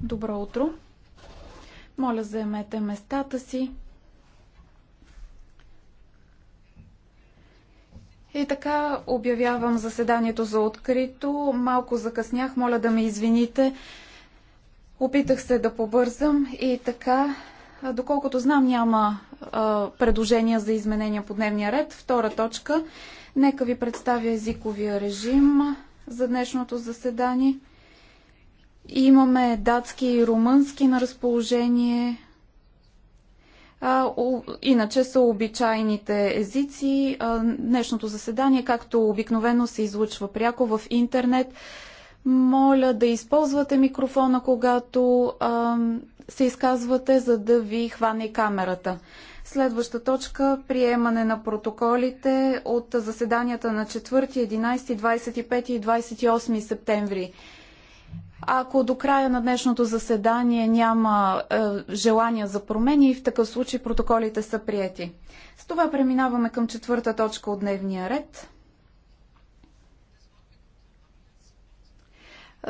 Добро утро. Моля, заемете местата си. И така обявявам заседанието за открито. Малко закъснях, моля да ме извините. Опитах се да побързам и така Доколкото знам, няма а, предложения за изменения по дневния ред. Втора точка. Нека ви представя езиковия режим за днешното заседание. Имаме датски и румънски на разположение. А, у, иначе са обичайните езици. А, днешното заседание, както обикновено, се излучва пряко в интернет. Моля да използвате микрофона, когато а, се изказвате, за да ви хване камерата. Следваща точка – приемане на протоколите от заседанията на 4, 11, 25 и 28 септември. Ако до края на днешното заседание няма е, желания за промени, в такъв случай протоколите са приети. С това преминаваме към четвърта точка от дневния ред.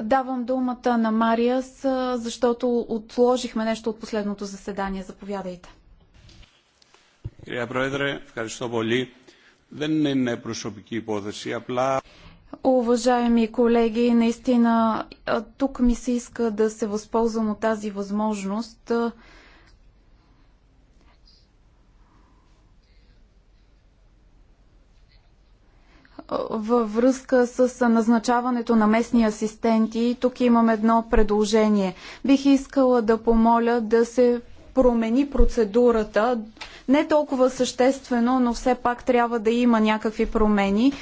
Давам думата на Мариас, е, защото отложихме нещо от последното заседание. Заповядайте. Κυρία Πρόεδρε, ευχαριστώ πολύ. Δεν είναι προσωπική υπόθεση, απλά... Уважаеми колеги, наистина тук ми се иска да се възползвам от тази възможност. във връзка с назначаването на местни асистенти. Тук имам едно предложение. Бих искала да помоля да се промени процедурата. Не толкова съществено, но все пак трябва да има някакви промени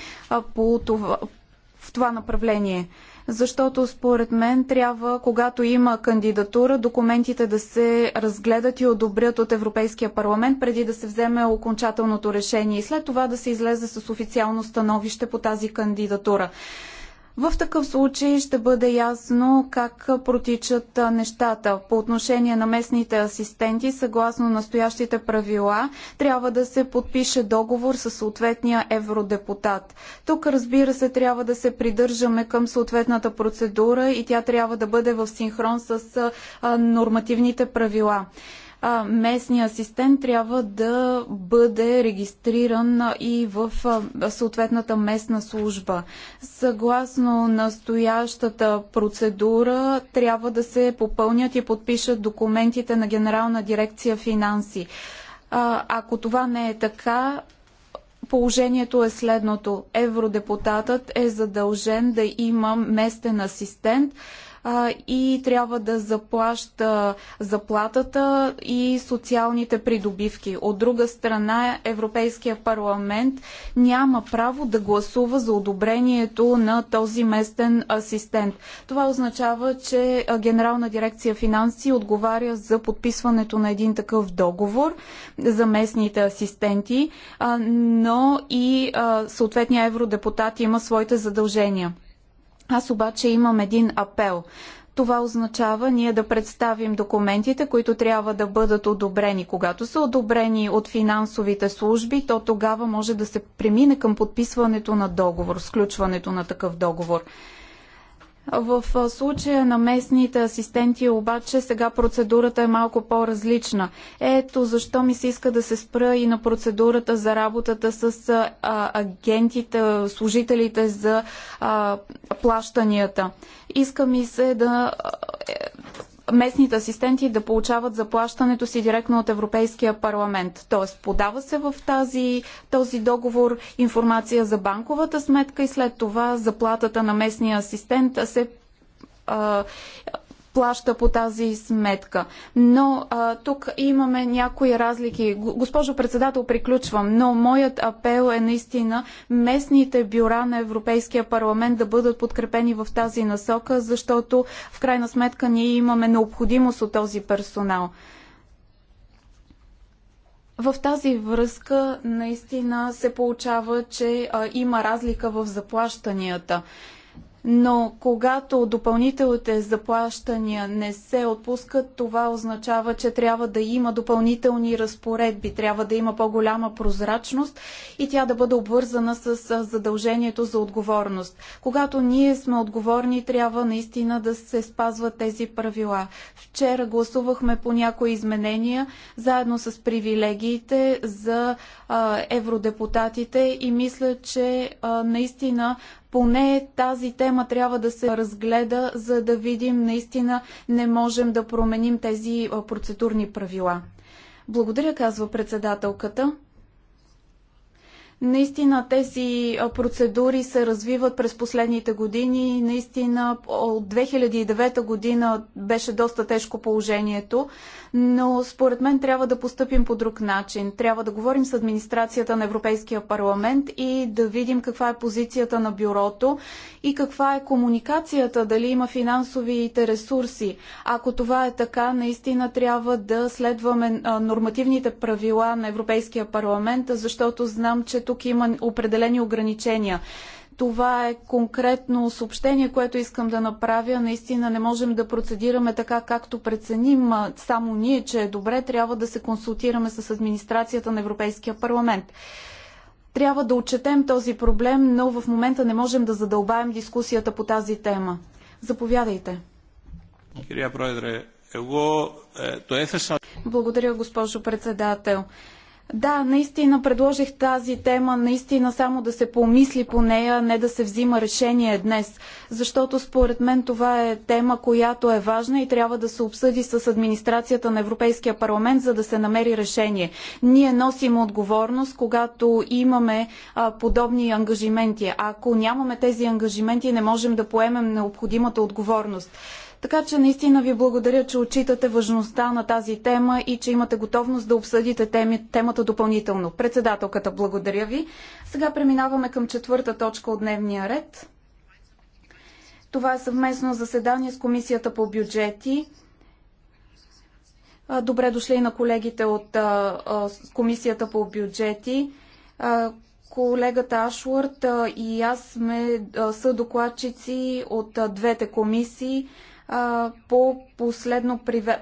по това, в това направление защото според мен трябва, когато има кандидатура, документите да се разгледат и одобрят от Европейския парламент, преди да се вземе окончателното решение и след това да се излезе с официално становище по тази кандидатура. В такъв случай ще бъде ясно как протичат нещата. По отношение на местните асистенти, съгласно настоящите правила, трябва да се подпише договор с съответния евродепутат. Тук, разбира се, трябва да се придържаме към съответната процедура и тя трябва да бъде в синхрон с нормативните правила местният местния асистент трябва да бъде регистриран и в съответната местна служба. Съгласно настоящата процедура трябва да се попълнят и подпишат документите на Генерална дирекция финанси. А, ако това не е така, положението е следното. Евродепутатът е задължен да има местен асистент, а, и трябва да заплаща заплатата и социалните придобивки. От друга страна, Европейския парламент няма право да гласува за одобрението на този местен асистент. Това означава, че Генерална дирекция финанси отговаря за подписването на един такъв договор за местните асистенти, но и съответния евродепутат има своите задължения. Аз обаче имам един апел. Това означава ние да представим документите, които трябва да бъдат одобрени. Когато са одобрени от финансовите служби, то тогава може да се премине към подписването на договор, сключването на такъв договор. В случая на местните асистенти обаче сега процедурата е малко по-различна. Ето защо ми се иска да се спра и на процедурата за работата с а, агентите, служителите за а, плащанията. Иска ми се да местните асистенти да получават заплащането си директно от Европейския парламент. Тоест подава се в тази, този договор информация за банковата сметка и след това заплатата на местния асистент се плаща по тази сметка. Но а, тук имаме някои разлики. Госпожо председател, приключвам, но моят апел е наистина местните бюра на Европейския парламент да бъдат подкрепени в тази насока, защото в крайна сметка ние имаме необходимост от този персонал. В тази връзка наистина се получава, че а, има разлика в заплащанията но когато допълнителните заплащания не се отпускат, това означава, че трябва да има допълнителни разпоредби, трябва да има по-голяма прозрачност и тя да бъде обвързана с задължението за отговорност. Когато ние сме отговорни, трябва наистина да се спазват тези правила. Вчера гласувахме по някои изменения, заедно с привилегиите за евродепутатите и мисля, че наистина поне тази тема трябва да се разгледа, за да видим наистина не можем да променим тези процедурни правила. Благодаря, казва председателката. Наистина тези процедури се развиват през последните години. Наистина от 2009 година беше доста тежко положението, но според мен трябва да поступим по друг начин. Трябва да говорим с администрацията на Европейския парламент и да видим каква е позицията на бюрото и каква е комуникацията, дали има финансовите ресурси. Ако това е така, наистина трябва да следваме нормативните правила на Европейския парламент, защото знам, че тук има определени ограничения. Това е конкретно съобщение, което искам да направя. Наистина не можем да процедираме така, както преценим само ние, че е добре. Трябва да се консултираме с администрацията на Европейския парламент. Трябва да отчетем този проблем, но в момента не можем да задълбаем дискусията по тази тема. Заповядайте. Е, Благодаря, госпожо председател. Да, наистина предложих тази тема, наистина само да се помисли по нея, не да се взима решение днес, защото според мен това е тема, която е важна и трябва да се обсъди с администрацията на Европейския парламент, за да се намери решение. Ние носим отговорност, когато имаме а, подобни ангажименти. Ако нямаме тези ангажименти, не можем да поемем необходимата отговорност. Така че наистина ви благодаря, че отчитате важността на тази тема и че имате готовност да обсъдите теми, темата допълнително. Председателката, благодаря ви. Сега преминаваме към четвърта точка от дневния ред. Това е съвместно заседание с Комисията по бюджети. Добре дошли и на колегите от Комисията по бюджети. Колегата Ашвард и аз сме съдокладчици от двете комисии по последно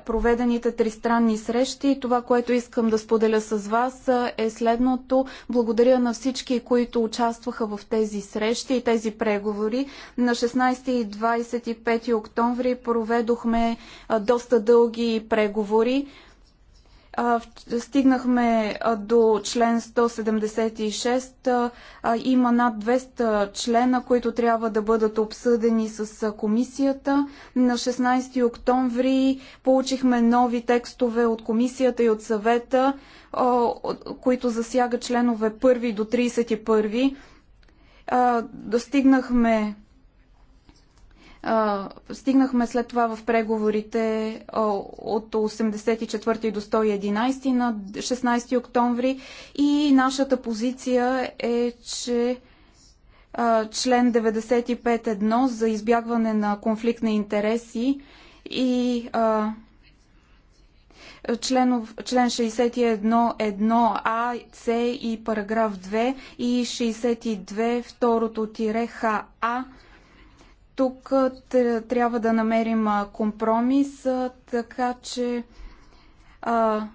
проведените тристранни срещи. Това, което искам да споделя с вас е следното. Благодаря на всички, които участваха в тези срещи и тези преговори. На 16 и 25 октомври проведохме доста дълги преговори. Стигнахме до член 176. Има над 200 члена, които трябва да бъдат обсъдени с комисията. На 16 октомври получихме нови текстове от комисията и от съвета, които засяга членове 1 до 31. Достигнахме Стигнахме след това в преговорите от 84 до 111 на 16 октомври и нашата позиция е, че член 95.1 за избягване на конфликт на интереси и а, членов, член 61.1а, С и параграф 2 и 62 второто тире ХА тук трябва да намерим компромис, така че а,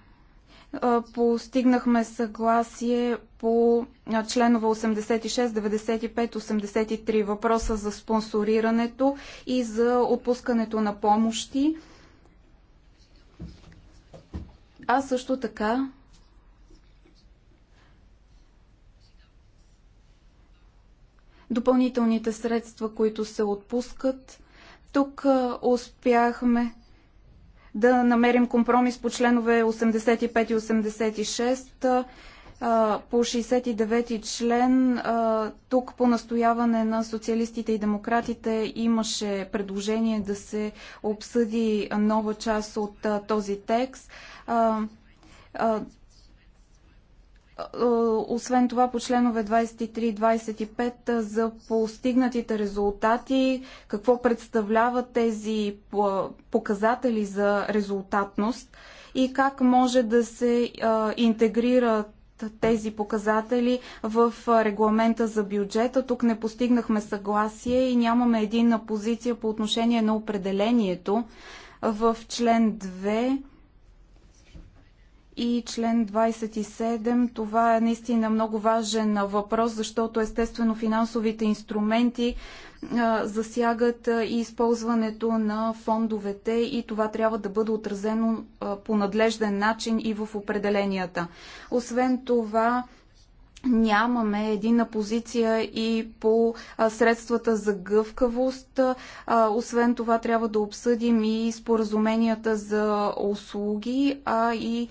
а, постигнахме съгласие по членове 86, 95, 83 въпроса за спонсорирането и за отпускането на помощи. А също така допълнителните средства, които се отпускат. Тук успяхме да намерим компромис по членове 85 и 86 по 69 член. Тук по настояване на социалистите и демократите имаше предложение да се обсъди нова част от този текст. Е, освен това, по членове 23 и 25 е, за постигнатите резултати, какво представляват тези показатели за резултатност и как може да се е, интегрират тези показатели в регламента за бюджета. Тук не постигнахме съгласие и нямаме единна позиция по отношение на определението. В член 2 и член 27. Това е наистина много важен въпрос, защото естествено финансовите инструменти засягат и използването на фондовете и това трябва да бъде отразено по надлежден начин и в определенията. Освен това, нямаме единна позиция и по средствата за гъвкавост. Освен това трябва да обсъдим и споразуменията за услуги, а и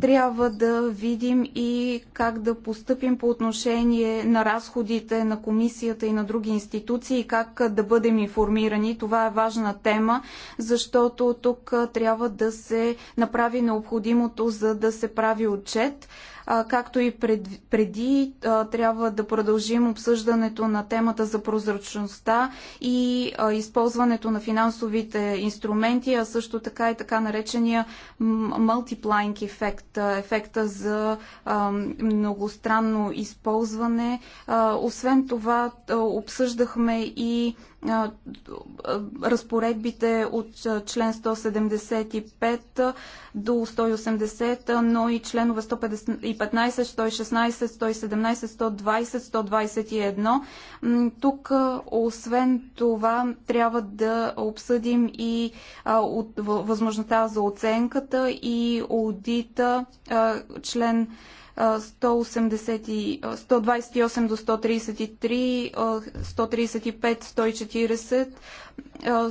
трябва да видим и как да постъпим по отношение на разходите на комисията и на други институции, как да бъдем информирани. Това е важна тема, защото тук трябва да се направи необходимото, за да се прави отчет както и пред, преди трябва да продължим обсъждането на темата за прозрачността и използването на финансовите инструменти, а също така и така наречения мултиплайнг ефект, ефекта за многостранно използване. Освен това, обсъждахме и разпоредбите от член 175 до 180, но и членове 155 115, 116, 117, 120, 121. Тук, освен това, трябва да обсъдим и възможността за оценката и аудита, член 128 до 133, 135, 140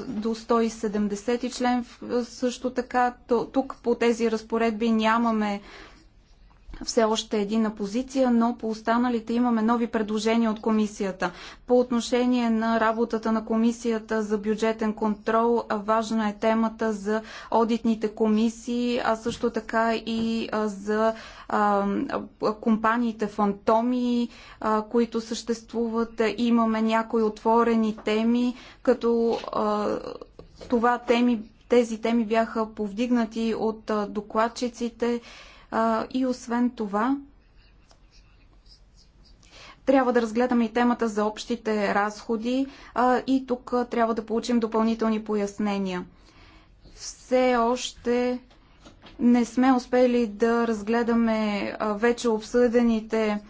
до 170 член също така. Тук по тези разпоредби нямаме все още едина позиция, но по останалите имаме нови предложения от комисията. По отношение на работата на комисията за бюджетен контрол, важна е темата за одитните комисии, а също така и за компаниите фантоми, които съществуват. Имаме някои отворени теми, като това теми, тези теми бяха повдигнати от докладчиците и освен това, трябва да разгледаме и темата за общите разходи и тук трябва да получим допълнителни пояснения. Все още не сме успели да разгледаме вече обсъдените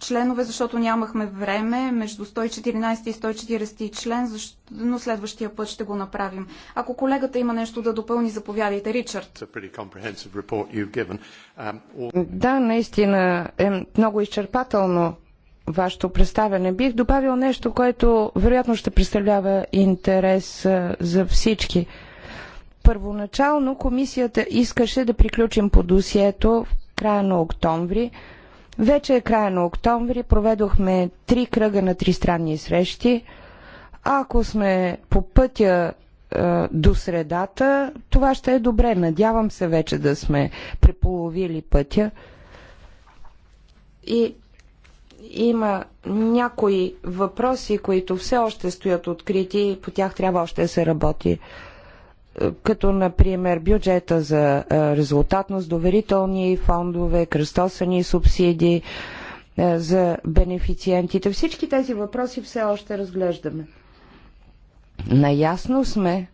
членове, защото нямахме време между 114 и 140 член, но следващия път ще го направим. Ако колегата има нещо да допълни, заповядайте. Ричард. Um, да, наистина е много изчерпателно вашето представяне. Бих добавил нещо, което вероятно ще представлява интерес за всички. Първоначално комисията искаше да приключим по досието в края на октомври – вече е края на октомври, проведохме три кръга на тристранни срещи. Ако сме по пътя е, до средата, това ще е добре. Надявам се вече да сме преполовили пътя. И има някои въпроси, които все още стоят открити и по тях трябва още да се работи като например бюджета за резултатност, доверителни фондове, кръстосани субсидии за бенефициентите. Всички тези въпроси все още разглеждаме. Наясно сме,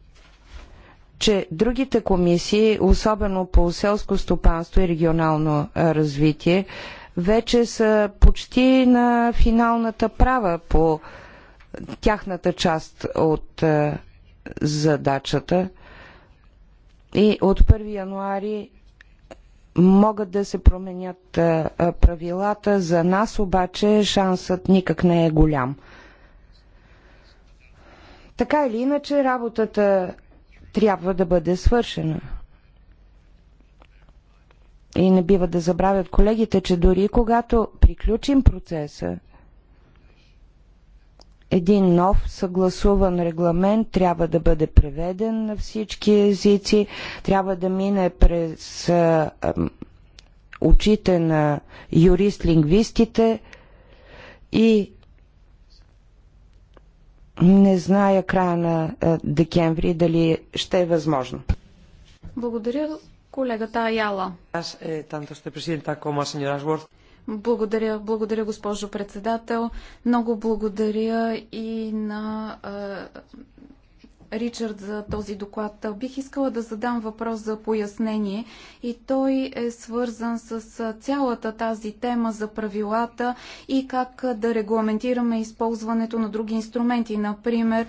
че другите комисии, особено по селско стопанство и регионално развитие, вече са почти на финалната права по тяхната част от задачата – и от 1 януари могат да се променят правилата. За нас обаче шансът никак не е голям. Така или иначе, работата трябва да бъде свършена. И не бива да забравят колегите, че дори когато приключим процеса, един нов съгласуван регламент трябва да бъде преведен на всички езици, трябва да мине през а, а, очите на юрист-лингвистите и не зная края на а, декември дали ще е възможно. Благодаря колегата Аяла. Аз, е, благодаря, благодаря госпожо председател. Много благодаря и на Ричард за този доклад. Бих искала да задам въпрос за пояснение и той е свързан с цялата тази тема за правилата и как да регламентираме използването на други инструменти, например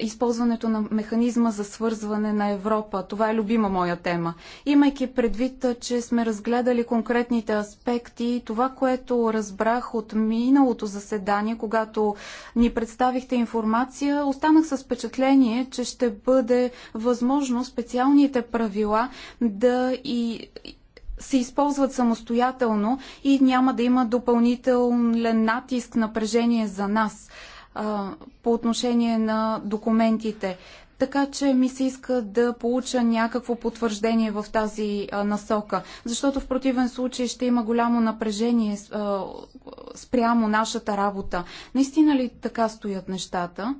използването на механизма за свързване на Европа. Това е любима моя тема. Имайки предвид, че сме разгледали конкретните аспекти, това, което разбрах от миналото заседание, когато ни представихте информация, останах с впечатление, впечатление, че ще бъде възможно специалните правила да и се използват самостоятелно и няма да има допълнителен натиск, напрежение за нас а, по отношение на документите. Така че ми се иска да получа някакво потвърждение в тази а, насока, защото в противен случай ще има голямо напрежение а, спрямо нашата работа. Наистина ли така стоят нещата?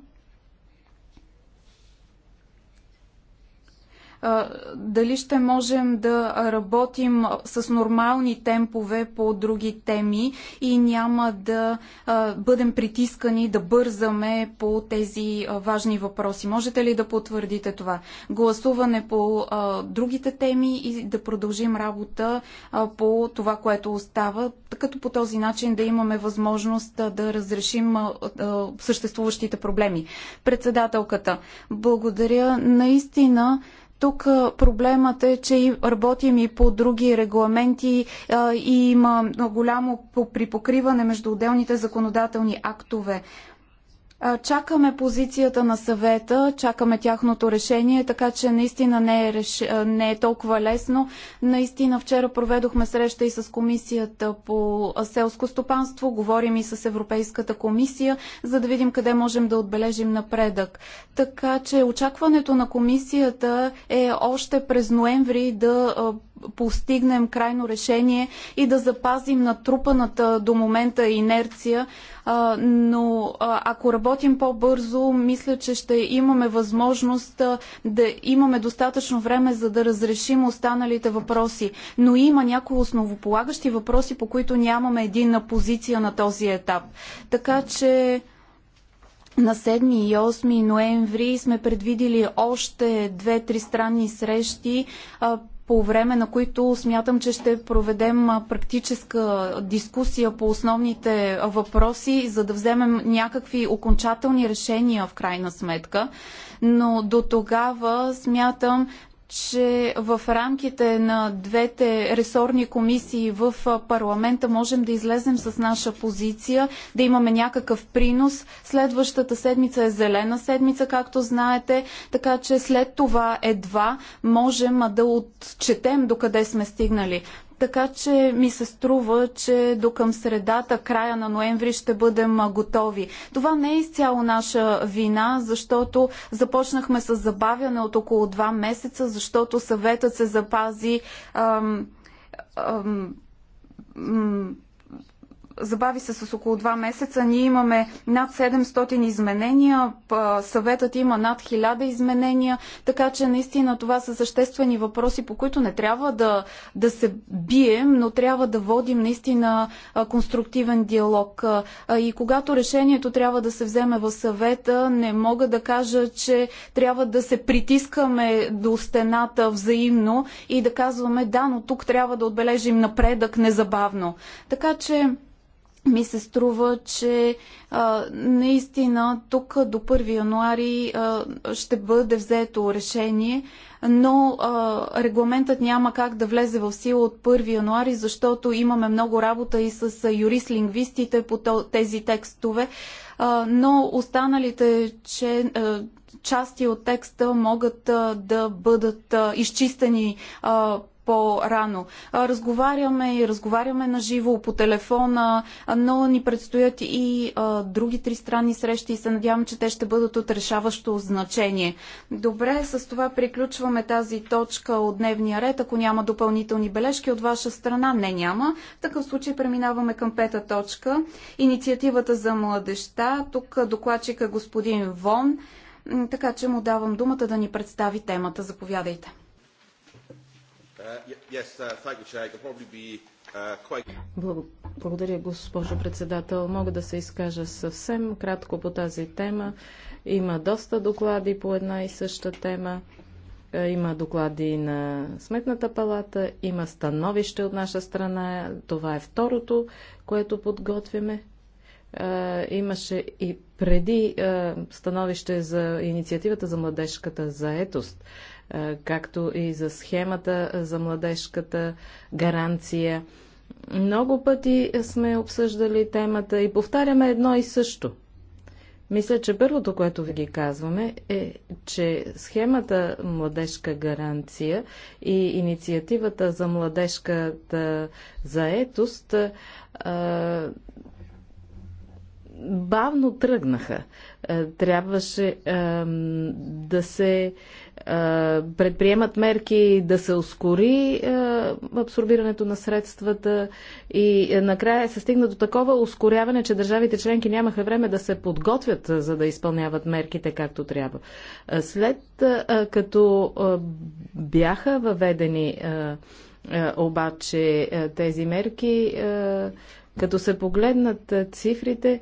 дали ще можем да работим с нормални темпове по други теми и няма да бъдем притискани да бързаме по тези важни въпроси. Можете ли да потвърдите това? Гласуване по другите теми и да продължим работа по това, което остава, като по този начин да имаме възможност да разрешим съществуващите проблеми. Председателката, благодаря. Наистина, тук проблемът е, че работим и по други регламенти и има голямо припокриване между отделните законодателни актове. Чакаме позицията на съвета, чакаме тяхното решение, така че наистина не е, реш... не е толкова лесно. Наистина вчера проведохме среща и с комисията по селско стопанство, говорим и с Европейската комисия, за да видим къде можем да отбележим напредък. Така че очакването на комисията е още през ноември да постигнем крайно решение и да запазим натрупаната до момента инерция. Но ако работим по-бързо, мисля, че ще имаме възможност да имаме достатъчно време, за да разрешим останалите въпроси. Но има някои основополагащи въпроси, по които нямаме единна позиция на този етап. Така че на 7 и 8 ноември сме предвидили още две-три странни срещи по време на които смятам, че ще проведем практическа дискусия по основните въпроси, за да вземем някакви окончателни решения в крайна сметка. Но до тогава смятам, че в рамките на двете ресорни комисии в парламента можем да излезем с наша позиция, да имаме някакъв принос. Следващата седмица е зелена седмица, както знаете, така че след това едва можем да отчетем докъде сме стигнали. Така че ми се струва, че до към средата, края на ноември ще бъдем готови. Това не е изцяло наша вина, защото започнахме с забавяне от около 2 месеца, защото съветът се запази. Ам, ам, забави се с около 2 месеца. Ние имаме над 700 изменения, съветът има над 1000 изменения, така че наистина това са съществени въпроси, по които не трябва да, да се бием, но трябва да водим наистина конструктивен диалог. И когато решението трябва да се вземе в съвета, не мога да кажа, че трябва да се притискаме до стената взаимно и да казваме да, но тук трябва да отбележим напредък незабавно. Така че ми се струва, че а, наистина тук до 1 януари а, ще бъде взето решение, но а, регламентът няма как да влезе в сила от 1 януари, защото имаме много работа и с юрист-лингвистите по тези текстове, а, но останалите че, а, части от текста могат а, да бъдат а, изчистени. А, по-рано. Разговаряме и разговаряме на живо по телефона, но ни предстоят и а, други страни срещи и се надявам, че те ще бъдат от решаващо значение. Добре, с това приключваме тази точка от дневния ред. Ако няма допълнителни бележки от ваша страна, не няма. В такъв случай преминаваме към пета точка. Инициативата за младеща. Тук докладчика е господин Вон така че му давам думата да ни представи темата. Заповядайте. Благодаря, госпожо председател. Мога да се изкажа съвсем кратко по тази тема. Има доста доклади по една и съща тема. Е, има доклади на Сметната палата, има становище от наша страна. Това е второто, което подготвяме. Е, имаше и преди е, становище за инициативата за младежката заетост както и за схемата за младежката гаранция. Много пъти сме обсъждали темата и повтаряме едно и също. Мисля, че първото, което ви ги казваме е, че схемата Младежка гаранция и инициативата за младежката заетост а, бавно тръгнаха. Трябваше а, да се а, е, предприемат мерки да се ускори е, абсорбирането на средствата и е, накрая се стигна до такова ускоряване, че държавите членки нямаха време да се подготвят, за да изпълняват мерките както трябва. След като бяха въведени обаче тези мерки, като се погледнат цифрите,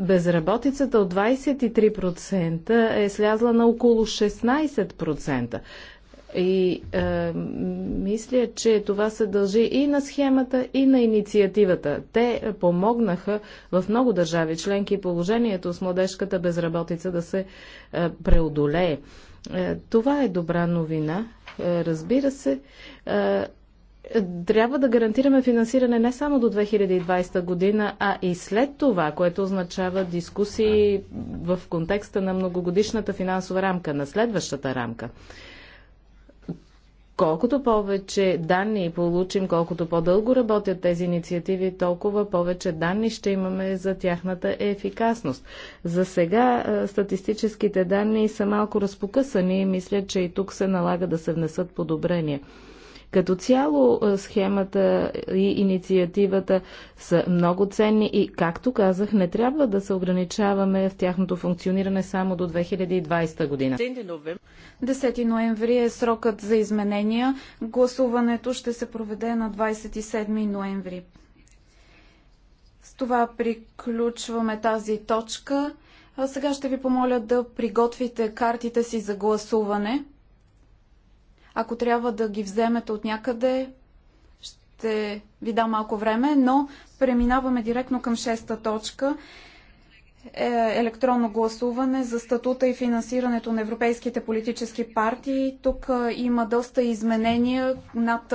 безработицата от 23% е слязла на около 16%. И е, мисля, че това се дължи и на схемата, и на инициативата. Те помогнаха в много държави членки положението с младежката безработица да се е, преодолее. Е, това е добра новина. Е, разбира се, е, трябва да гарантираме финансиране не само до 2020 година, а и след това, което означава дискусии в контекста на многогодишната финансова рамка, на следващата рамка. Колкото повече данни получим, колкото по-дълго работят тези инициативи, толкова повече данни ще имаме за тяхната ефикасност. За сега статистическите данни са малко разпокъсани и мисля, че и тук се налага да се внесат подобрения. Като цяло схемата и инициативата са много ценни и, както казах, не трябва да се ограничаваме в тяхното функциониране само до 2020 година. 10 ноември е срокът за изменения. Гласуването ще се проведе на 27 ноември. С това приключваме тази точка. А сега ще ви помоля да приготвите картите си за гласуване. Ако трябва да ги вземете от някъде, ще ви дам малко време, но преминаваме директно към шеста точка е, електронно гласуване за статута и финансирането на европейските политически партии. Тук е, има доста изменения, над,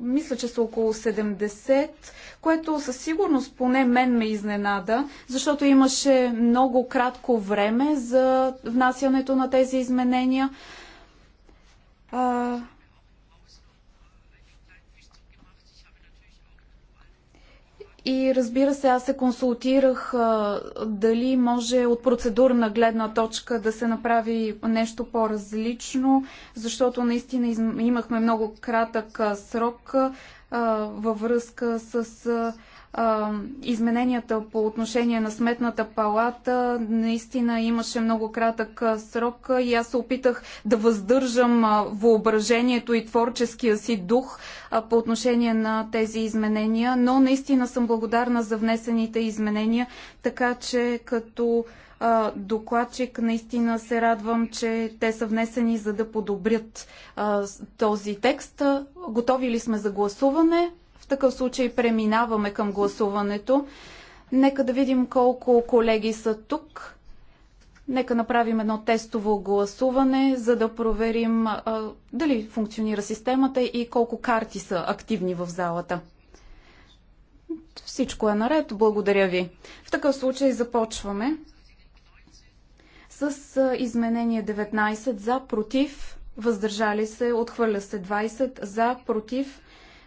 мисля, че са около 70, което със сигурност поне мен ме изненада, защото имаше много кратко време за внасянето на тези изменения и разбира се, аз се консултирах а, дали може от процедурна гледна точка да се направи нещо по-различно, защото наистина имахме много кратък срок а, във връзка с. А, измененията по отношение на сметната палата. Наистина имаше много кратък срок и аз се опитах да въздържам въображението и творческия си дух по отношение на тези изменения, но наистина съм благодарна за внесените изменения, така че като докладчик наистина се радвам, че те са внесени за да подобрят този текст. Готови ли сме за гласуване? такъв случай преминаваме към гласуването. Нека да видим колко колеги са тук. Нека направим едно тестово гласуване, за да проверим а, дали функционира системата и колко карти са активни в залата. Всичко е наред. Благодаря ви. В такъв случай започваме с изменение 19 за, против, въздържали се, отхвърля се 20 за, против,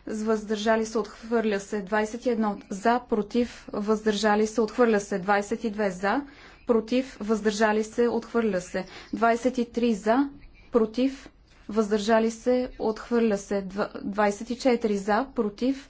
въздържали се, отхвърля се 21 за, против, въздържали се, отхвърля се 22 за, против, въздържали се, отхвърля се 23 за, против, въздържали се, отхвърля се 24 за, против,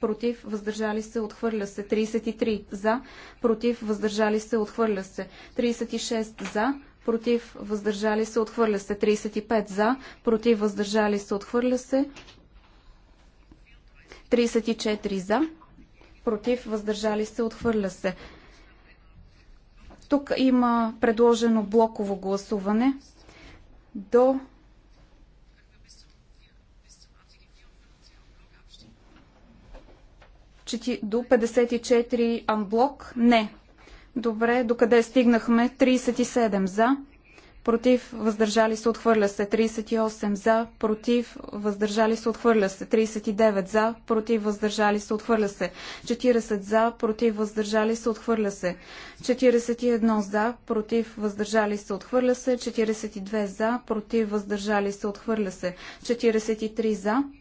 против, въздържали се, отхвърля се. 33 за, против, въздържали се, отхвърля се. 36 за, против, въздържали се, отхвърля се. 35 за, против, въздържали се, отхвърля се. 34 за, против, въздържали се, отхвърля се. Тук има предложено блоково гласуване до до 54 амблок? Не. Добре, докъде стигнахме? 37 за, против, въздържали се, отхвърля се. 38 за, против, въздържали се, отхвърля се. 39 за, против, въздържали се, отхвърля се. 40 за, против, въздържали се, отхвърля се. 41 за, против, въздържали се, отхвърля се. 42 за, против, въздържали се, отхвърля се. 43 за,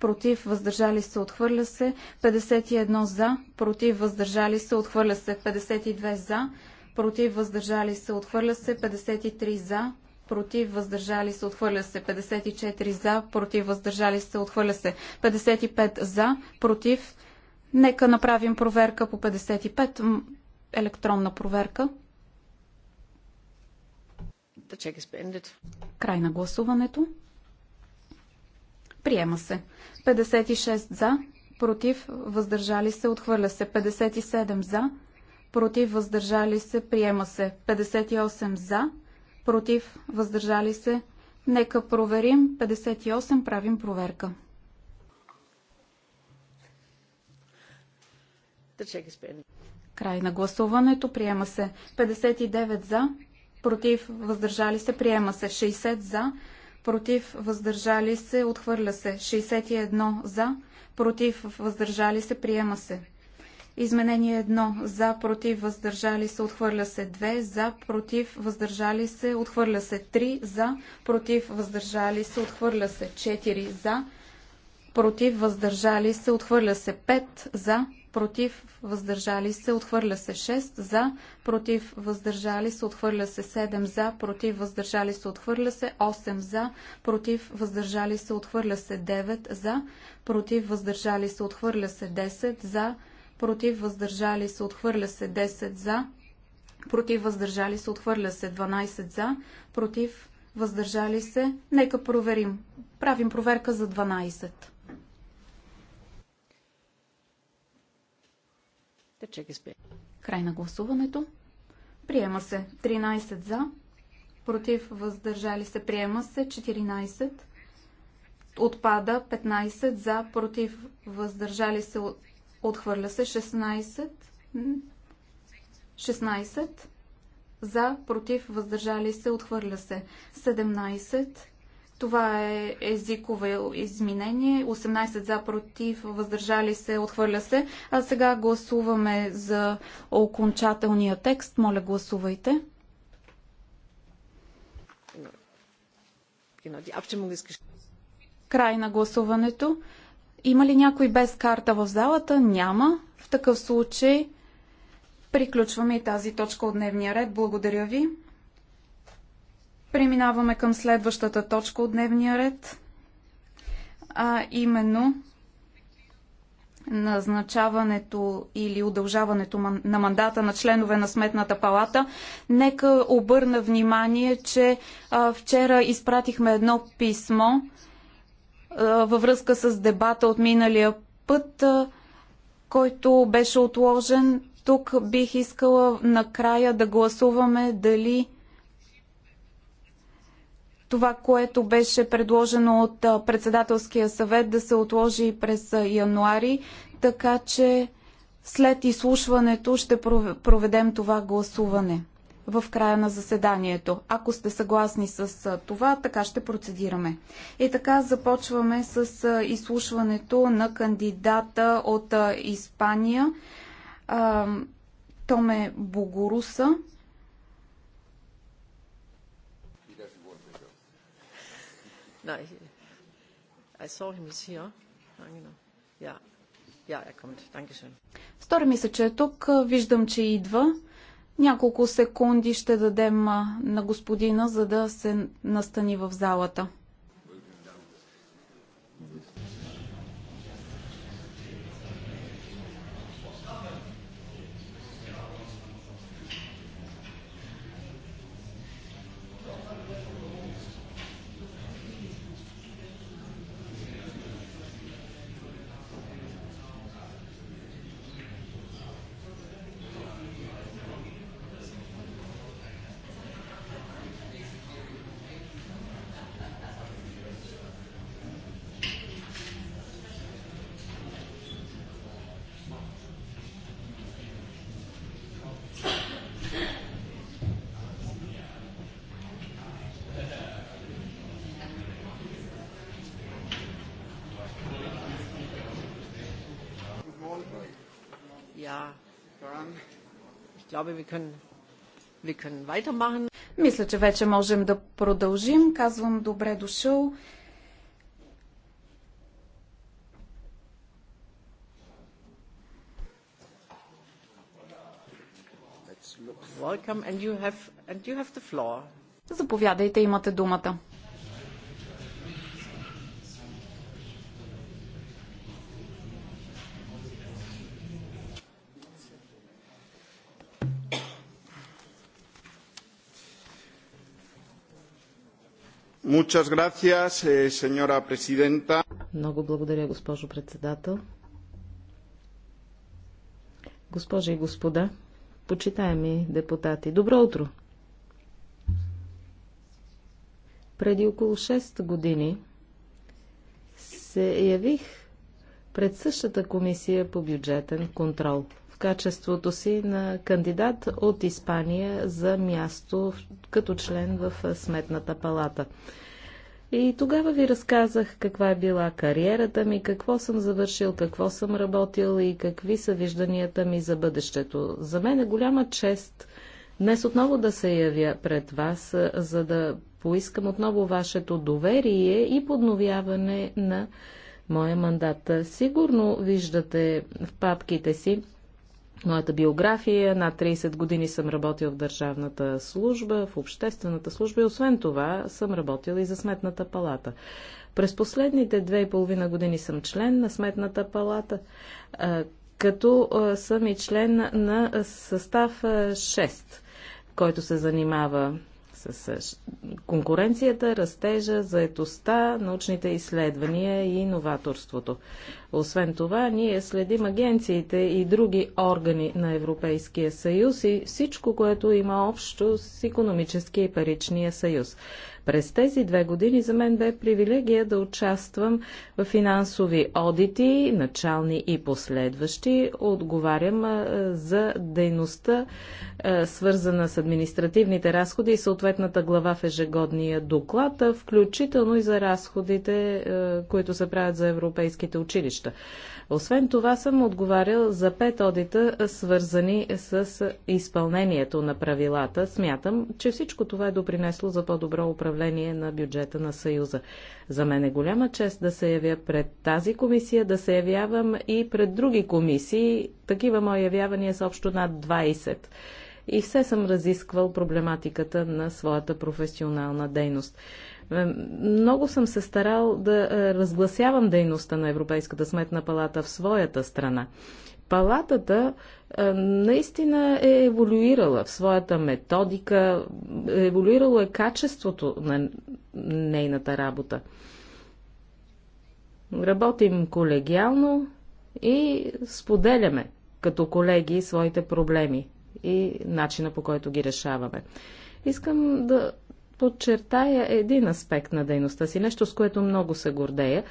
против, въздържали се, отхвърля се. 51 за, против, въздържали се, отхвърля се. 52 за, против, въздържали се, отхвърля се. 53 за, против, въздържали се, отхвърля се. 54 за, против, въздържали се, отхвърля се. 55 за, против. Нека направим проверка по 55, електронна проверка. Край на гласуването. Приема се. 56 за, против, въздържали се, отхвърля се. 57 за, против, въздържали се, приема се. 58 за, против, въздържали се. Нека проверим. 58 правим проверка. Край на гласуването. Приема се 59 за, против, въздържали се. Приема се 60 за, против, въздържали се, отхвърля се. 61 за, против, въздържали се, приема се. Изменение 1 за, против, въздържали се, отхвърля се. 2 за, против, въздържали се, отхвърля се. 3 за, против, въздържали се, отхвърля се. 4 за, против, въздържали се, отхвърля се. 5 за, против, въздържали се, отхвърля се 6 за, против, въздържали се, отхвърля се 7 за, против, въздържали се, отхвърля се 8 за, против, въздържали се, отхвърля се 9 за, против, въздържали се, отхвърля се 10 за, против, въздържали се, отхвърля се 10 за, против, въздържали се, отхвърля се 12 за, против, въздържали се, нека проверим. Правим проверка за 12. Край на гласуването. Приема се 13 за, против въздържали се. Приема се 14. Отпада 15 за, против въздържали се. Отхвърля се 16. 16 за, против въздържали се. Отхвърля се 17 това е езиково изменение. 18 за, против, въздържали се, отхвърля се. А сега гласуваме за окончателния текст. Моля, гласувайте. Край на гласуването. Има ли някой без карта в залата? Няма. В такъв случай приключваме и тази точка от дневния ред. Благодаря ви. Преминаваме към следващата точка от дневния ред, а именно назначаването или удължаването на мандата на членове на Сметната палата. Нека обърна внимание, че а, вчера изпратихме едно писмо а, във връзка с дебата от миналия път, а, който беше отложен. Тук бих искала накрая да гласуваме дали това, което беше предложено от председателския съвет да се отложи през януари, така че след изслушването ще проведем това гласуване в края на заседанието. Ако сте съгласни с това, така ще процедираме. И така започваме с изслушването на кандидата от Испания Томе Богоруса. Na, I saw him is here. Ah, yeah. Yeah, er kommt. Dankeschön. Стори ми се, че е тук. Виждам, че идва. Няколко секунди ще дадем на господина, за да се настани в залата. Мисля, че вече можем да продължим. Казвам добре дошъл. Welcome and you have, and you have the floor. Заповядайте, имате думата. Gracias, eh, Много благодаря, госпожо председател. Госпожи и господа, почитаеми депутати, добро утро! Преди около 6 години се явих пред същата комисия по бюджетен контрол – качеството си на кандидат от Испания за място като член в Сметната палата. И тогава ви разказах каква е била кариерата ми, какво съм завършил, какво съм работил и какви са вижданията ми за бъдещето. За мен е голяма чест днес отново да се явя пред вас, за да поискам отново вашето доверие и подновяване на моя мандат. Сигурно виждате в папките си моята биография. Над 30 години съм работил в държавната служба, в обществената служба и освен това съм работил и за Сметната палата. През последните две и половина години съм член на Сметната палата, като съм и член на състав 6, който се занимава с Конкуренцията, растежа, заетостта, научните изследвания и новаторството. Освен това, ние следим агенциите и други органи на Европейския съюз и всичко, което има общо с економическия и паричния съюз. През тези две години за мен бе привилегия да участвам в финансови одити, начални и последващи. Отговарям за дейността, свързана с административните разходи и съответната глава в ежегодния доклад, включително и за разходите, които се правят за европейските училища. Освен това съм отговарял за пет одита, свързани с изпълнението на правилата. Смятам, че всичко това е допринесло за по-добро управление управление на бюджета на Съюза. За мен е голяма чест да се явя пред тази комисия, да се явявам и пред други комисии. Такива мои явявания са общо над 20 и все съм разисквал проблематиката на своята професионална дейност. Много съм се старал да е, разгласявам дейността на Европейската сметна палата в своята страна. Палатата наистина е еволюирала в своята методика, еволюирало е качеството на нейната работа. Работим колегиално и споделяме като колеги своите проблеми и начина по който ги решаваме. Искам да подчертая един аспект на дейността си, нещо с което много се гордея.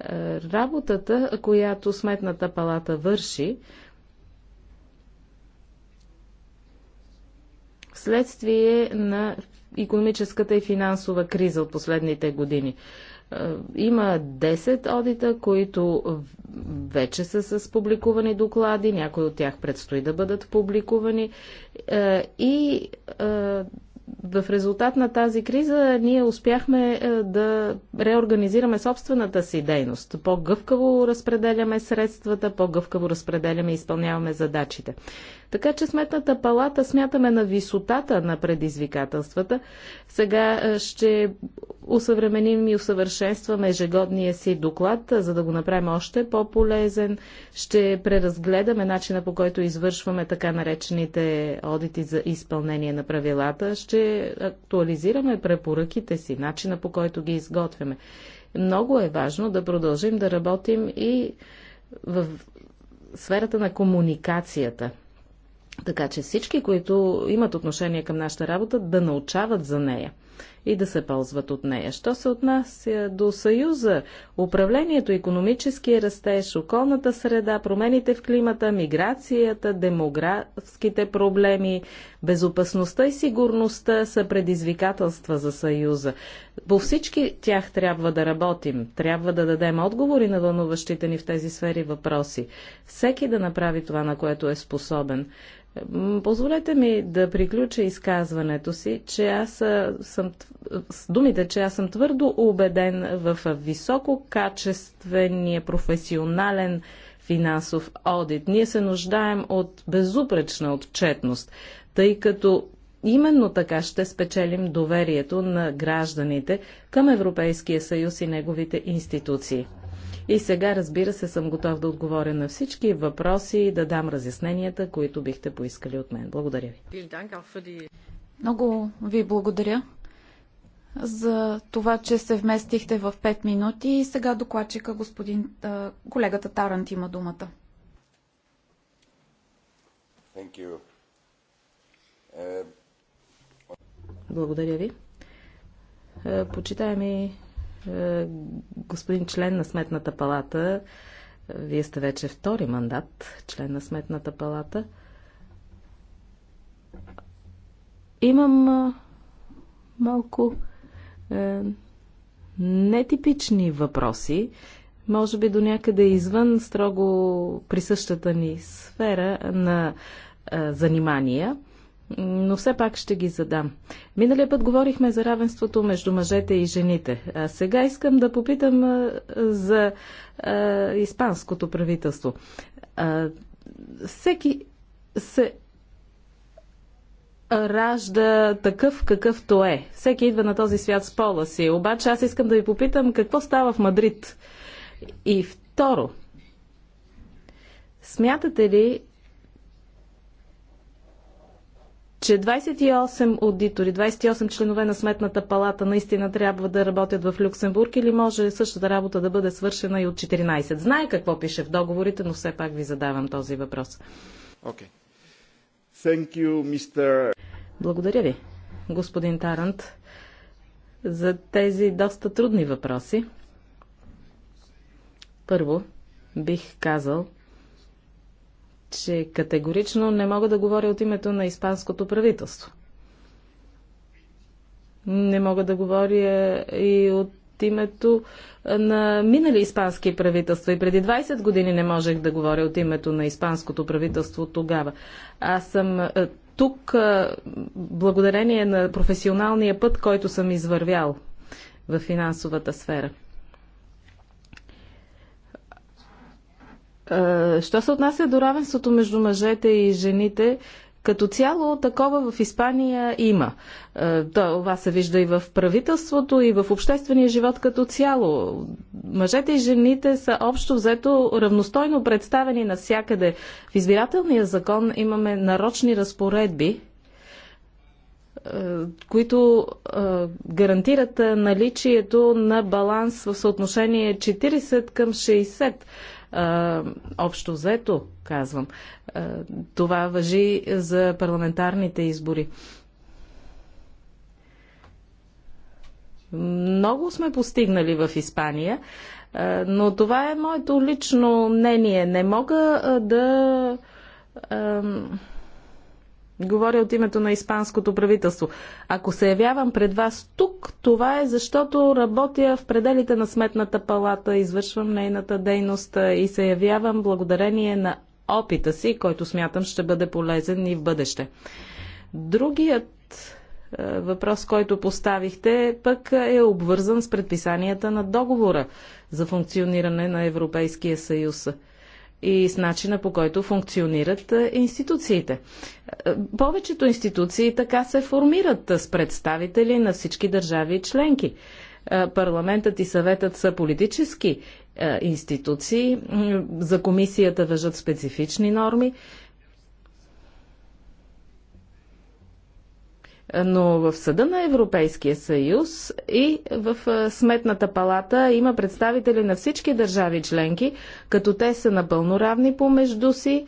Работата, която Сметната палата върши, вследствие на економическата и финансова криза от последните години. Е, има 10 одита, които вече са с публикувани доклади, някои от тях предстои да бъдат публикувани е, и е, в резултат на тази криза ние успяхме е, да реорганизираме собствената си дейност. По-гъвкаво разпределяме средствата, по-гъвкаво разпределяме и изпълняваме задачите. Така че сметната палата смятаме на висотата на предизвикателствата. Сега е, ще усъвременим и усъвършенстваме ежегодния си доклад, за да го направим още по-полезен. Ще преразгледаме начина по който извършваме така наречените одити за изпълнение на правилата. Ще актуализираме препоръките си, начина по който ги изготвяме. Много е важно да продължим да работим и в сферата на комуникацията. Така че всички, които имат отношение към нашата работа, да научават за нея и да се ползват от нея. Що се отнася до Съюза, управлението, економическия растеж, околната среда, промените в климата, миграцията, демографските проблеми, безопасността и сигурността са предизвикателства за Съюза. По всички тях трябва да работим. Трябва да дадем отговори на вълнуващите ни в тези сфери въпроси. Всеки да направи това, на което е способен. Позволете ми да приключа изказването си, че аз съм съм, с думите, че аз съм твърдо убеден в висококачествения професионален финансов одит. Ние се нуждаем от безупречна отчетност, тъй като именно така ще спечелим доверието на гражданите към Европейския съюз и неговите институции. И сега, разбира се, съм готов да отговоря на всички въпроси и да дам разясненията, които бихте поискали от мен. Благодаря ви. Много ви благодаря за това, че се вместихте в 5 минути. И сега докладчика, господин, колегата Тарант има думата. Uh... Благодаря ви. Е, почитаеми е, господин член на Сметната палата, вие сте вече втори мандат член на Сметната палата. Имам малко е, нетипични въпроси, може би до някъде извън строго присъщата ни сфера на е, занимания, но все пак ще ги задам. Миналия път говорихме за равенството между мъжете и жените. А сега искам да попитам е, за е, испанското правителство. Е, всеки се ражда такъв какъвто е. Всеки идва на този свят с пола си. Обаче аз искам да ви попитам какво става в Мадрид. И второ, смятате ли, че 28 аудитори, 28 членове на Сметната палата наистина трябва да работят в Люксембург или може същата работа да бъде свършена и от 14? Знае какво пише в договорите, но все пак ви задавам този въпрос. Okay. You, Благодаря ви, господин Тарант, за тези доста трудни въпроси. Първо, бих казал, че категорично не мога да говоря от името на испанското правителство. Не мога да говоря и от от името на минали испански правителства. И преди 20 години не можех да говоря от името на испанското правителство тогава. Аз съм тук благодарение на професионалния път, който съм извървял в финансовата сфера. Що се отнася до равенството между мъжете и жените, като цяло такова в Испания има. Е, това се вижда и в правителството, и в обществения живот като цяло. Мъжете и жените са общо взето равностойно представени навсякъде. В избирателния закон имаме нарочни разпоредби, е, които е, гарантират наличието на баланс в съотношение 40 към 60 Общо взето, казвам, това въжи за парламентарните избори. Много сме постигнали в Испания, но това е моето лично мнение. Не мога да Говоря от името на испанското правителство. Ако се явявам пред вас тук, това е защото работя в пределите на Сметната палата, извършвам нейната дейност и се явявам благодарение на опита си, който смятам ще бъде полезен и в бъдеще. Другият въпрос, който поставихте, пък е обвързан с предписанията на договора за функциониране на Европейския съюз и с начина по който функционират институциите. Повечето институции така се формират с представители на всички държави и членки. Парламентът и съветът са политически институции, за комисията въжат специфични норми но в Съда на Европейския съюз и в Сметната палата има представители на всички държави членки, като те са напълно равни помежду си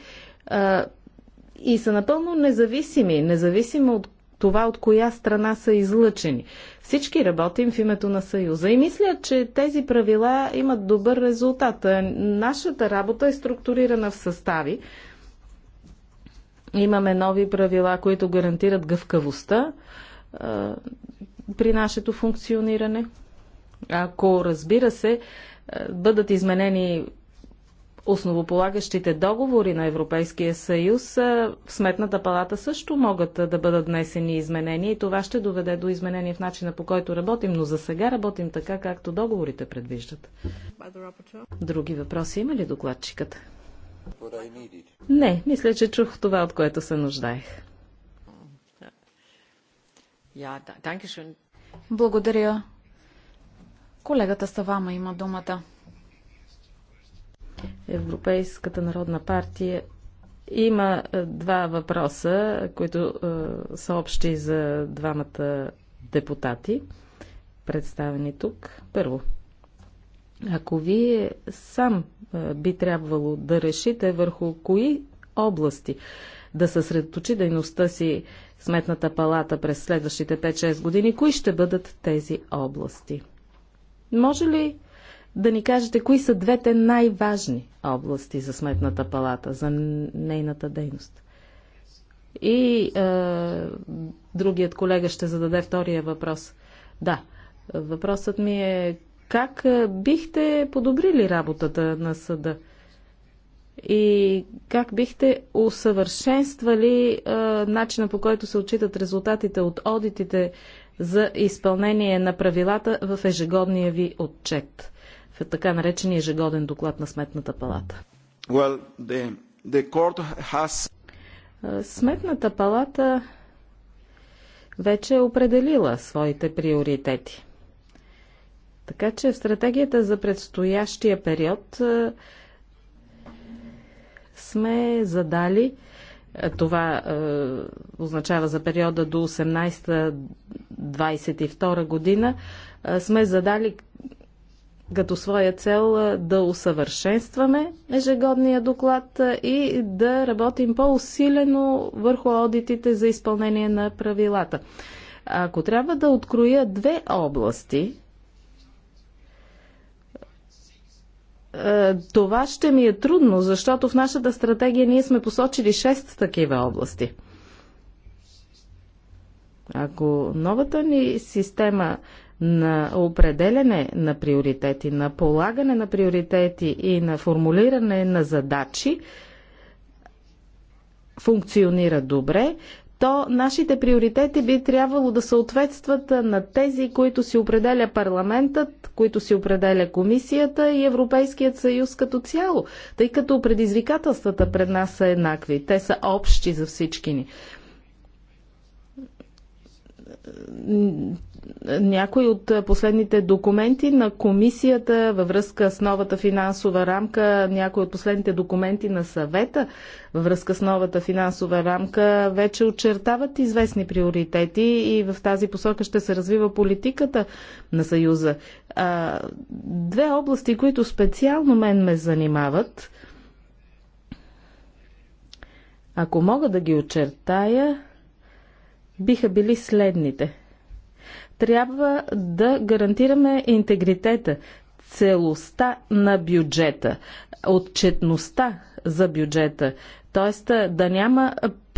и са напълно независими, независимо от това от коя страна са излъчени. Всички работим в името на Съюза и мисля, че тези правила имат добър резултат. Нашата работа е структурирана в състави, Имаме нови правила, които гарантират гъвкавостта при нашето функциониране. Ако, разбира се, бъдат изменени основополагащите договори на Европейския съюз, в Сметната палата също могат да бъдат внесени изменения и това ще доведе до изменения в начина по който работим, но за сега работим така, както договорите предвиждат. Други въпроси има ли докладчиката? Не, мисля, че чух това, от което се нуждаех. Благодаря. Колегата Савама има думата. Европейската народна партия има е, два въпроса, които е, са общи за двамата депутати, представени тук. Първо, ако вие сам е, би трябвало да решите върху кои области да съсредоточи дейността си Сметната палата през следващите 5-6 години, кои ще бъдат тези области? Може ли да ни кажете кои са двете най-важни области за Сметната палата, за нейната дейност? И е, другият колега ще зададе втория въпрос. Да, въпросът ми е как бихте подобрили работата на съда? И как бихте усъвършенствали а, начина по който се отчитат резултатите от одитите за изпълнение на правилата в ежегодния ви отчет, в така наречения ежегоден доклад на Сметната палата? Well, the, the court has... Сметната палата вече е определила своите приоритети. Така че в стратегията за предстоящия период сме задали това е, означава за периода до 18-22 година, е, сме задали като своя цел да усъвършенстваме ежегодния доклад и да работим по-усилено върху одитите за изпълнение на правилата. Ако трябва да откроя две области, Е, това ще ми е трудно, защото в нашата стратегия ние сме посочили 6 такива области. Ако новата ни система на определене на приоритети, на полагане на приоритети и на формулиране на задачи функционира добре, то нашите приоритети би трябвало да съответстват на тези, които си определя парламентът, които си определя комисията и Европейският съюз като цяло, тъй като предизвикателствата пред нас са еднакви. Те са общи за всички ни някои от последните документи на комисията във връзка с новата финансова рамка, някои от последните документи на съвета във връзка с новата финансова рамка вече очертават известни приоритети и в тази посока ще се развива политиката на Съюза. Две области, които специално мен ме занимават, ако мога да ги очертая, биха били следните – трябва да гарантираме интегритета, целостта на бюджета, отчетността за бюджета, т.е. да няма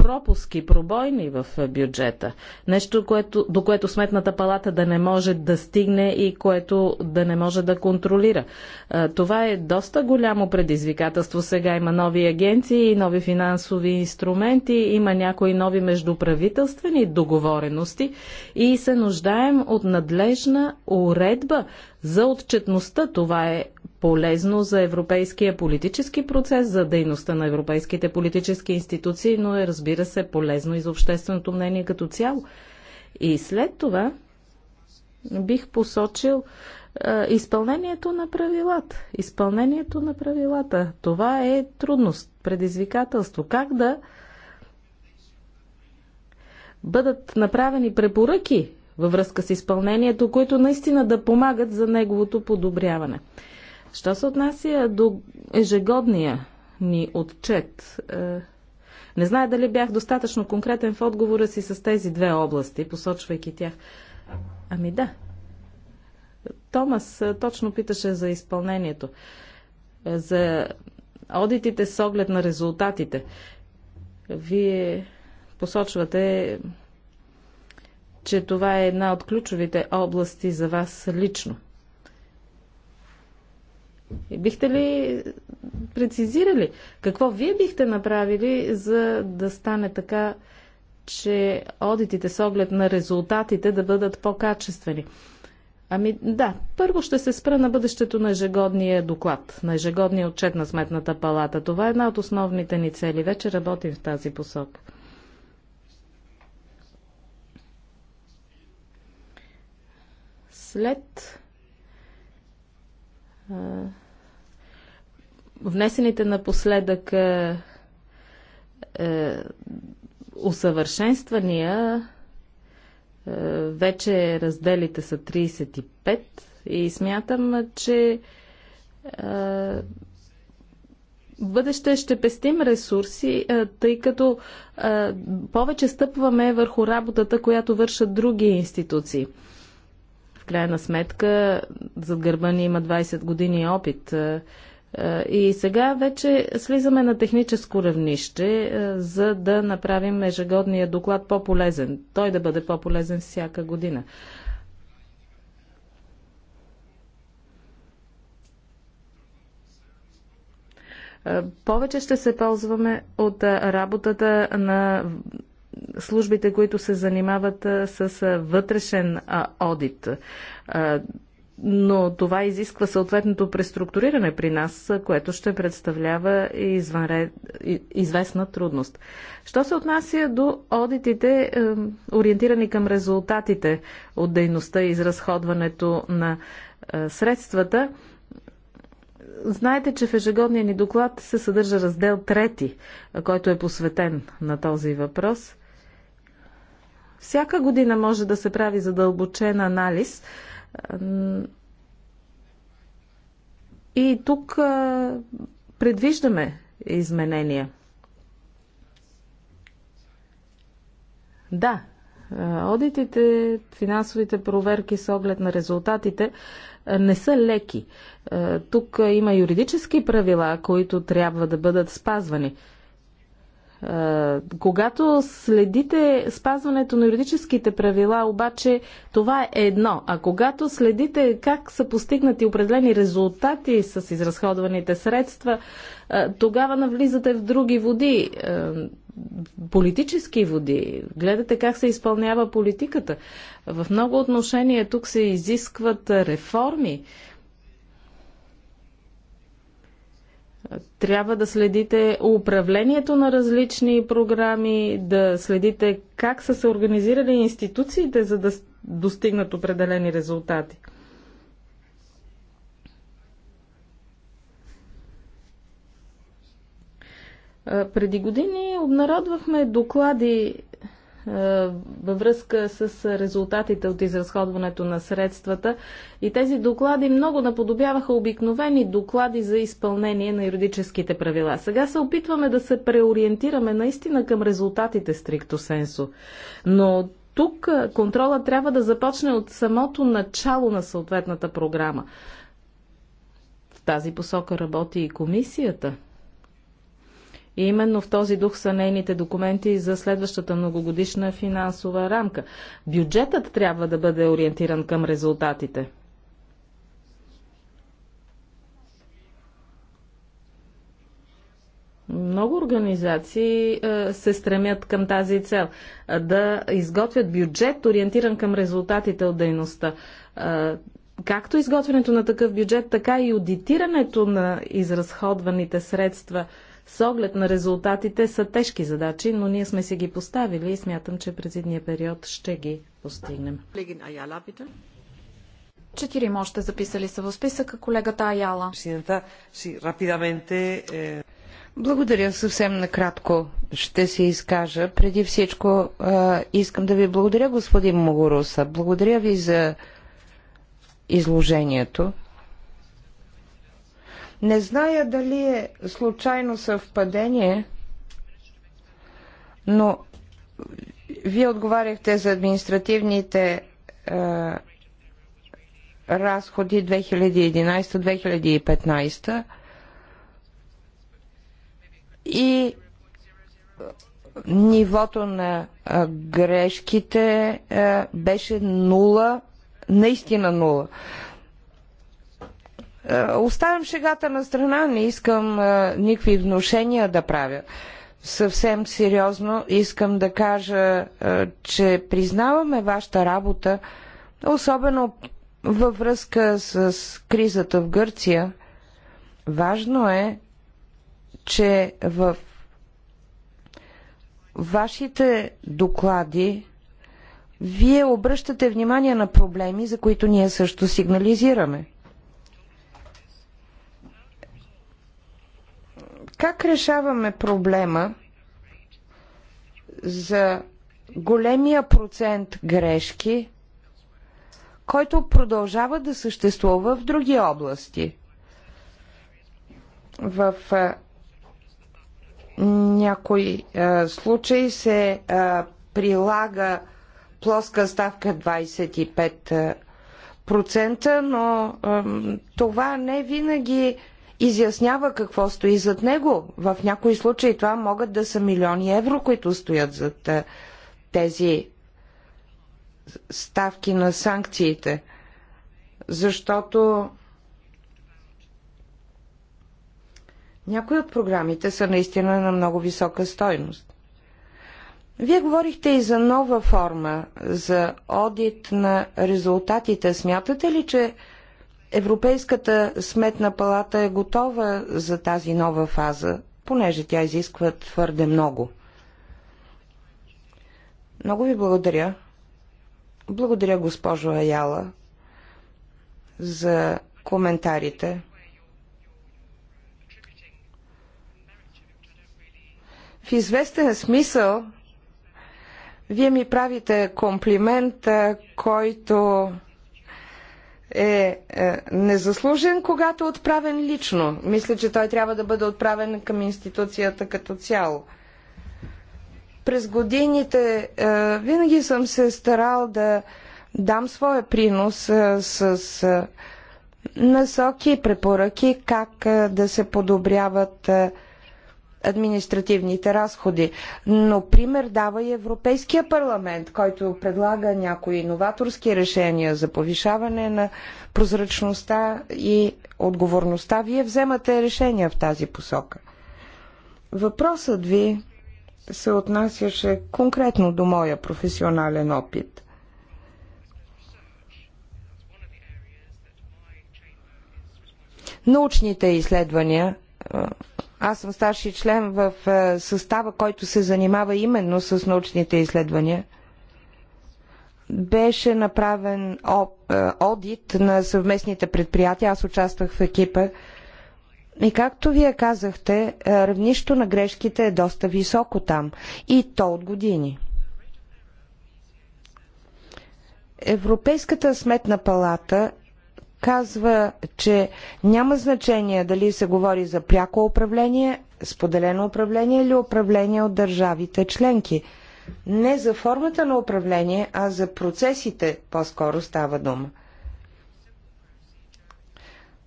пропуски, пробойни в бюджета. Нещо, което, до което сметната палата да не може да стигне и което да не може да контролира. Това е доста голямо предизвикателство. Сега има нови агенции, нови финансови инструменти, има някои нови междуправителствени договорености и се нуждаем от надлежна уредба за отчетността. Това е полезно за европейския политически процес, за дейността на европейските политически институции, но е разбира се полезно и за общественото мнение като цяло. И след това бих посочил е, изпълнението на правилата. Изпълнението на правилата. Това е трудност, предизвикателство. Как да бъдат направени препоръки във връзка с изпълнението, които наистина да помагат за неговото подобряване. Що се отнася до ежегодния ни отчет, е, не знае дали бях достатъчно конкретен в отговора си с тези две области, посочвайки тях. Ами да. Томас е, точно питаше за изпълнението, е, за одитите с оглед на резултатите. Вие посочвате, че това е една от ключовите области за вас лично – Бихте ли прецизирали какво вие бихте направили, за да стане така, че одитите с оглед на резултатите да бъдат по-качествени? Ами да, първо ще се спра на бъдещето на ежегодния доклад, на ежегодния отчет на Сметната палата. Това е една от основните ни цели. Вече работим в тази посока. След внесените напоследък е, е, усъвършенствания е, вече разделите са 35 и смятам, че е, бъдеще ще пестим ресурси, тъй като повече стъпваме върху работата, която вършат други институции крайна сметка зад гърба ни има 20 години опит. Е, е, и сега вече слизаме на техническо равнище, е, за да направим ежегодния доклад по-полезен. Той да бъде по-полезен всяка година. Повече ще се ползваме от работата на службите, които се занимават с вътрешен одит. Но това изисква съответното преструктуриране при нас, което ще представлява извънред... известна трудност. Що се отнася до одитите, ориентирани към резултатите от дейността и изразходването на средствата, знаете, че в ежегодния ни доклад се съдържа раздел трети, който е посветен на този въпрос. Всяка година може да се прави задълбочен анализ. И тук предвиждаме изменения. Да, Одитите, финансовите проверки с оглед на резултатите не са леки. Тук има юридически правила, които трябва да бъдат спазвани. Е, когато следите спазването на юридическите правила, обаче това е едно. А когато следите как са постигнати определени резултати с изразходваните средства, е, тогава навлизате в други води, е, политически води. Гледате как се изпълнява политиката. В много отношения тук се изискват реформи Трябва да следите управлението на различни програми, да следите как са се организирали институциите, за да достигнат определени резултати. Преди години обнародвахме доклади е, във връзка с резултатите от изразходването на средствата. И тези доклади много наподобяваха обикновени доклади за изпълнение на юридическите правила. Сега се опитваме да се преориентираме наистина към резултатите стрикто сенсо. Но тук е, контрола трябва да започне от самото начало на съответната програма. В тази посока работи и комисията – и именно в този дух са нейните документи за следващата многогодишна финансова рамка. Бюджетът трябва да бъде ориентиран към резултатите. Много организации е, се стремят към тази цел е, да изготвят бюджет, ориентиран към резултатите от дейността. Е, както изготвянето на такъв бюджет, така и аудитирането на изразходваните средства – с оглед на резултатите са тежки задачи, но ние сме си ги поставили и смятам, че през едния период ще ги постигнем. Четири още записали са в списъка колегата Аяла. Е, благодаря съвсем накратко. Ще се изкажа. Преди всичко е, искам да ви благодаря, господин Могоруса. Благодаря ви за изложението. Не зная дали е случайно съвпадение, но вие отговаряхте за административните е, разходи 2011-2015 и нивото на е, грешките е, беше нула, наистина нула. Е, оставям шегата на страна, не искам е, никакви вношения да правя. Съвсем сериозно искам да кажа, е, че признаваме вашата работа, особено във връзка с кризата в Гърция. Важно е, че в вашите доклади вие обръщате внимание на проблеми, за които ние също сигнализираме. Как решаваме проблема за големия процент грешки, който продължава да съществува в други области? В някои случаи се прилага плоска ставка 25%, но това не винаги изяснява какво стои зад него. В някои случаи това могат да са милиони евро, които стоят зад тези ставки на санкциите. Защото някои от програмите са наистина на много висока стойност. Вие говорихте и за нова форма, за одит на резултатите. Смятате ли, че Европейската сметна палата е готова за тази нова фаза, понеже тя изисква твърде много. Много ви благодаря. Благодаря, госпожо Аяла, за коментарите. В известен смисъл, вие ми правите комплимент, който е, е незаслужен, когато е отправен лично. Мисля, че той трябва да бъде отправен към институцията като цяло. През годините е, винаги съм се старал да дам своя принос е, с е, насоки и препоръки как е, да се подобряват е, административните разходи. Но пример дава и Европейския парламент, който предлага някои иноваторски решения за повишаване на прозрачността и отговорността. Вие вземате решения в тази посока. Въпросът ви се отнасяше конкретно до моя професионален опит – научните изследвания аз съм старши член в е, състава, който се занимава именно с научните изследвания. Беше направен е, одит на съвместните предприятия. Аз участвах в екипа. И както вие казахте, е, равнището на грешките е доста високо там. И то от години. Европейската сметна палата казва, че няма значение дали се говори за пряко управление, споделено управление или управление от държавите членки. Не за формата на управление, а за процесите по-скоро става дума.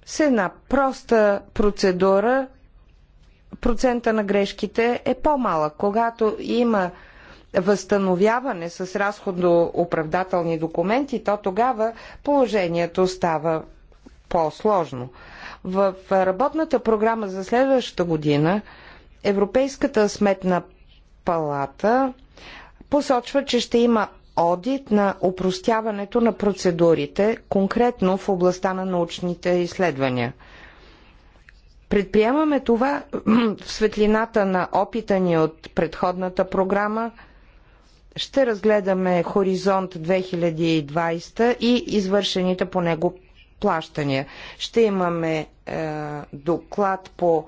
С една проста процедура процента на грешките е по-малък. Когато има възстановяване с разходно оправдателни документи, то тогава положението става по-сложно. В работната програма за следващата година Европейската сметна палата посочва, че ще има одит на упростяването на процедурите, конкретно в областта на научните изследвания. Предприемаме това в светлината на опита ни от предходната програма – ще разгледаме Хоризонт 2020 и извършените по него плащания. Ще имаме е, доклад по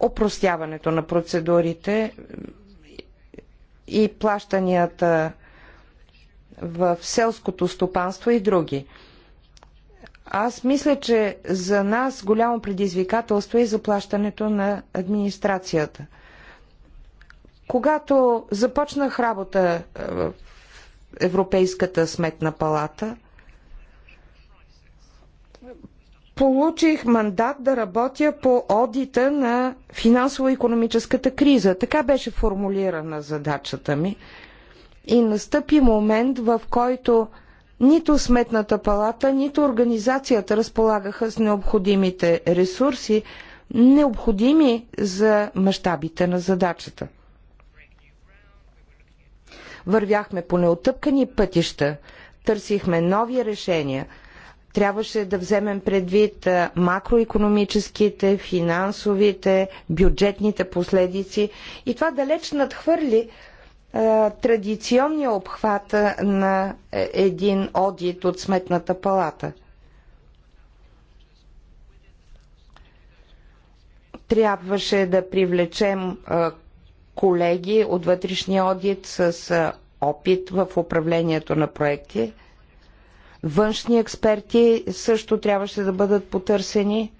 опростяването на процедурите и плащанията в селското стопанство и други. Аз мисля, че за нас голямо предизвикателство е заплащането на администрацията – когато започнах работа е, в Европейската сметна палата, получих мандат да работя по одита на финансово-економическата криза. Така беше формулирана задачата ми. И настъпи момент, в който нито Сметната палата, нито организацията разполагаха с необходимите ресурси, необходими за мащабите на задачата. Вървяхме по неотъпкани пътища, търсихме нови решения. Трябваше да вземем предвид макроекономическите, финансовите, бюджетните последици и това далеч надхвърли традиционния обхват на е, един одит от Сметната палата. Трябваше да привлечем колеги от вътрешния одит с опит в управлението на проекти. Външни експерти също трябваше да бъдат потърсени.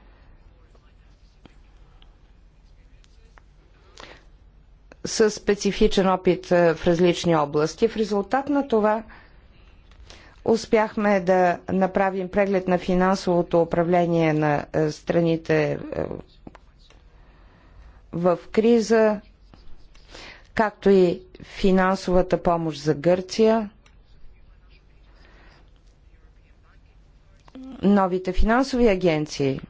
с специфичен опит в различни области. В резултат на това успяхме да направим преглед на финансовото управление на страните в криза, както и финансовата помощ за Гърция, новите финансови агенции,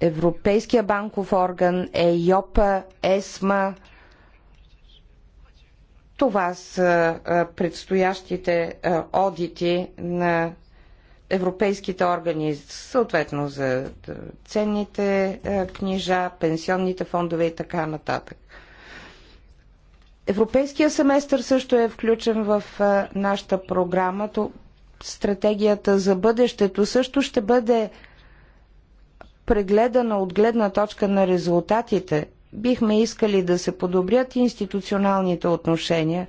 Европейския банков орган, ЕЙОПА, ЕСМА. Това са предстоящите одити на европейските органи, съответно за ценните е, книжа, пенсионните фондове и така нататък. Европейския семестър също е включен в е, нашата програма. Стратегията за бъдещето също ще бъде прегледана от гледна точка на резултатите. Бихме искали да се подобрят институционалните отношения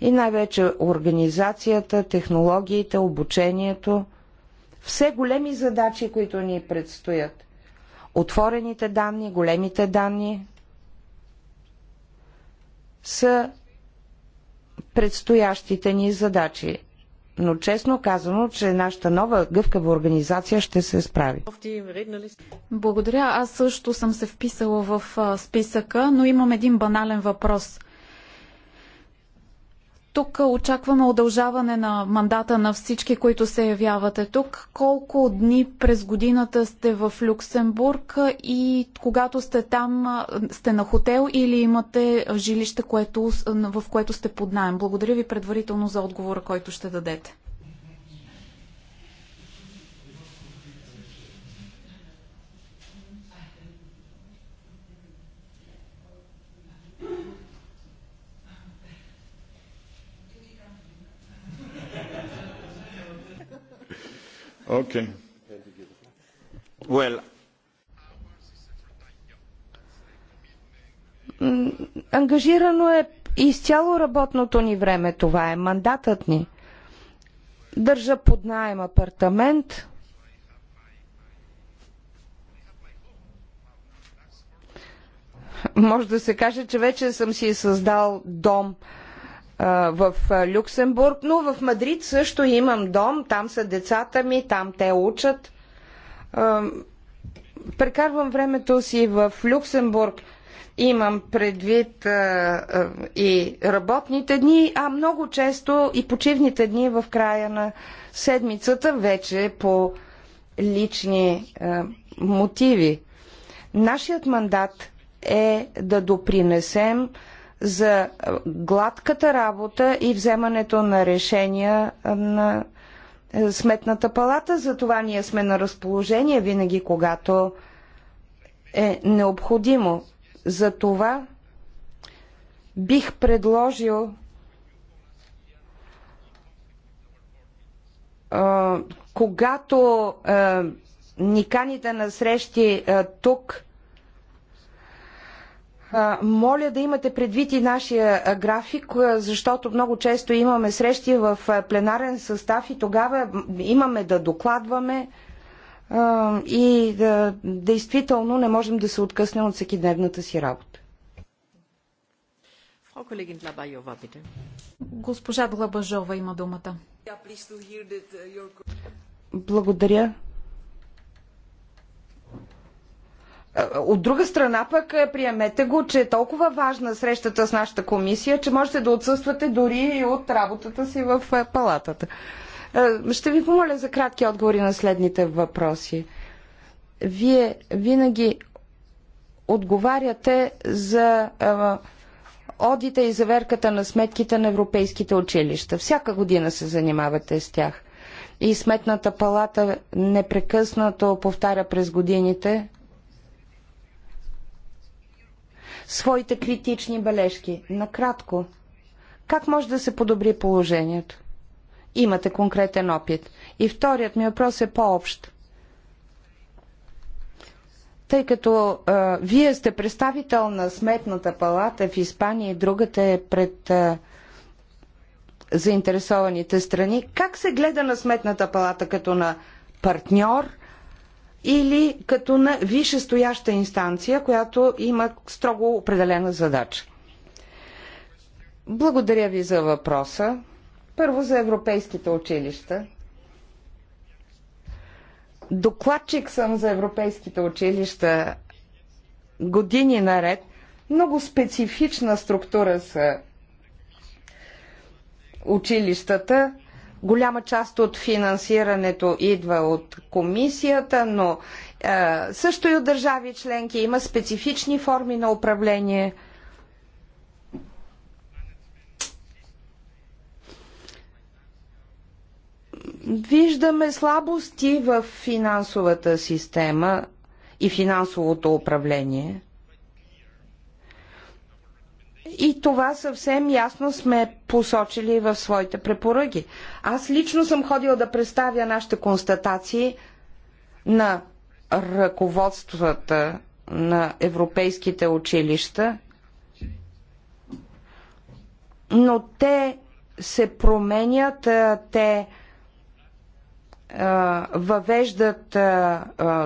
и най-вече организацията, технологиите, обучението – все големи задачи, които ни предстоят. Отворените данни, големите данни са предстоящите ни задачи. Но честно казано, че нашата нова гъвкава организация ще се справи. Благодаря. Аз също съм се вписала в списъка, но имам един банален въпрос – тук очакваме удължаване на мандата на всички, които се явявате тук. Колко дни през годината сте в Люксембург и когато сте там, сте на хотел или имате жилище, което, в което сте под найем? Благодаря ви предварително за отговора, който ще дадете. Okay. Well. Ангажирано е изцяло работното ни време. Това е мандатът ни. Държа под найем апартамент. Може да се каже, че вече съм си създал дом. Uh, в Люксембург, но в Мадрид също имам дом, там са децата ми, там те учат. Прекарвам времето си в Люксембург. Имам предвид и работните дни, а много често и почивните дни в края на седмицата, вече по лични мотиви. Нашият мандат е да допринесем за гладката работа и вземането на решения на е, Сметната палата. За това ние сме на разположение винаги, когато е необходимо. За това бих предложил е, когато е, ни каните на срещи тук, моля да имате предвид и нашия график, защото много често имаме срещи в пленарен състав и тогава имаме да докладваме и да, действително не можем да се откъснем от всекидневната си работа. Госпожа Длабажова има думата. Благодаря. От друга страна пък е, приемете го, че е толкова важна срещата с нашата комисия, че можете да отсъствате дори и от работата си в е, палатата. Е, ще ви помоля за кратки отговори на следните въпроси. Вие винаги отговаряте за одита и заверката на сметките на европейските училища. Всяка година се занимавате с тях. И Сметната палата непрекъснато повтаря през годините своите критични бележки. Накратко, как може да се подобри положението? Имате конкретен опит. И вторият ми въпрос е по-общ. Тъй като а, вие сте представител на Сметната палата в Испания и другата е пред а, заинтересованите страни, как се гледа на Сметната палата като на партньор – или като на висшестояща инстанция, която има строго определена задача. Благодаря ви за въпроса. Първо за европейските училища. Докладчик съм за европейските училища години наред. Много специфична структура са училищата Голяма част от финансирането идва от комисията, но е, също и от държави членки има специфични форми на управление. Виждаме слабости в финансовата система и финансовото управление. И това съвсем ясно сме посочили в своите препоръки. Аз лично съм ходила да представя нашите констатации на ръководствата на европейските училища, но те се променят, те въвеждат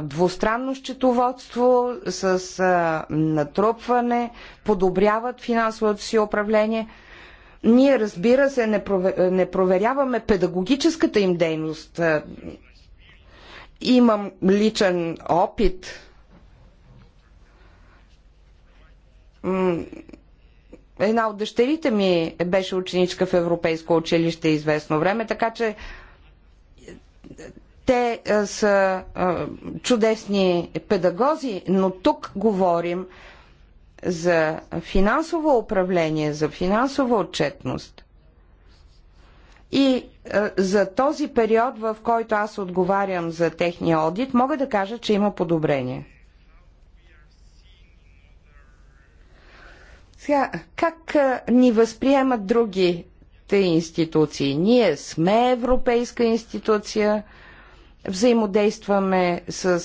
двустранно счетоводство с натрупване, подобряват финансовото си управление. Ние, разбира се, не, проверяваме педагогическата им дейност. Имам личен опит една от дъщерите ми беше ученичка в Европейско училище известно време, така че те е, са е, чудесни педагози, но тук говорим за финансово управление, за финансова отчетност. И е, за този период, в който аз отговарям за техния одит, мога да кажа, че има подобрение. Сега, как ни възприемат други европейските институции. Ние сме европейска институция, взаимодействаме с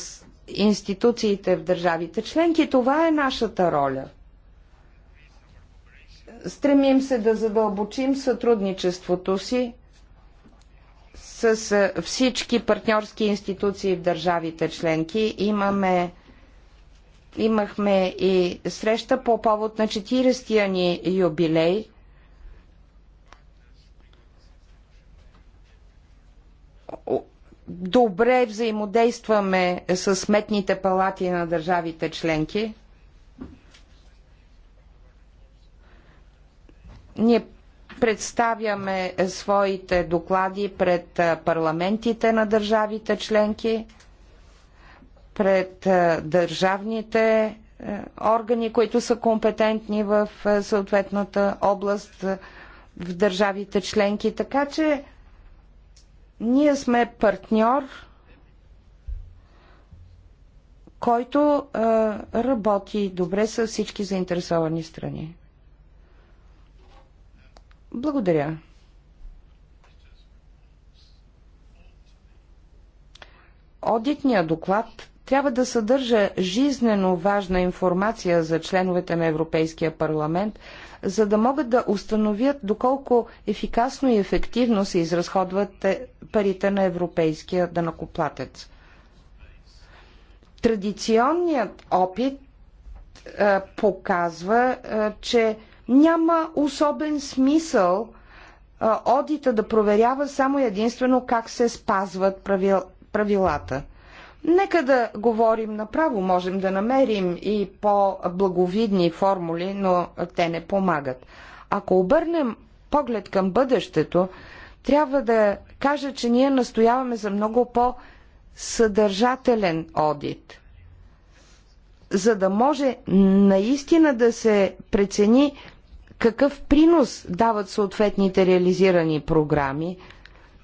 институциите в държавите членки. Това е нашата роля. Стремим се да задълбочим сътрудничеството си с всички партньорски институции в държавите членки. Имаме, имахме и среща по повод на 40-я ни юбилей – добре взаимодействаме с сметните палати на държавите членки. Ние представяме своите доклади пред парламентите на държавите членки, пред държавните органи, които са компетентни в съответната област в държавите членки. Така че ние сме партньор, който а, работи добре с всички заинтересовани страни. Благодаря. Одитният доклад трябва да съдържа жизнено важна информация за членовете на Европейския парламент – за да могат да установят доколко ефикасно и ефективно се изразходват парите на европейския данакоплатец. Традиционният опит е, показва, е, че няма особен смисъл е, одита да проверява само единствено как се спазват правил, правилата. Нека да говорим направо, можем да намерим и по-благовидни формули, но те не помагат. Ако обърнем поглед към бъдещето, трябва да кажа, че ние настояваме за много по-съдържателен одит, за да може наистина да се прецени какъв принос дават съответните реализирани програми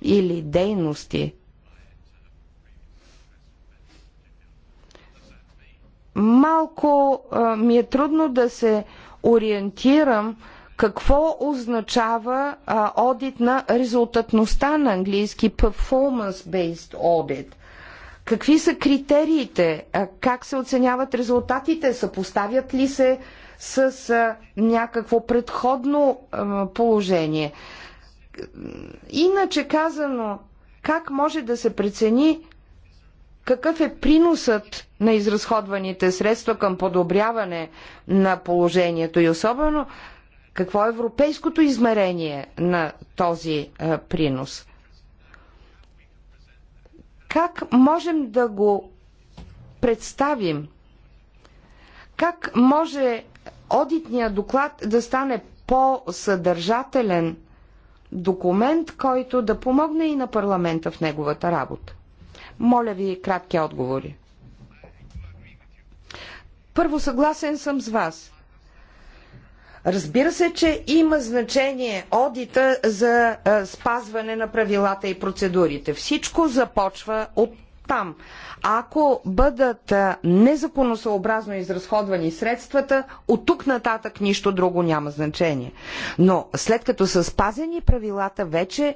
или дейности – малко а, ми е трудно да се ориентирам какво означава а, одит на резултатността на английски performance-based audit. Какви са критериите? А, как се оценяват резултатите? Съпоставят ли се с а, някакво предходно а, положение? Иначе казано, как може да се прецени какъв е приносът на изразходваните средства към подобряване на положението и особено какво е европейското измерение на този а, е, принос? Как можем да го представим? Как може одитният доклад да стане по-съдържателен документ, който да помогне и на парламента в неговата работа? Моля ви кратки отговори. Първо, съгласен съм с вас. Разбира се, че има значение одита за а, спазване на правилата и процедурите. Всичко започва от там. Ако бъдат а, незаконосъобразно изразходвани средствата, от тук нататък нищо друго няма значение. Но след като са спазени правилата, вече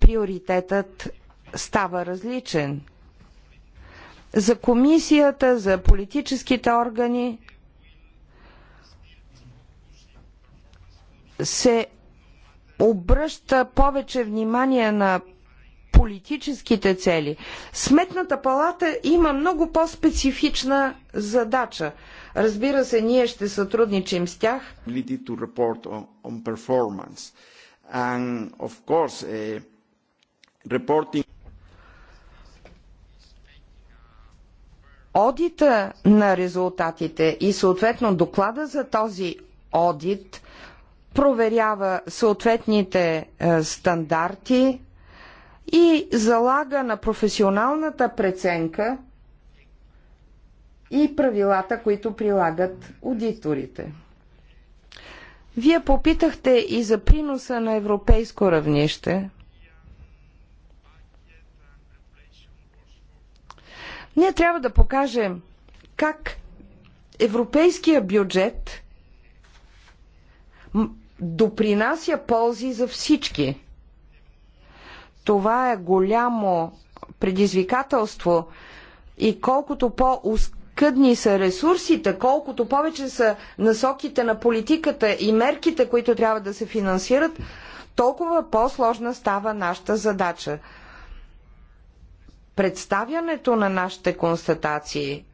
приоритетът става различен. За комисията, за политическите органи се обръща повече внимание на политическите цели. Сметната палата има много по-специфична задача. Разбира се, ние ще сътрудничим с тях. And, course, eh, reporting... Одита на резултатите и съответно доклада за този одит проверява съответните е, стандарти и залага на професионалната преценка и правилата, които прилагат аудиторите. Вие попитахте и за приноса на европейско равнище – Ние трябва да покажем как европейския бюджет допринася ползи за всички. Това е голямо предизвикателство и колкото по-ускъдни са ресурсите, колкото повече са насоките на политиката и мерките, които трябва да се финансират, толкова по-сложна става нашата задача представянето на нашите констатации, е,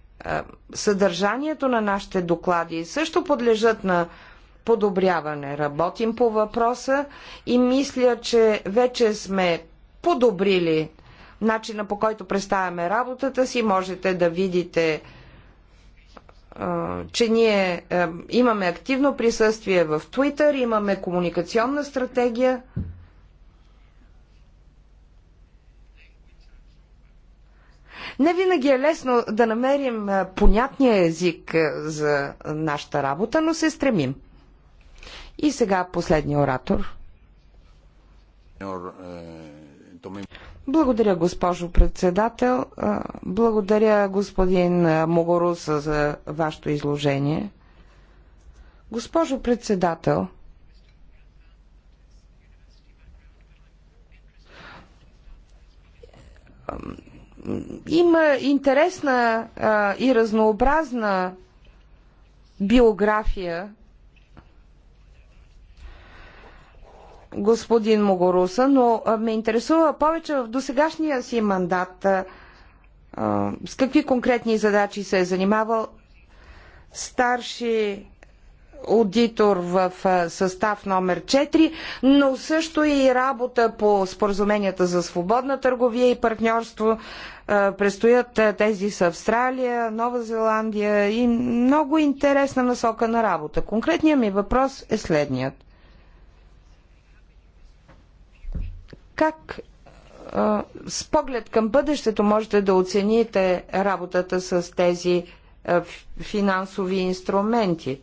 съдържанието на нашите доклади също подлежат на подобряване. Работим по въпроса и мисля, че вече сме подобрили начина по който представяме работата си. Можете да видите, е, че ние е, имаме активно присъствие в Twitter, имаме комуникационна стратегия. Не винаги е лесно да намерим понятния език за нашата работа, но се стремим. И сега последния оратор. Благодаря, госпожо председател. Благодаря, господин Могорус за вашето изложение. Госпожо председател, има интересна а, и разнообразна биография господин Могоруса, но ме интересува повече в досегашния си мандат с какви конкретни задачи се е занимавал старши аудитор в състав номер 4, но също и работа по споразуменията за свободна търговия и партньорство. Престоят тези с Австралия, Нова Зеландия и много интересна насока на работа. Конкретният ми въпрос е следният. Как с поглед към бъдещето можете да оцените работата с тези финансови инструменти?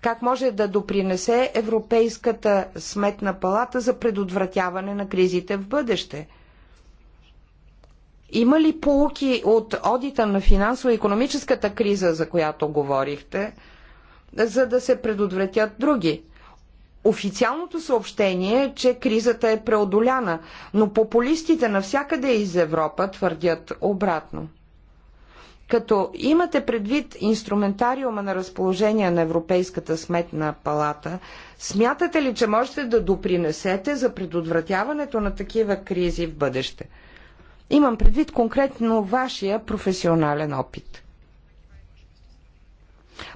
как може да допринесе Европейската сметна палата за предотвратяване на кризите в бъдеще. Има ли полуки от одита на финансово-економическата криза, за която говорихте, за да се предотвратят други? Официалното съобщение е, че кризата е преодоляна, но популистите навсякъде из Европа твърдят обратно. Като имате предвид инструментариума на разположение на Европейската сметна палата, смятате ли, че можете да допринесете за предотвратяването на такива кризи в бъдеще? Имам предвид конкретно вашия професионален опит.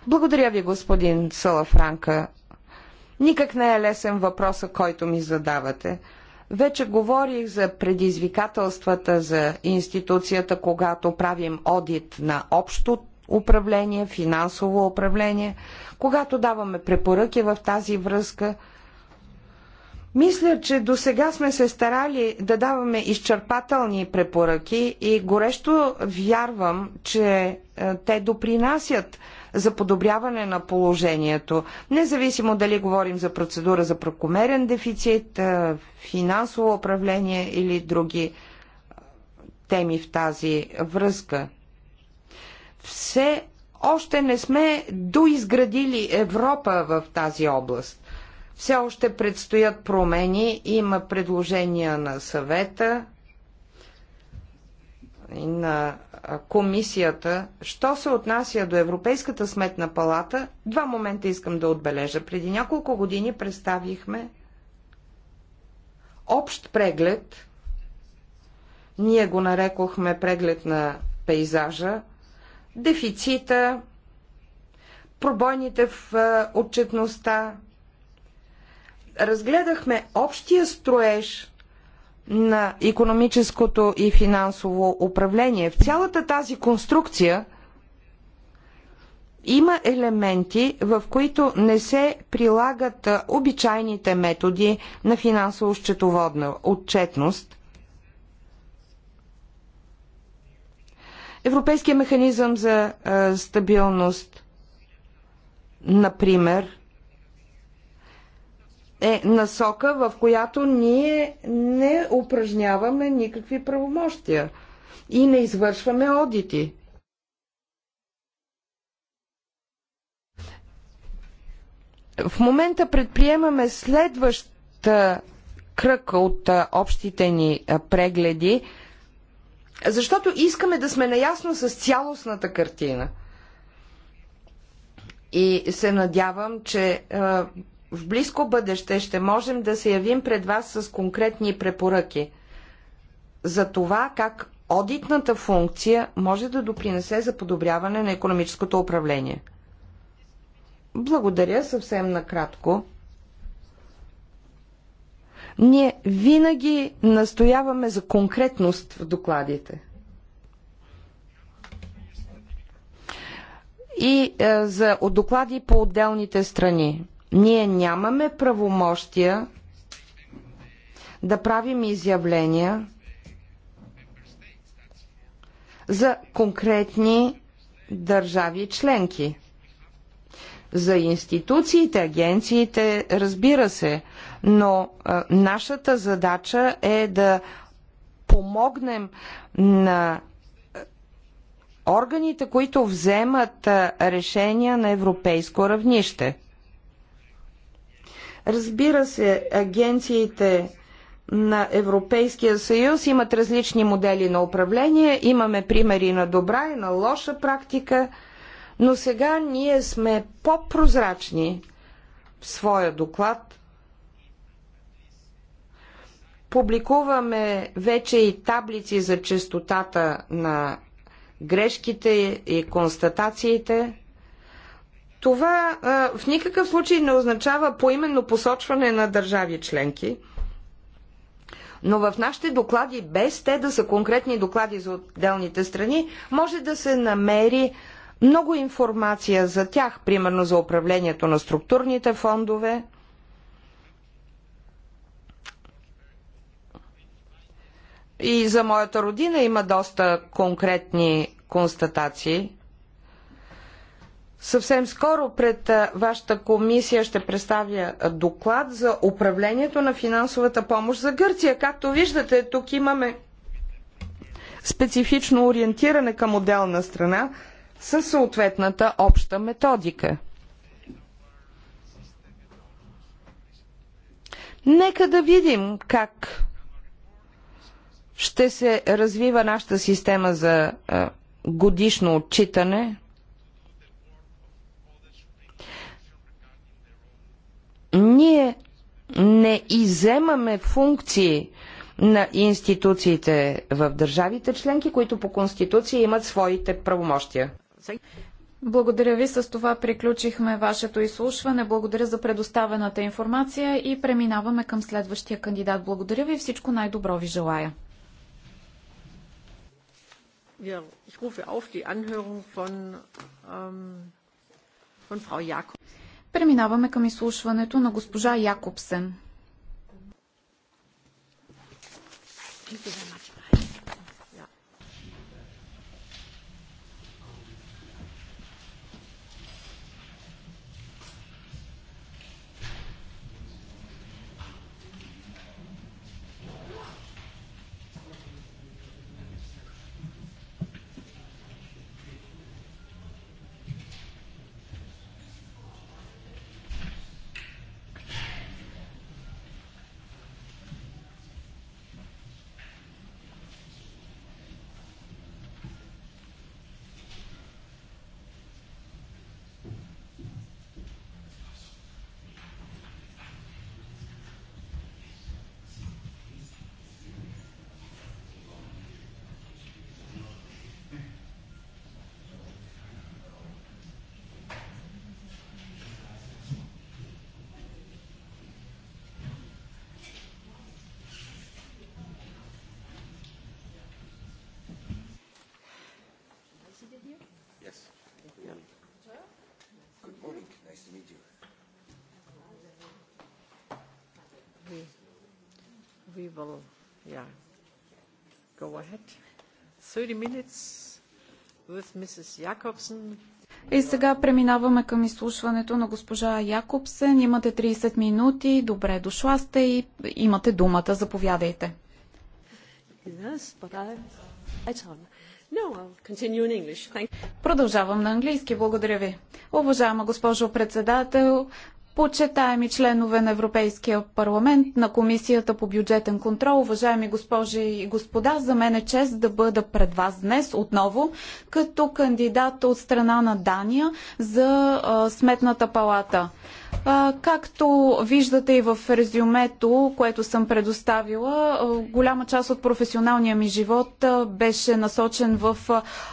Благодаря ви, господин Салафранка. Никак не е лесен въпроса, който ми задавате. Вече говорих за предизвикателствата за институцията, когато правим одит на общо управление, финансово управление, когато даваме препоръки в тази връзка. Мисля, че до сега сме се старали да даваме изчерпателни препоръки и горещо вярвам, че е, те допринасят за подобряване на положението, независимо дали говорим за процедура за прокомерен дефицит, финансово управление или други теми в тази връзка. Все още не сме доизградили Европа в тази област. Все още предстоят промени, има предложения на съвета, на комисията, що се отнася до Европейската сметна палата, два момента искам да отбележа. Преди няколко години представихме общ преглед. Ние го нарекохме преглед на пейзажа, дефицита, пробойните в отчетността. Разгледахме общия строеж на економическото и финансово управление. В цялата тази конструкция има елементи, в които не се прилагат обичайните методи на финансово-счетоводна отчетност. Европейския механизъм за стабилност, например – е насока, в която ние не упражняваме никакви правомощия и не извършваме одити. В момента предприемаме следващ кръг от общите ни прегледи, защото искаме да сме наясно с цялостната картина. И се надявам, че в близко бъдеще ще можем да се явим пред вас с конкретни препоръки за това как одитната функция може да допринесе за подобряване на економическото управление. Благодаря съвсем накратко. Ние винаги настояваме за конкретност в докладите. И е, за от доклади по отделните страни. Ние нямаме правомощия да правим изявления за конкретни държави членки. За институциите, агенциите, разбира се, но а, нашата задача е да помогнем на органите, които вземат решения на европейско равнище. Разбира се, агенциите на Европейския съюз имат различни модели на управление. Имаме примери на добра и на лоша практика, но сега ние сме по-прозрачни в своя доклад. Публикуваме вече и таблици за частотата на грешките и констатациите. Това а, в никакъв случай не означава поименно посочване на държави членки, но в нашите доклади, без те да са конкретни доклади за отделните страни, може да се намери много информация за тях, примерно за управлението на структурните фондове. И за моята родина има доста конкретни констатации – Съвсем скоро пред вашата комисия ще представя доклад за управлението на финансовата помощ за Гърция. Както виждате, тук имаме специфично ориентиране към отделна страна със съответната обща методика. Нека да видим как ще се развива нашата система за годишно отчитане Ние не иземаме функции на институциите в държавите членки, които по Конституция имат своите правомощия. Благодаря ви. С това приключихме вашето изслушване. Благодаря за предоставената информация и преминаваме към следващия кандидат. Благодаря ви. Всичко най-добро ви желая. Ich rufe auf die Anhörung von, ähm, von Frau Преминаваме към изслушването на госпожа Якобсен. we will, yeah, go ahead. 30 minutes with Mrs. Jakobsen И сега преминаваме към изслушването на госпожа Якобсен. Имате 30 минути. Добре дошла сте и имате думата. Заповядайте. Yes, but I... I Продължавам на английски. Благодаря ви. Уважаема госпожо председател, Почитаеми членове на Европейския парламент, на Комисията по бюджетен контрол, уважаеми госпожи и господа, за мен е чест да бъда пред вас днес отново като кандидат от страна на Дания за а, Сметната палата. Както виждате и в резюмето, което съм предоставила, голяма част от професионалния ми живот беше насочен в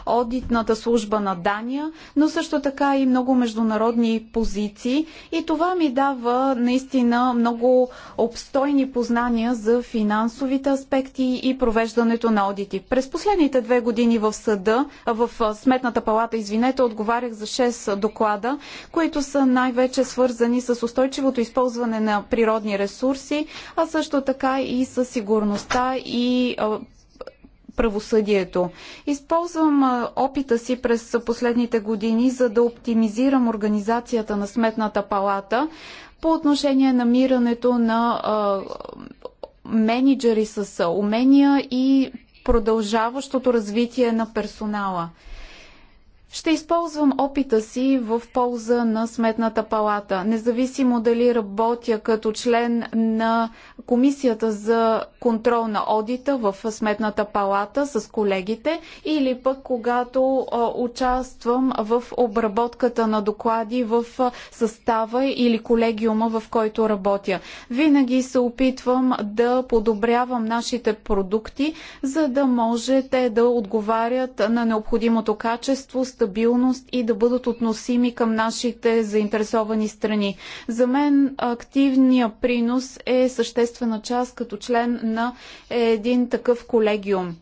одитната служба на Дания, но също така и много международни позиции и това ми дава наистина много обстойни познания за финансовите аспекти и провеждането на одити. През последните две години в съда, в Сметната палата, извинете, отговарях за 6 доклада, които са най-вече свързани свързани с устойчивото използване на природни ресурси, а също така и с сигурността и правосъдието. Използвам опита си през последните години, за да оптимизирам организацията на Сметната палата по отношение на мирането на менеджери с умения и продължаващото развитие на персонала. Ще използвам опита си в полза на Сметната палата, независимо дали работя като член на Комисията за контрол на одита в Сметната палата с колегите или пък когато участвам в обработката на доклади в състава или колегиума, в който работя. Винаги се опитвам да подобрявам нашите продукти, за да може те да отговарят на необходимото качество, стабилност и да бъдат относими към нашите заинтересовани страни. За мен активният принос е съществена част като член на един такъв колегиум.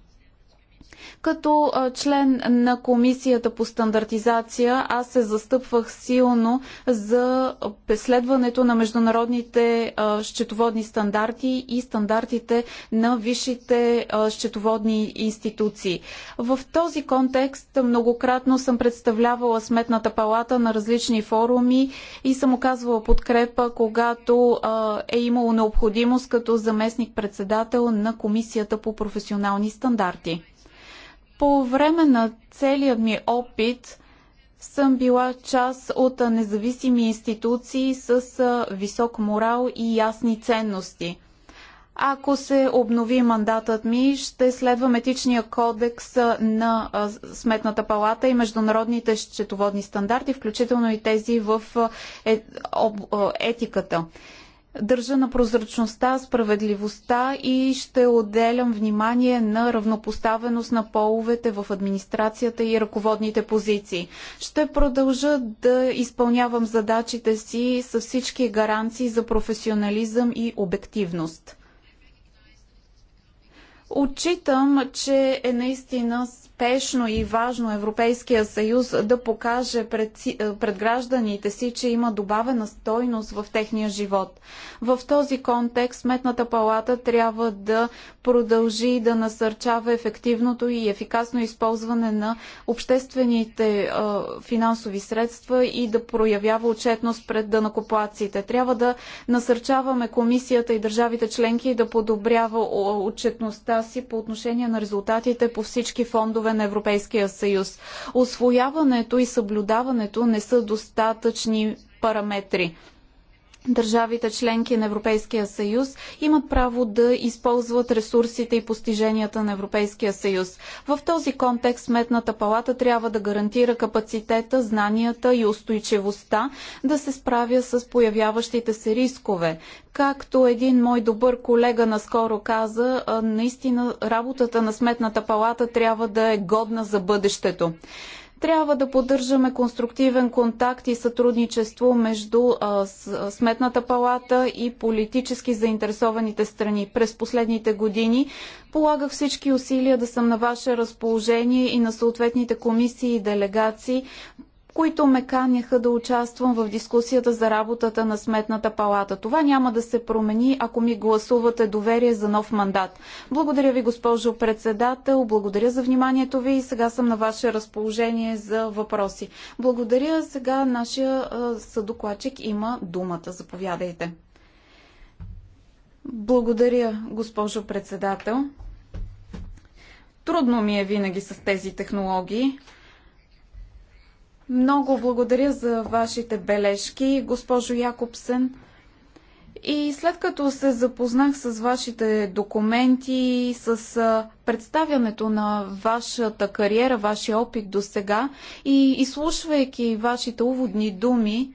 Като член на комисията по стандартизация, аз се застъпвах силно за преследването на международните счетоводни стандарти и стандартите на висшите счетоводни институции. В този контекст многократно съм представлявала Сметната палата на различни форуми и съм оказвала подкрепа, когато е имало необходимост като заместник-председател на комисията по професионални стандарти. По време на целия ми опит съм била част от независими институции с висок морал и ясни ценности. Ако се обнови мандатът ми, ще следвам етичния кодекс на Сметната палата и международните счетоводни стандарти, включително и тези в е, етиката. Държа на прозрачността, справедливостта и ще отделям внимание на равнопоставеност на половете в администрацията и ръководните позиции. Ще продължа да изпълнявам задачите си с всички гаранции за професионализъм и обективност. Отчитам, че е наистина спешно и важно Европейския съюз да покаже пред, е, пред гражданите си, че има добавена стойност в техния живот. В този контекст Сметната палата трябва да продължи да насърчава ефективното и ефикасно използване на обществените а, е, финансови средства и да проявява отчетност пред дънакоплаците. Трябва да насърчаваме комисията и държавите членки да подобрява отчетността си по отношение на резултатите по всички фондове на Европейския съюз. Освояването и съблюдаването не са достатъчни параметри държавите членки на Европейския съюз имат право да използват ресурсите и постиженията на Европейския съюз. В този контекст Сметната палата трябва да гарантира капацитета, знанията и устойчивостта да се справя с появяващите се рискове. Както един мой добър колега наскоро каза, наистина работата на Сметната палата трябва да е годна за бъдещето. Трябва да поддържаме конструктивен контакт и сътрудничество между а, с, Сметната палата и политически заинтересованите страни. През последните години полагах всички усилия да съм на ваше разположение и на съответните комисии и делегации които ме каняха да участвам в дискусията за работата на Сметната палата. Това няма да се промени, ако ми гласувате доверие за нов мандат. Благодаря ви, госпожо председател, благодаря за вниманието ви и сега съм на ваше разположение за въпроси. Благодаря, сега нашия съдокладчик има думата. Заповядайте. Благодаря, госпожо председател. Трудно ми е винаги с тези технологии. Много благодаря за вашите бележки, госпожо Якобсен. И след като се запознах с вашите документи, с представянето на вашата кариера, вашия опит до сега и изслушвайки вашите уводни думи,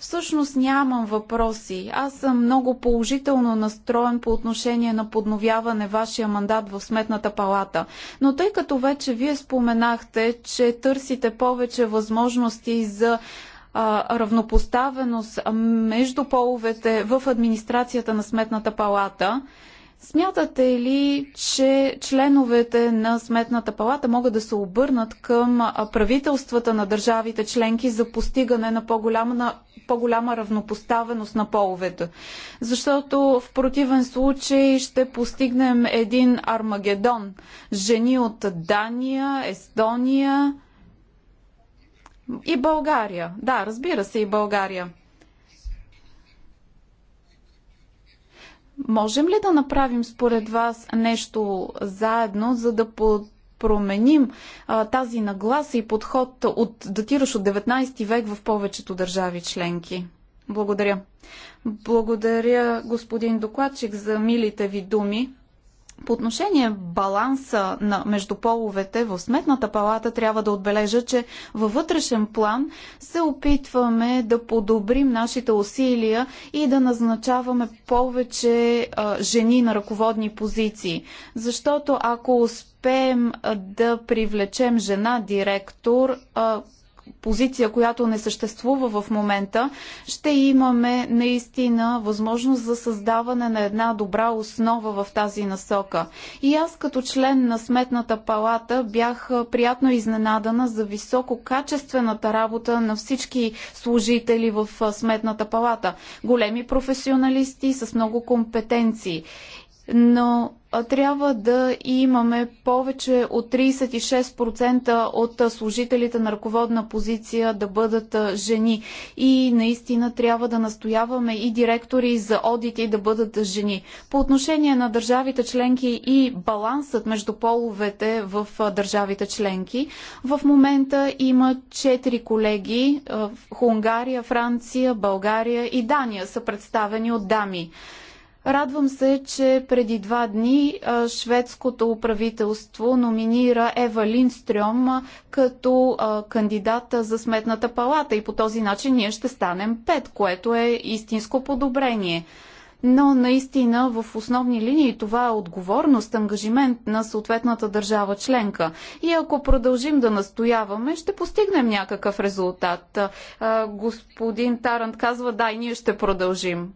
Всъщност нямам въпроси. Аз съм много положително настроен по отношение на подновяване вашия мандат в Сметната палата. Но тъй като вече вие споменахте, че търсите повече възможности за а, равнопоставеност между половете в администрацията на Сметната палата, Смятате ли, че членовете на Сметната палата могат да се обърнат към правителствата на държавите членки за постигане на по-голяма, на по-голяма равнопоставеност на половете? Защото в противен случай ще постигнем един Армагедон. Жени от Дания, Естония и България. Да, разбира се, и България. Можем ли да направим според вас нещо заедно, за да под променим а, тази нагласа и подход от датираш от 19 век в повечето държави членки. Благодаря. Благодаря, господин докладчик, за милите ви думи. По отношение баланса на междуполовете в Сметната палата трябва да отбележа, че във вътрешен план се опитваме да подобрим нашите усилия и да назначаваме повече а, жени на ръководни позиции. Защото ако успеем да привлечем жена директор, а, позиция, която не съществува в момента, ще имаме наистина възможност за създаване на една добра основа в тази насока. И аз като член на Сметната палата бях приятно изненадана за висококачествената работа на всички служители в Сметната палата. Големи професионалисти с много компетенции но трябва да имаме повече от 36% от служителите на ръководна позиция да бъдат жени. И наистина трябва да настояваме и директори за одити да бъдат жени. По отношение на държавите членки и балансът между половете в държавите членки, в момента има 4 колеги. Хунгария, Франция, България и Дания са представени от дами. Радвам се, че преди два дни шведското правителство номинира Ева Линстрем като кандидата за сметната палата и по този начин ние ще станем пет, което е истинско подобрение но наистина в основни линии това е отговорност, ангажимент на съответната държава членка. И ако продължим да настояваме, ще постигнем някакъв резултат. Господин Тарант казва, да, и ние ще продължим.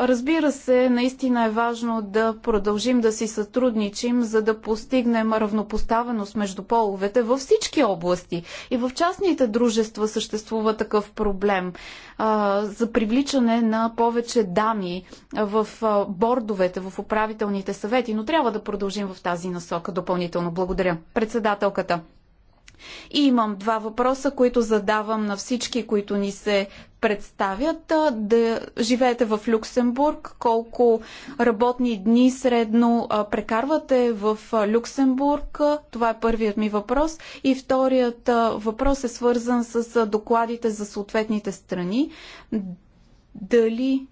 Разбира се, наистина е важно да продължим да си сътрудничим, за да постигнем равнопоставеност между половете във всички области. И в частните дружества съществува такъв проблем а, за привличане на повече дами в а, бордовете, в управителните съвети, но трябва да продължим в тази насока допълнително. Благодаря. Председателката. И имам два въпроса, които задавам на всички, които ни се представят. Да живеете в Люксембург, колко работни дни средно прекарвате в Люксембург? Това е първият ми въпрос. И вторият въпрос е свързан с докладите за съответните страни. Дали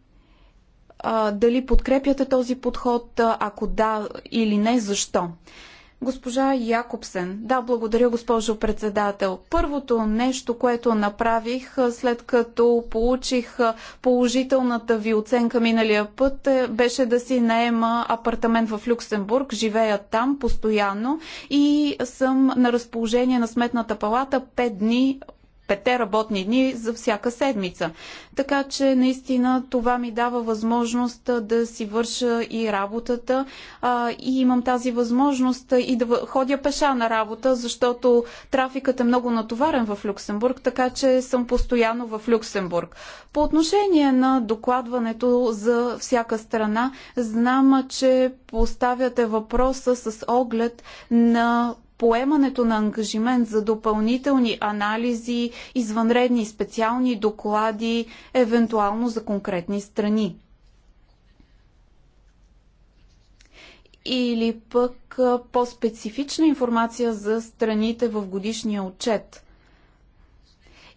дали подкрепяте този подход, ако да или не, защо? Госпожа Якобсен. Да, благодаря, госпожо председател. Първото нещо, което направих след като получих положителната ви оценка миналия път, е, беше да си наема апартамент в Люксембург. Живея там постоянно и съм на разположение на Сметната палата 5 дни пете работни дни за всяка седмица. Така че наистина това ми дава възможност да си върша и работата а, и имам тази възможност и да ходя пеша на работа, защото трафикът е много натоварен в Люксембург, така че съм постоянно в Люксембург. По отношение на докладването за всяка страна, знам, че поставяте въпроса с оглед на поемането на ангажимент за допълнителни анализи, извънредни специални доклади, евентуално за конкретни страни. Или пък по-специфична информация за страните в годишния отчет.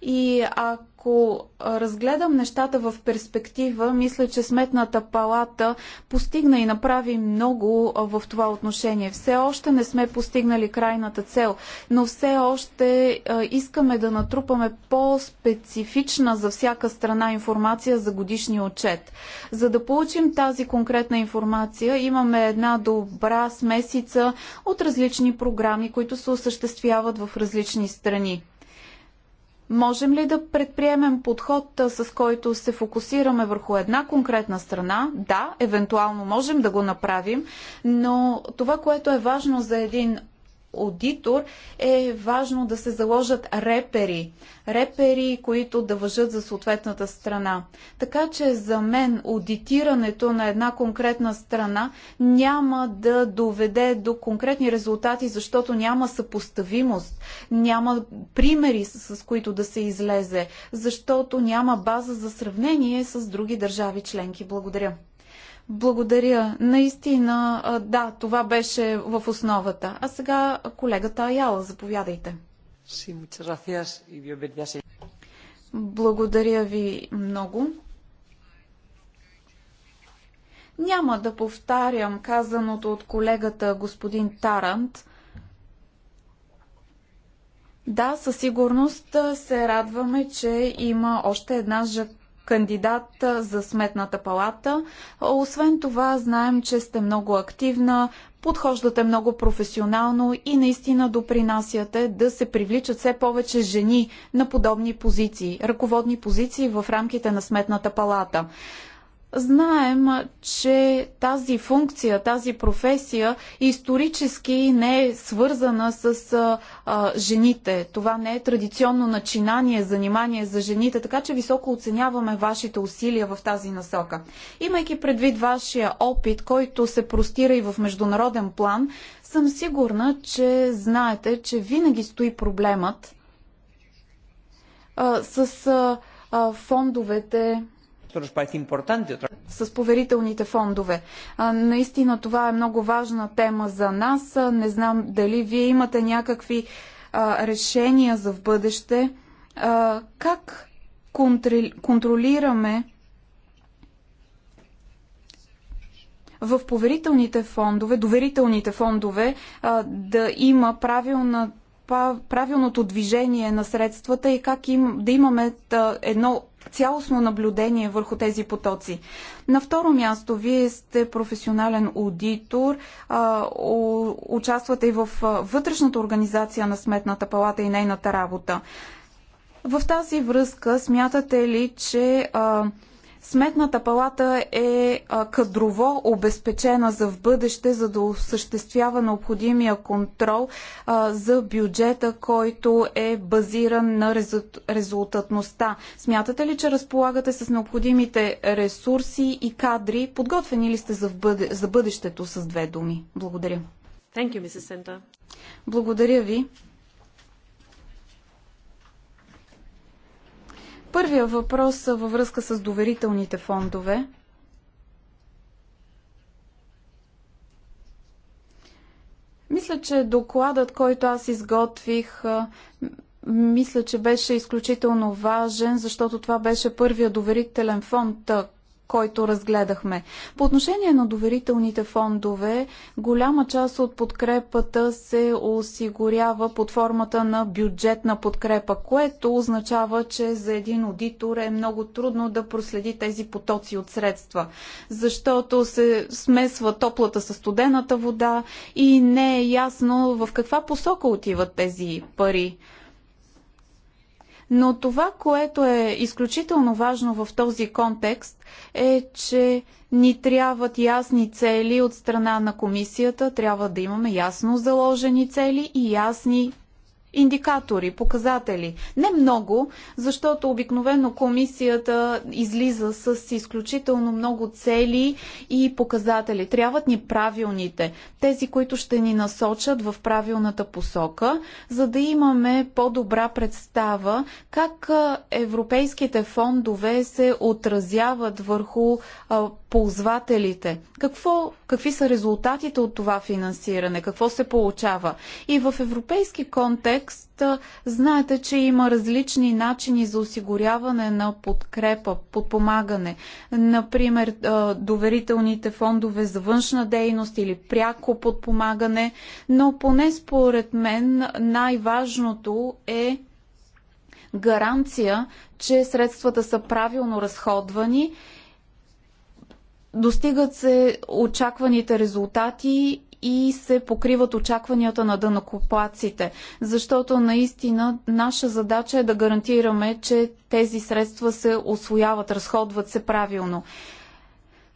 И ако ако разгледам нещата в перспектива, мисля, че Сметната палата постигна и направи много в това отношение. Все още не сме постигнали крайната цел, но все още искаме да натрупаме по-специфична за всяка страна информация за годишния отчет. За да получим тази конкретна информация, имаме една добра смесица от различни програми, които се осъществяват в различни страни. Можем ли да предприемем подход, с който се фокусираме върху една конкретна страна? Да, евентуално можем да го направим, но това, което е важно за един аудитор е важно да се заложат репери. Репери, които да въжат за съответната страна. Така че за мен аудитирането на една конкретна страна няма да доведе до конкретни резултати, защото няма съпоставимост, няма примери с, с които да се излезе, защото няма база за сравнение с други държави членки. Благодаря. Благодаря. Наистина, да, това беше в основата. А сега колегата Аяла, заповядайте. Благодаря ви много. Няма да повтарям казаното от колегата господин Тарант. Да, със сигурност се радваме, че има още една кандидат за сметната палата. Освен това, знаем, че сте много активна, подхождате много професионално и наистина допринасяте да се привличат все повече жени на подобни позиции, ръководни позиции в рамките на сметната палата. Знаем, че тази функция, тази професия исторически не е свързана с а, жените. Това не е традиционно начинание, занимание за жените, така че високо оценяваме вашите усилия в тази насока. Имайки предвид вашия опит, който се простира и в международен план, съм сигурна, че знаете, че винаги стои проблемът а, с а, фондовете с поверителните фондове. Наистина това е много важна тема за нас. Не знам дали вие имате някакви решения за в бъдеще. Как контролираме в поверителните фондове, доверителните фондове, да има правилна правилното движение на средствата и как им, да имаме едно цялостно наблюдение върху тези потоци. На второ място, вие сте професионален аудитор, участвате и в вътрешната организация на Сметната палата и нейната работа. В тази връзка смятате ли, че а, Сметната палата е кадрово обезпечена за в бъдеще, за да осъществява необходимия контрол за бюджета, който е базиран на резултатността. Смятате ли, че разполагате с необходимите ресурси и кадри? Подготвени ли сте за, бъдещето с две думи? Благодаря. Благодаря ви. Първия въпрос във връзка с доверителните фондове. Мисля, че докладът, който аз изготвих, мисля, че беше изключително важен, защото това беше първия доверителен фонд, който разгледахме. По отношение на доверителните фондове, голяма част от подкрепата се осигурява под формата на бюджетна подкрепа, което означава, че за един аудитор е много трудно да проследи тези потоци от средства, защото се смесва топлата с студената вода и не е ясно в каква посока отиват тези пари. Но това, което е изключително важно в този контекст е, че ни трябват ясни цели от страна на комисията, трябва да имаме ясно заложени цели и ясни индикатори, показатели. Не много, защото обикновено комисията излиза с изключително много цели и показатели. Трябват ни правилните, тези, които ще ни насочат в правилната посока, за да имаме по-добра представа как европейските фондове се отразяват върху а, ползвателите. Какво, какви са резултатите от това финансиране? Какво се получава? И в европейски контекст контекст знаете, че има различни начини за осигуряване на подкрепа, подпомагане. Например, доверителните фондове за външна дейност или пряко подпомагане, но поне според мен най-важното е гаранция, че средствата са правилно разходвани, достигат се очакваните резултати и се покриват очакванията на дънокоплаците. Защото наистина наша задача е да гарантираме, че тези средства се освояват, разходват се правилно.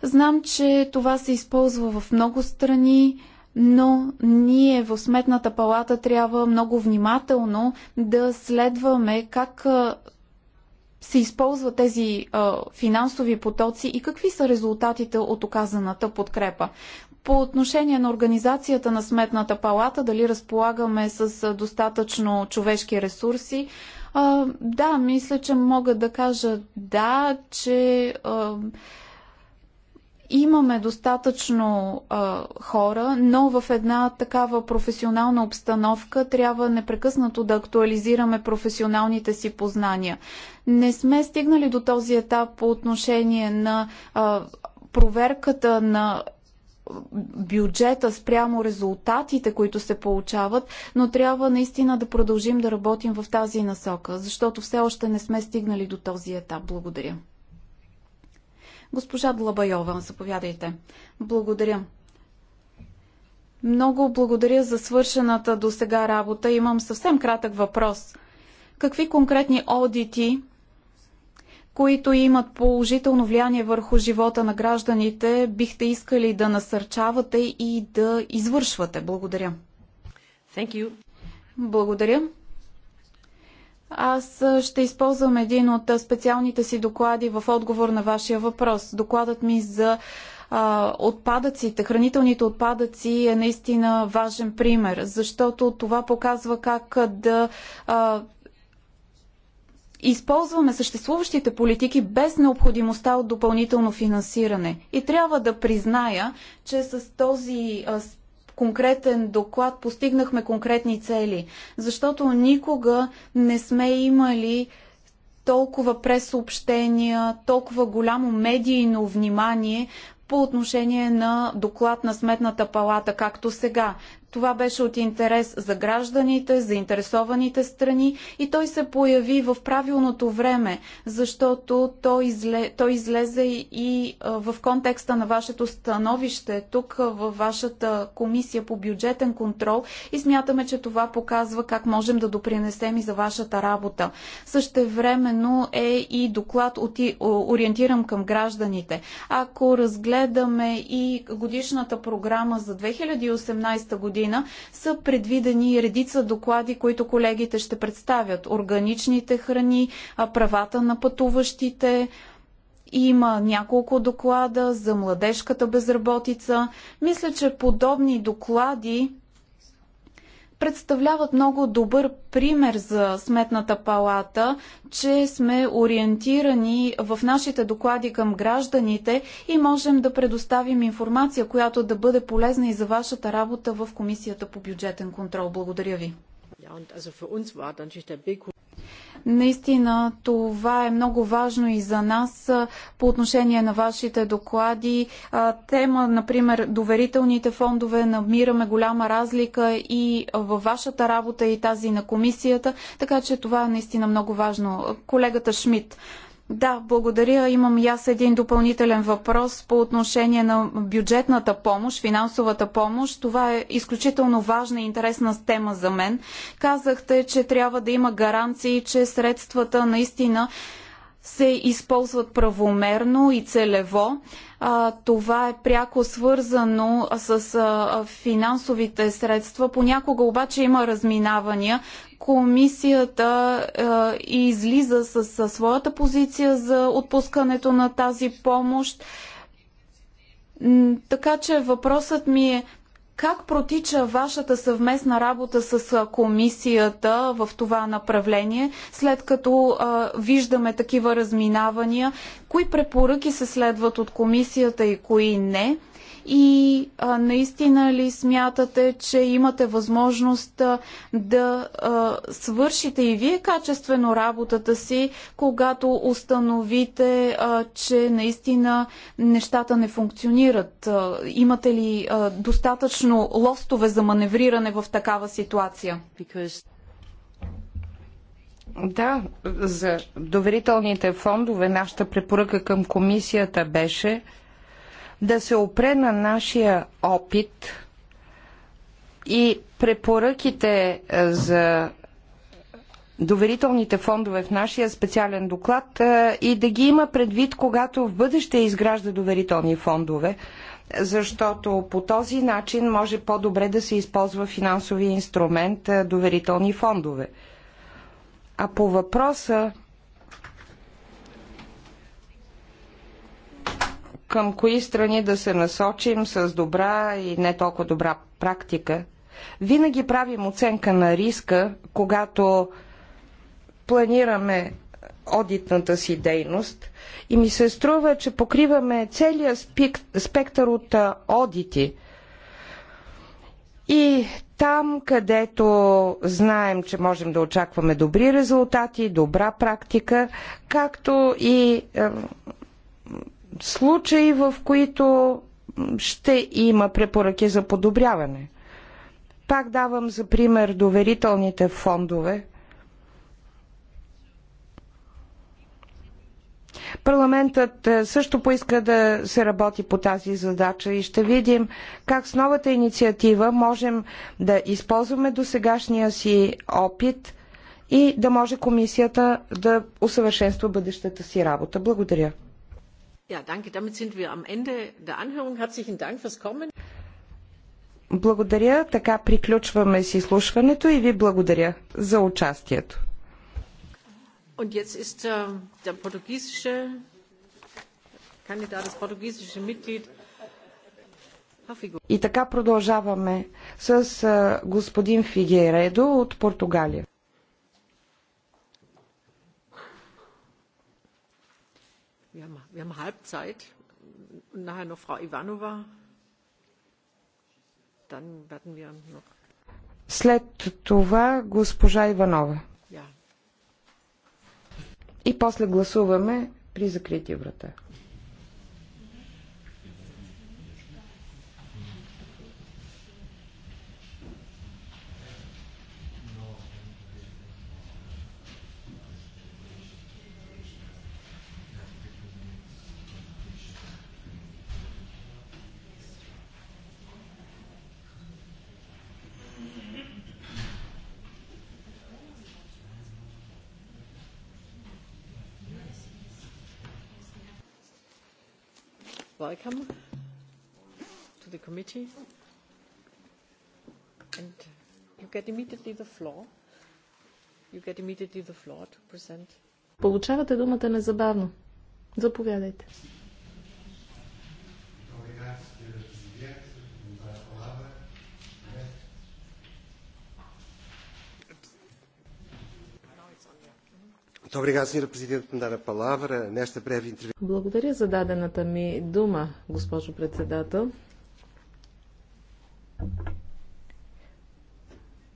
Знам, че това се използва в много страни но ние в Сметната палата трябва много внимателно да следваме как се използват тези а, финансови потоци и какви са резултатите от оказаната подкрепа. По отношение на организацията на Сметната палата, дали разполагаме с достатъчно човешки ресурси, да, мисля, че мога да кажа да, че имаме достатъчно хора, но в една такава професионална обстановка трябва непрекъснато да актуализираме професионалните си познания. Не сме стигнали до този етап по отношение на проверката на бюджета спрямо резултатите, които се получават, но трябва наистина да продължим да работим в тази насока, защото все още не сме стигнали до този етап. Благодаря. Госпожа Длабайова, заповядайте. Благодаря. Много благодаря за свършената до сега работа. Имам съвсем кратък въпрос. Какви конкретни одити които имат положително влияние върху живота на гражданите, бихте искали да насърчавате и да извършвате? Благодаря. Thank you. Благодаря. Аз ще използвам един от специалните си доклади в отговор на вашия въпрос. Докладът ми за а, отпадъците, хранителните отпадъци е наистина важен пример, защото това показва как да а, използваме съществуващите политики без необходимостта от допълнително финансиране. И трябва да призная, че с този конкретен доклад постигнахме конкретни цели, защото никога не сме имали толкова пресъобщения, толкова голямо медийно внимание по отношение на доклад на Сметната палата, както сега. Това беше от интерес за гражданите, за интересованите страни и той се появи в правилното време, защото той, изле, той излезе и в контекста на вашето становище тук във вашата комисия по бюджетен контрол и смятаме, че това показва как можем да допринесем и за вашата работа. Същевременно е и доклад ориентиран към гражданите. Ако разгледаме и годишната програма за 2018 година, година са предвидени редица доклади, които колегите ще представят. Органичните храни, правата на пътуващите, има няколко доклада за младежката безработица. Мисля, че подобни доклади представляват много добър пример за Сметната палата, че сме ориентирани в нашите доклади към гражданите и можем да предоставим информация, която да бъде полезна и за вашата работа в Комисията по бюджетен контрол. Благодаря ви. Наистина това е много важно и за нас по отношение на вашите доклади. Тема, например, доверителните фондове, намираме голяма разлика и във вашата работа и тази на комисията, така че това е наистина много важно. Колегата Шмидт. Да, благодаря. Имам и аз един допълнителен въпрос по отношение на бюджетната помощ, финансовата помощ. Това е изключително важна и интересна тема за мен. Казахте, че трябва да има гаранции, че средствата наистина се използват правомерно и целево а, това е пряко свързано с а, финансовите средства. Понякога обаче има разминавания. Комисията а, излиза с, с своята позиция за отпускането на тази помощ. Така че въпросът ми е как протича вашата съвместна работа с комисията в това направление, след като а, виждаме такива разминавания? Кои препоръки се следват от комисията и кои не? и а, наистина ли смятате, че имате възможност да а, свършите и вие качествено работата си, когато установите, а, че наистина нещата не функционират? А, имате ли а, достатъчно лостове за маневриране в такава ситуация? Да, за доверителните фондове нашата препоръка към комисията беше да се опре на нашия опит и препоръките е, за доверителните фондове в нашия специален доклад е, и да ги има предвид, когато в бъдеще изгражда доверителни фондове, защото по този начин може по-добре да се използва финансови инструмент е, доверителни фондове. А по въпроса към кои страни да се насочим с добра и не толкова добра практика. Винаги правим оценка на риска, когато планираме одитната си дейност и ми се струва, че покриваме целия спектър от одити. И там, където знаем, че можем да очакваме добри резултати, добра практика, както и случаи, в които ще има препоръки за подобряване. Пак давам за пример доверителните фондове. Парламентът е, също поиска да се работи по тази задача и ще видим как с новата инициатива можем да използваме досегашния си опит и да може комисията да усъвършенства бъдещата си работа. Благодаря. Благодаря. Така приключваме с изслушването и ви благодаря за участието. Äh, и така продължаваме с э, господин Фигередо от Португалия. Wir haben, wir haben Halbzeit. Und nachher noch Frau Ivanova. Dann werden wir noch. След това госпожа Иванова. Yeah. И после гласуваме при закрити врата. welcome to the committee. And you get immediately the floor. You get immediately the floor to present. Получавате думата незабавно. Заповядайте. Благодаря за дадената ми дума, госпожо председател.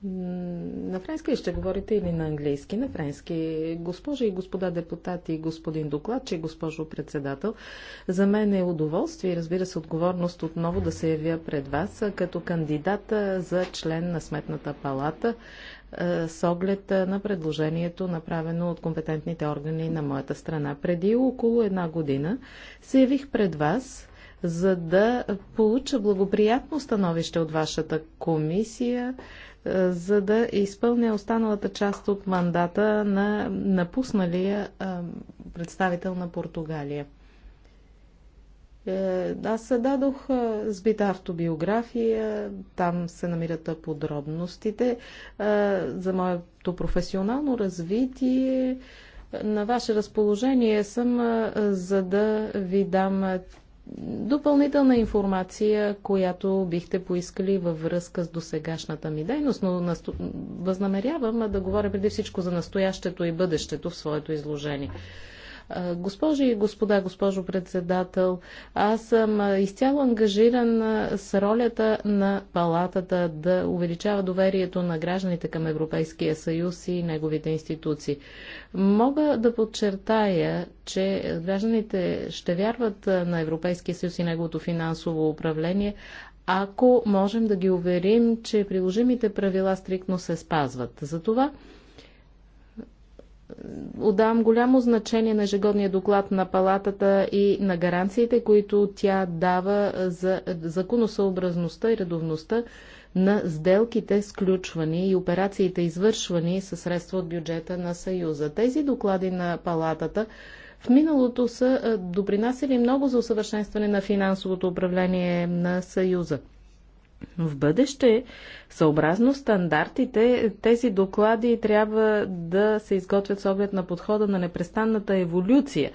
На френски ще говорите или на английски? На френски. Госпожи и господа депутати, господин докладчик, госпожо председател, за мен е удоволствие и разбира се отговорност отново да се явя пред вас като кандидата за член на Сметната палата е, с оглед е, на предложението, направено от компетентните органи на моята страна. Преди около една година се явих пред вас, за да получа благоприятно становище от вашата комисия, е, за да изпълня останалата част от мандата на напусналия представител на Португалия. Е, аз дадох е, сбита автобиография, там се намират подробностите е, за моето професионално развитие. На ваше разположение съм, за да ви дам допълнителна информация, която бихте поискали във връзка с досегашната ми дейност, но насто... възнамерявам да говоря преди всичко за настоящето и бъдещето в своето изложение. Госпожи и господа, госпожо председател, аз съм изцяло ангажиран с ролята на палатата да увеличава доверието на гражданите към Европейския съюз и неговите институции. Мога да подчертая, че гражданите ще вярват на Европейския съюз и неговото финансово управление, ако можем да ги уверим, че приложимите правила стриктно се спазват. Затова отдавам голямо значение на ежегодния доклад на палатата и на гаранциите, които тя дава за законосъобразността и редовността на сделките, сключвани и операциите, извършвани със средства от бюджета на Съюза. Тези доклади на палатата в миналото са допринасяли много за усъвършенстване на финансовото управление на Съюза. В бъдеще, съобразно стандартите, тези доклади трябва да се изготвят с оглед на подхода на непрестанната еволюция.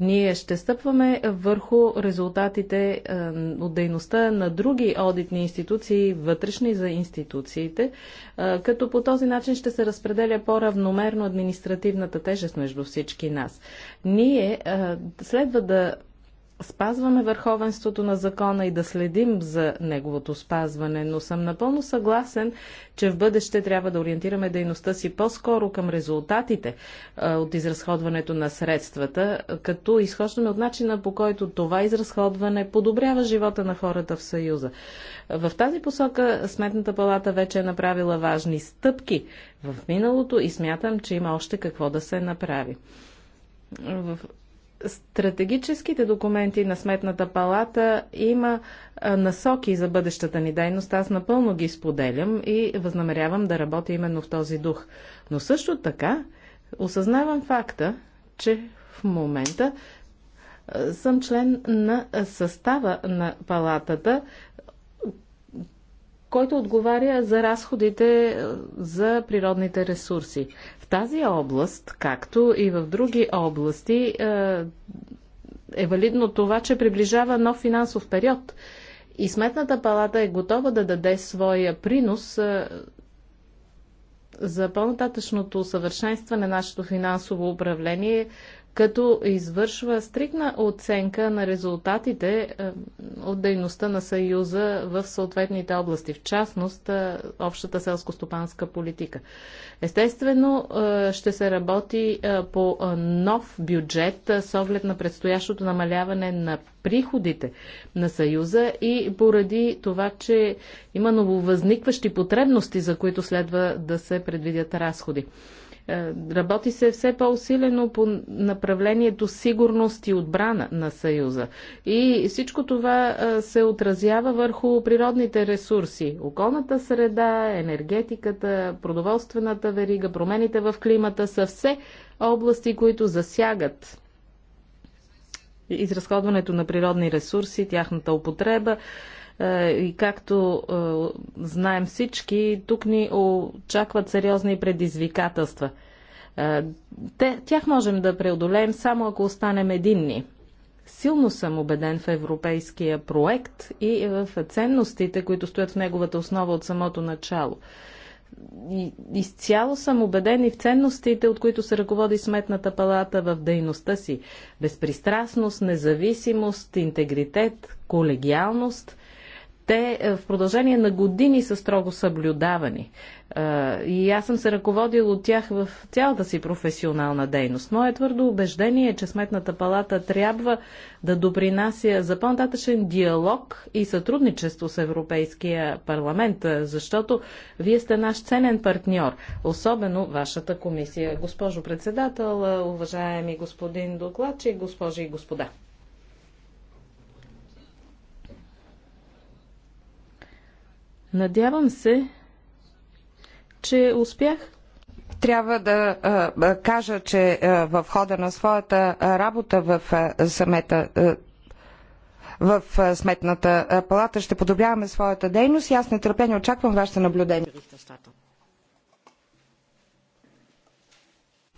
Ние ще стъпваме върху резултатите е, от дейността на други одитни институции, вътрешни за институциите, е, като по този начин ще се разпределя по-равномерно административната тежест между всички нас. Ние е, следва да спазваме върховенството на закона и да следим за неговото спазване, но съм напълно съгласен, че в бъдеще трябва да ориентираме дейността си по-скоро към резултатите от изразходването на средствата, като изхождаме от начина по който това изразходване подобрява живота на хората в Съюза. В тази посока Сметната палата вече е направила важни стъпки в миналото и смятам, че има още какво да се направи. В стратегическите документи на Сметната палата има насоки за бъдещата ни дейност. Аз напълно ги споделям и възнамерявам да работя именно в този дух. Но също така осъзнавам факта, че в момента съм член на състава на палатата, който отговаря за разходите за природните ресурси тази област, както и в други области, е, е валидно това, че приближава нов финансов период. И Сметната палата е готова да даде своя принос е, за по-нататъчното усъвършенстване на нашето финансово управление като извършва стрикна оценка на резултатите е, от дейността на Съюза в съответните области, в частност е, общата селско-стопанска политика. Естествено, е, ще се работи по нов бюджет с оглед на предстоящото намаляване на приходите на Съюза и поради това, че има нововъзникващи потребности, за които следва да се предвидят разходи. Е, работи се все по-усилено по направлението сигурност и отбрана на Съюза. И всичко това е, се отразява върху природните ресурси. Околната среда, енергетиката, продоволствената верига, промените в климата са все области, които засягат изразходването на природни ресурси, тяхната употреба, е, и както е, знаем всички, тук ни очакват сериозни предизвикателства. Е, тях можем да преодолеем само ако останем единни. Силно съм убеден в европейския проект и в ценностите, които стоят в неговата основа от самото начало. И, изцяло съм убеден и в ценностите, от които се ръководи Сметната палата в дейността си. Безпристрастност, независимост, интегритет, колегиалност те е, в продължение на години са строго съблюдавани. Е, и аз съм се ръководил от тях в цялата си професионална дейност. Мое твърдо убеждение е, че Сметната палата трябва да допринася за по-нататъчен диалог и сътрудничество с Европейския парламент, е, защото вие сте наш ценен партньор, особено вашата комисия. Госпожо председател, уважаеми господин докладчик, госпожи и господа. Надявам се, че успях трябва да а, кажа, че а, в хода на своята а, работа в самета в Сметната палата ще подобряваме своята дейност и аз нетърпение очаквам вашето наблюдение.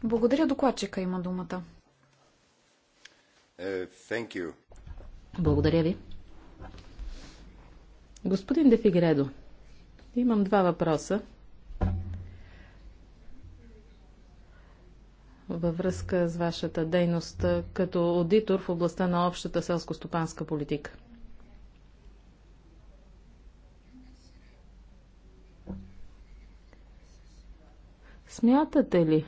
Благодаря докладчика има думата. Е, Благодаря ви. Господин Дефигредо, имам два въпроса. във връзка с вашата дейност като аудитор в областта на общата селско-стопанска политика? Смятате ли,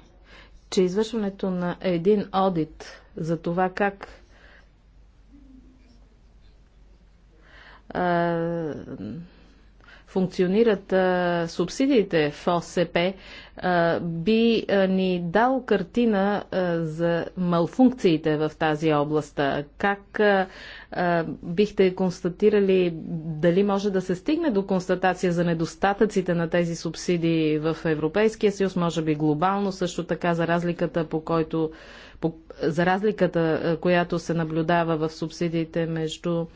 че извършването на един одит за това как функционират а, субсидиите в ОСП, а, би а, ни дал картина а, за малфункциите в тази област. Как а, а, бихте констатирали дали може да се стигне до констатация за недостатъците на тези субсидии в Европейския съюз, може би глобално, също така за разликата по който по, за разликата, която се наблюдава в субсидиите между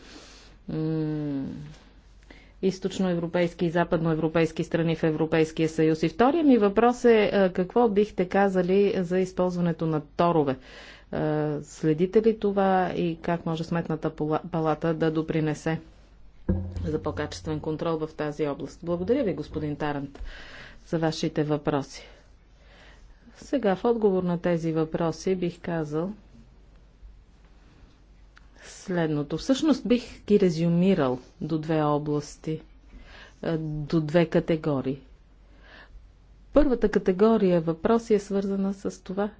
източноевропейски и западноевропейски страни в Европейския съюз. И втория ми въпрос е какво бихте казали за използването на торове? Следите ли това и как може сметната палата да допринесе за по-качествен контрол в тази област? Благодаря ви, господин Тарант, за вашите въпроси. Сега в отговор на тези въпроси бих казал, следното. Всъщност бих ги резюмирал до две области, до две категории. Първата категория въпроси е свързана с това,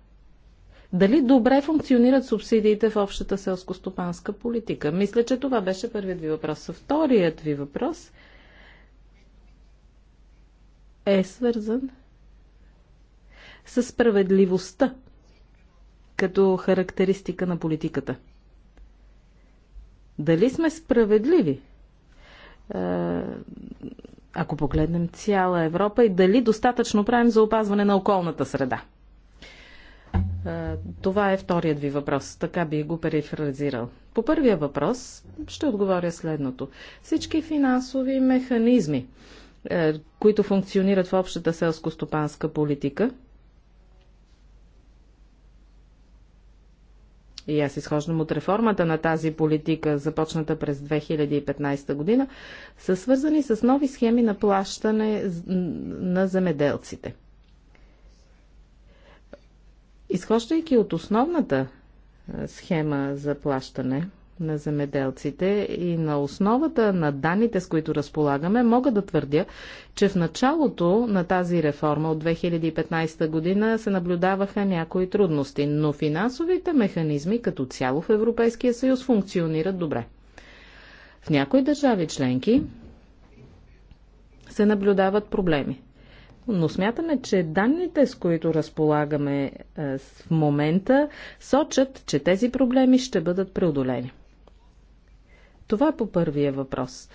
дали добре функционират субсидиите в общата селско-стопанска политика? Мисля, че това беше първият ви въпрос. Вторият ви въпрос е свързан с справедливостта като характеристика на политиката. Дали сме справедливи? Е, ако погледнем цяла Европа и дали достатъчно правим за опазване на околната среда? Е, това е вторият ви въпрос. Така би го перифразирал. По първия въпрос ще отговоря следното. Всички финансови механизми, е, които функционират в общата селско-стопанска политика – и аз изхождам от реформата на тази политика, започната през 2015 година, са свързани с нови схеми на плащане на земеделците. Изхождайки от основната схема за плащане – на земеделците и на основата на данните, с които разполагаме, мога да твърдя, че в началото на тази реформа от 2015 година се наблюдаваха някои трудности, но финансовите механизми като цяло в Европейския съюз функционират добре. В някои държави членки се наблюдават проблеми. Но смятаме, че данните, с които разполагаме е, в момента, сочат, че тези проблеми ще бъдат преодолени. Това е по първия въпрос.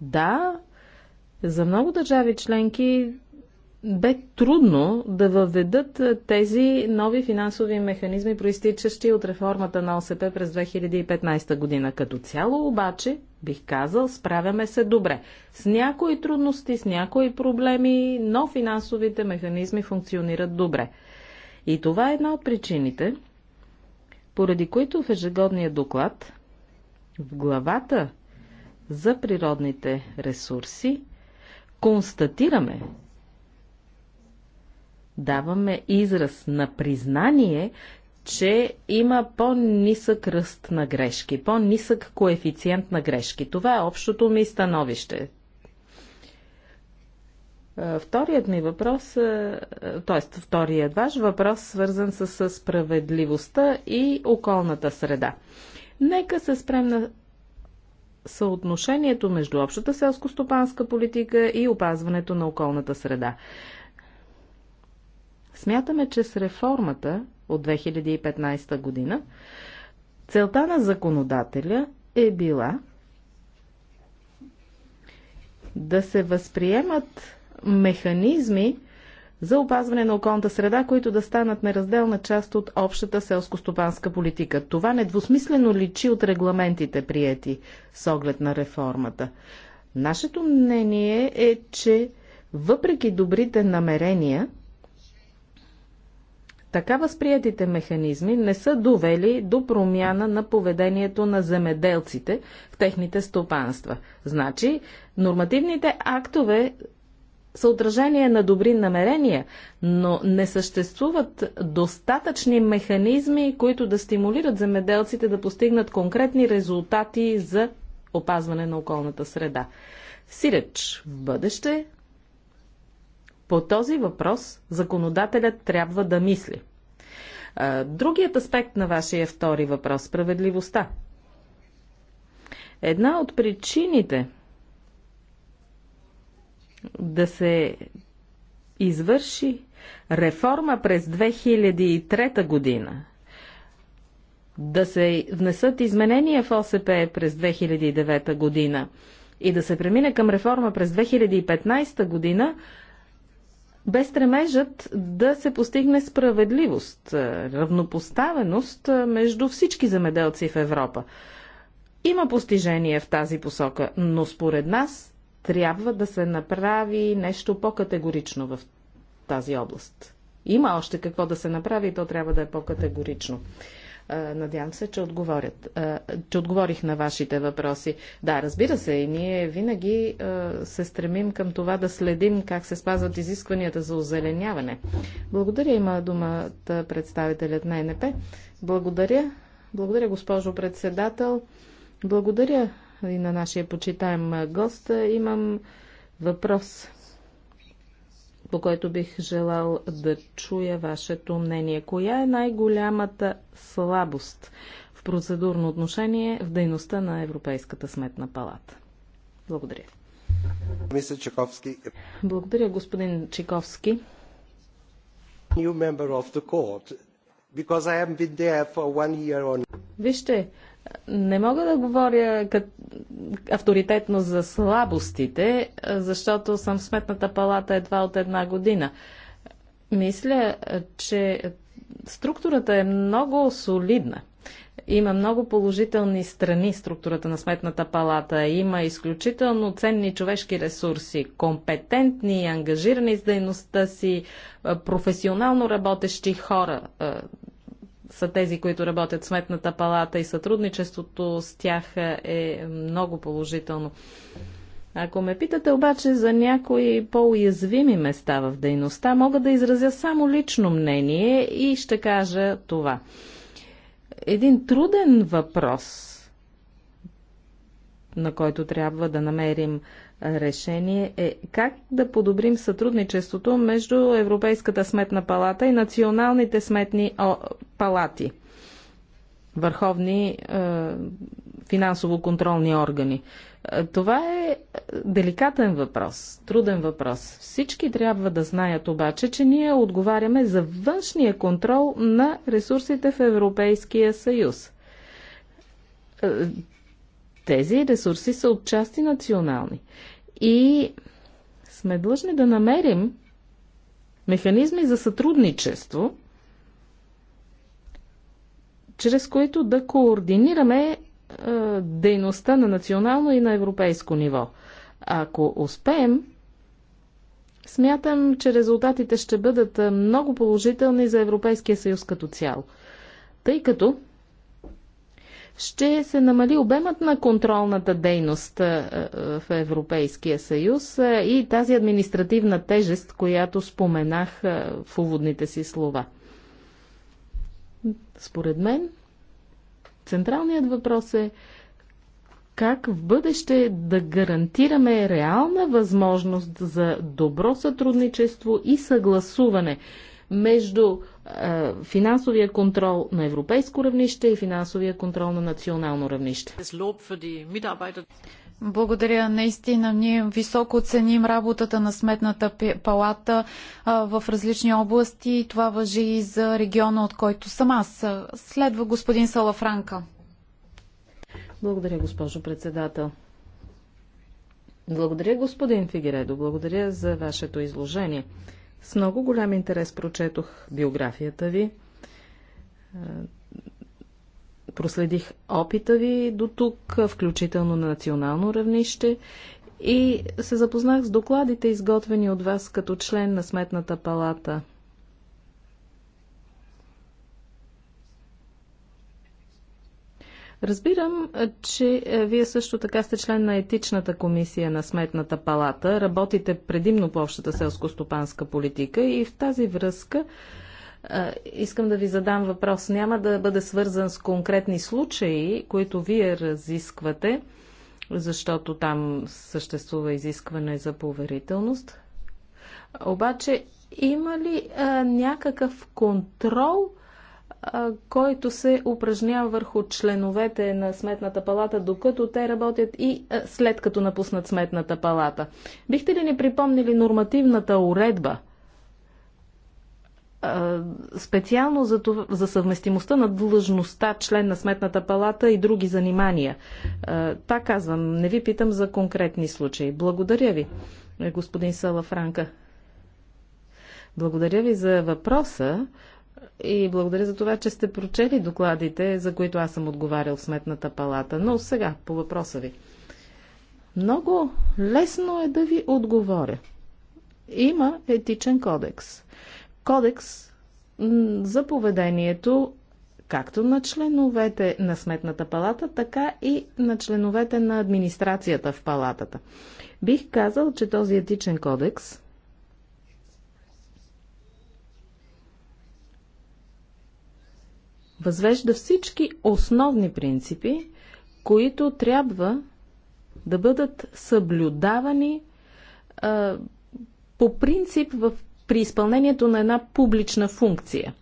Да, за много държави членки бе трудно да въведат тези нови финансови механизми, проистичащи от реформата на ОСП през 2015 година. Като цяло обаче, бих казал, справяме се добре. С някои трудности, с някои проблеми, но финансовите механизми функционират добре. И това е една от причините, поради които в ежегодния доклад в главата за природните ресурси констатираме, даваме израз на признание, че има по-нисък ръст на грешки, по-нисък коефициент на грешки. Това е общото ми становище. Е, вторият ми въпрос, т.е. вторият ваш въпрос, свързан с справедливостта и околната среда. Нека се спрем на съотношението между общата селско-стопанска политика и опазването на околната среда. Смятаме, че с реформата от 2015 година целта на законодателя е била да се възприемат механизми за опазване на околната среда, които да станат неразделна част от общата селско-стопанска политика. Това недвусмислено личи от регламентите, приети с оглед на реформата. Нашето мнение е, че въпреки добрите намерения, така възприятите механизми не са довели до промяна на поведението на земеделците в техните стопанства. Значи, нормативните актове са отражение на добри намерения, но не съществуват достатъчни механизми, които да стимулират земеделците да постигнат конкретни резултати за опазване на околната среда. Сиреч в бъдеще по този въпрос законодателят трябва да мисли. Другият аспект на вашия втори въпрос – справедливостта. Една от причините да се извърши реформа през 2003 година, да се внесат изменения в ОСП през 2009 година и да се премине към реформа през 2015 година, без стремежът да се постигне справедливост, е, равнопоставеност е, между всички земеделци в Европа. Има постижение в тази посока, но според нас трябва да се направи нещо по-категорично в тази област. Има още какво да се направи и то трябва да е по-категорично. Надявам се, че, отговорят, че отговорих на вашите въпроси. Да, разбира се, и ние винаги се стремим към това да следим как се спазват изискванията за озеленяване. Благодаря, има думата представителят на НП. Благодаря. Благодаря, госпожо председател. Благодаря и на нашия почитаем гост. Имам въпрос, по който бих желал да чуя вашето мнение. Коя е най-голямата слабост в процедурно отношение в дейността на Европейската сметна палата? Благодаря. Мисля Благодаря, господин Чиковски. New member of the court, because I haven't been there for one year on. Вижте, не мога да говоря кът... авторитетно за слабостите, защото съм в сметната палата едва от една година. Мисля, че структурата е много солидна. Има много положителни страни структурата на Сметната палата. Има изключително ценни човешки ресурси, компетентни, ангажирани с дейността си, професионално работещи хора са тези, които работят в Сметната палата и сътрудничеството с тях е много положително. Ако ме питате обаче за някои по-уязвими места в дейността, мога да изразя само лично мнение и ще кажа това. Един труден въпрос, на който трябва да намерим решение е как да подобрим сътрудничеството между Европейската сметна палата и националните сметни палати, върховни е, финансово-контролни органи. Е, това е деликатен въпрос, труден въпрос. Всички трябва да знаят обаче, че ние отговаряме за външния контрол на ресурсите в Европейския съюз е, тези ресурси са отчасти национални. И сме длъжни да намерим механизми за сътрудничество, чрез които да координираме е, дейността на национално и на европейско ниво. Ако успеем, смятам, че резултатите ще бъдат е, много положителни за Европейския съюз като цяло. Тъй като ще се намали обемът на контролната дейност е, е, в Европейския съюз е, и тази административна тежест, която споменах в уводните си слова. Според мен, централният въпрос е как в бъдеще да гарантираме реална възможност за добро сътрудничество и съгласуване между е, финансовия контрол на европейско равнище и финансовия контрол на национално равнище. Благодаря. Наистина ние високо оценим работата на Сметната палата е, в различни области. Това въжи и за региона, от който съм аз. Следва господин Салафранка. Благодаря, госпожо председател. Благодаря, господин Фигередо. Благодаря за вашето изложение. С много голям интерес прочетох биографията ви. Проследих опита ви до тук, включително на национално равнище и се запознах с докладите, изготвени от вас като член на Сметната палата – Разбирам, че вие също така сте член на етичната комисия на Сметната палата, работите предимно по общата селско-стопанска политика и в тази връзка искам да ви задам въпрос. Няма да бъде свързан с конкретни случаи, които вие разисквате, защото там съществува изискване за поверителност. Обаче, има ли а, някакъв контрол? който се упражнява върху членовете на Сметната палата, докато те работят и след като напуснат Сметната палата. Бихте ли ни припомнили нормативната уредба? специално за, това, за съвместимостта на длъжността член на Сметната палата и други занимания. Пак казвам, не ви питам за конкретни случаи. Благодаря ви, господин Сала Франка. Благодаря ви за въпроса и благодаря за това, че сте прочели докладите, за които аз съм отговарял в Сметната палата. Но сега, по въпроса ви. Много лесно е да ви отговоря. Има етичен кодекс. Кодекс за поведението както на членовете на Сметната палата, така и на членовете на администрацията в палатата. Бих казал, че този етичен кодекс възвежда всички основни принципи, които трябва да бъдат съблюдавани а, по принцип в, при изпълнението на една публична функция.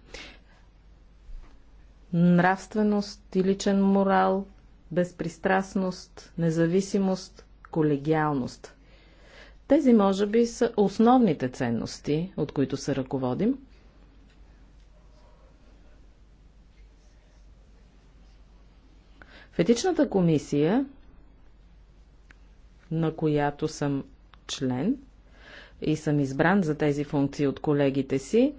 Нравственост и личен морал, безпристрастност, независимост, колегиалност. Тези може би са основните ценности, от които се ръководим – В етичната комисия, на която съм член и съм избран за тези функции от колегите си,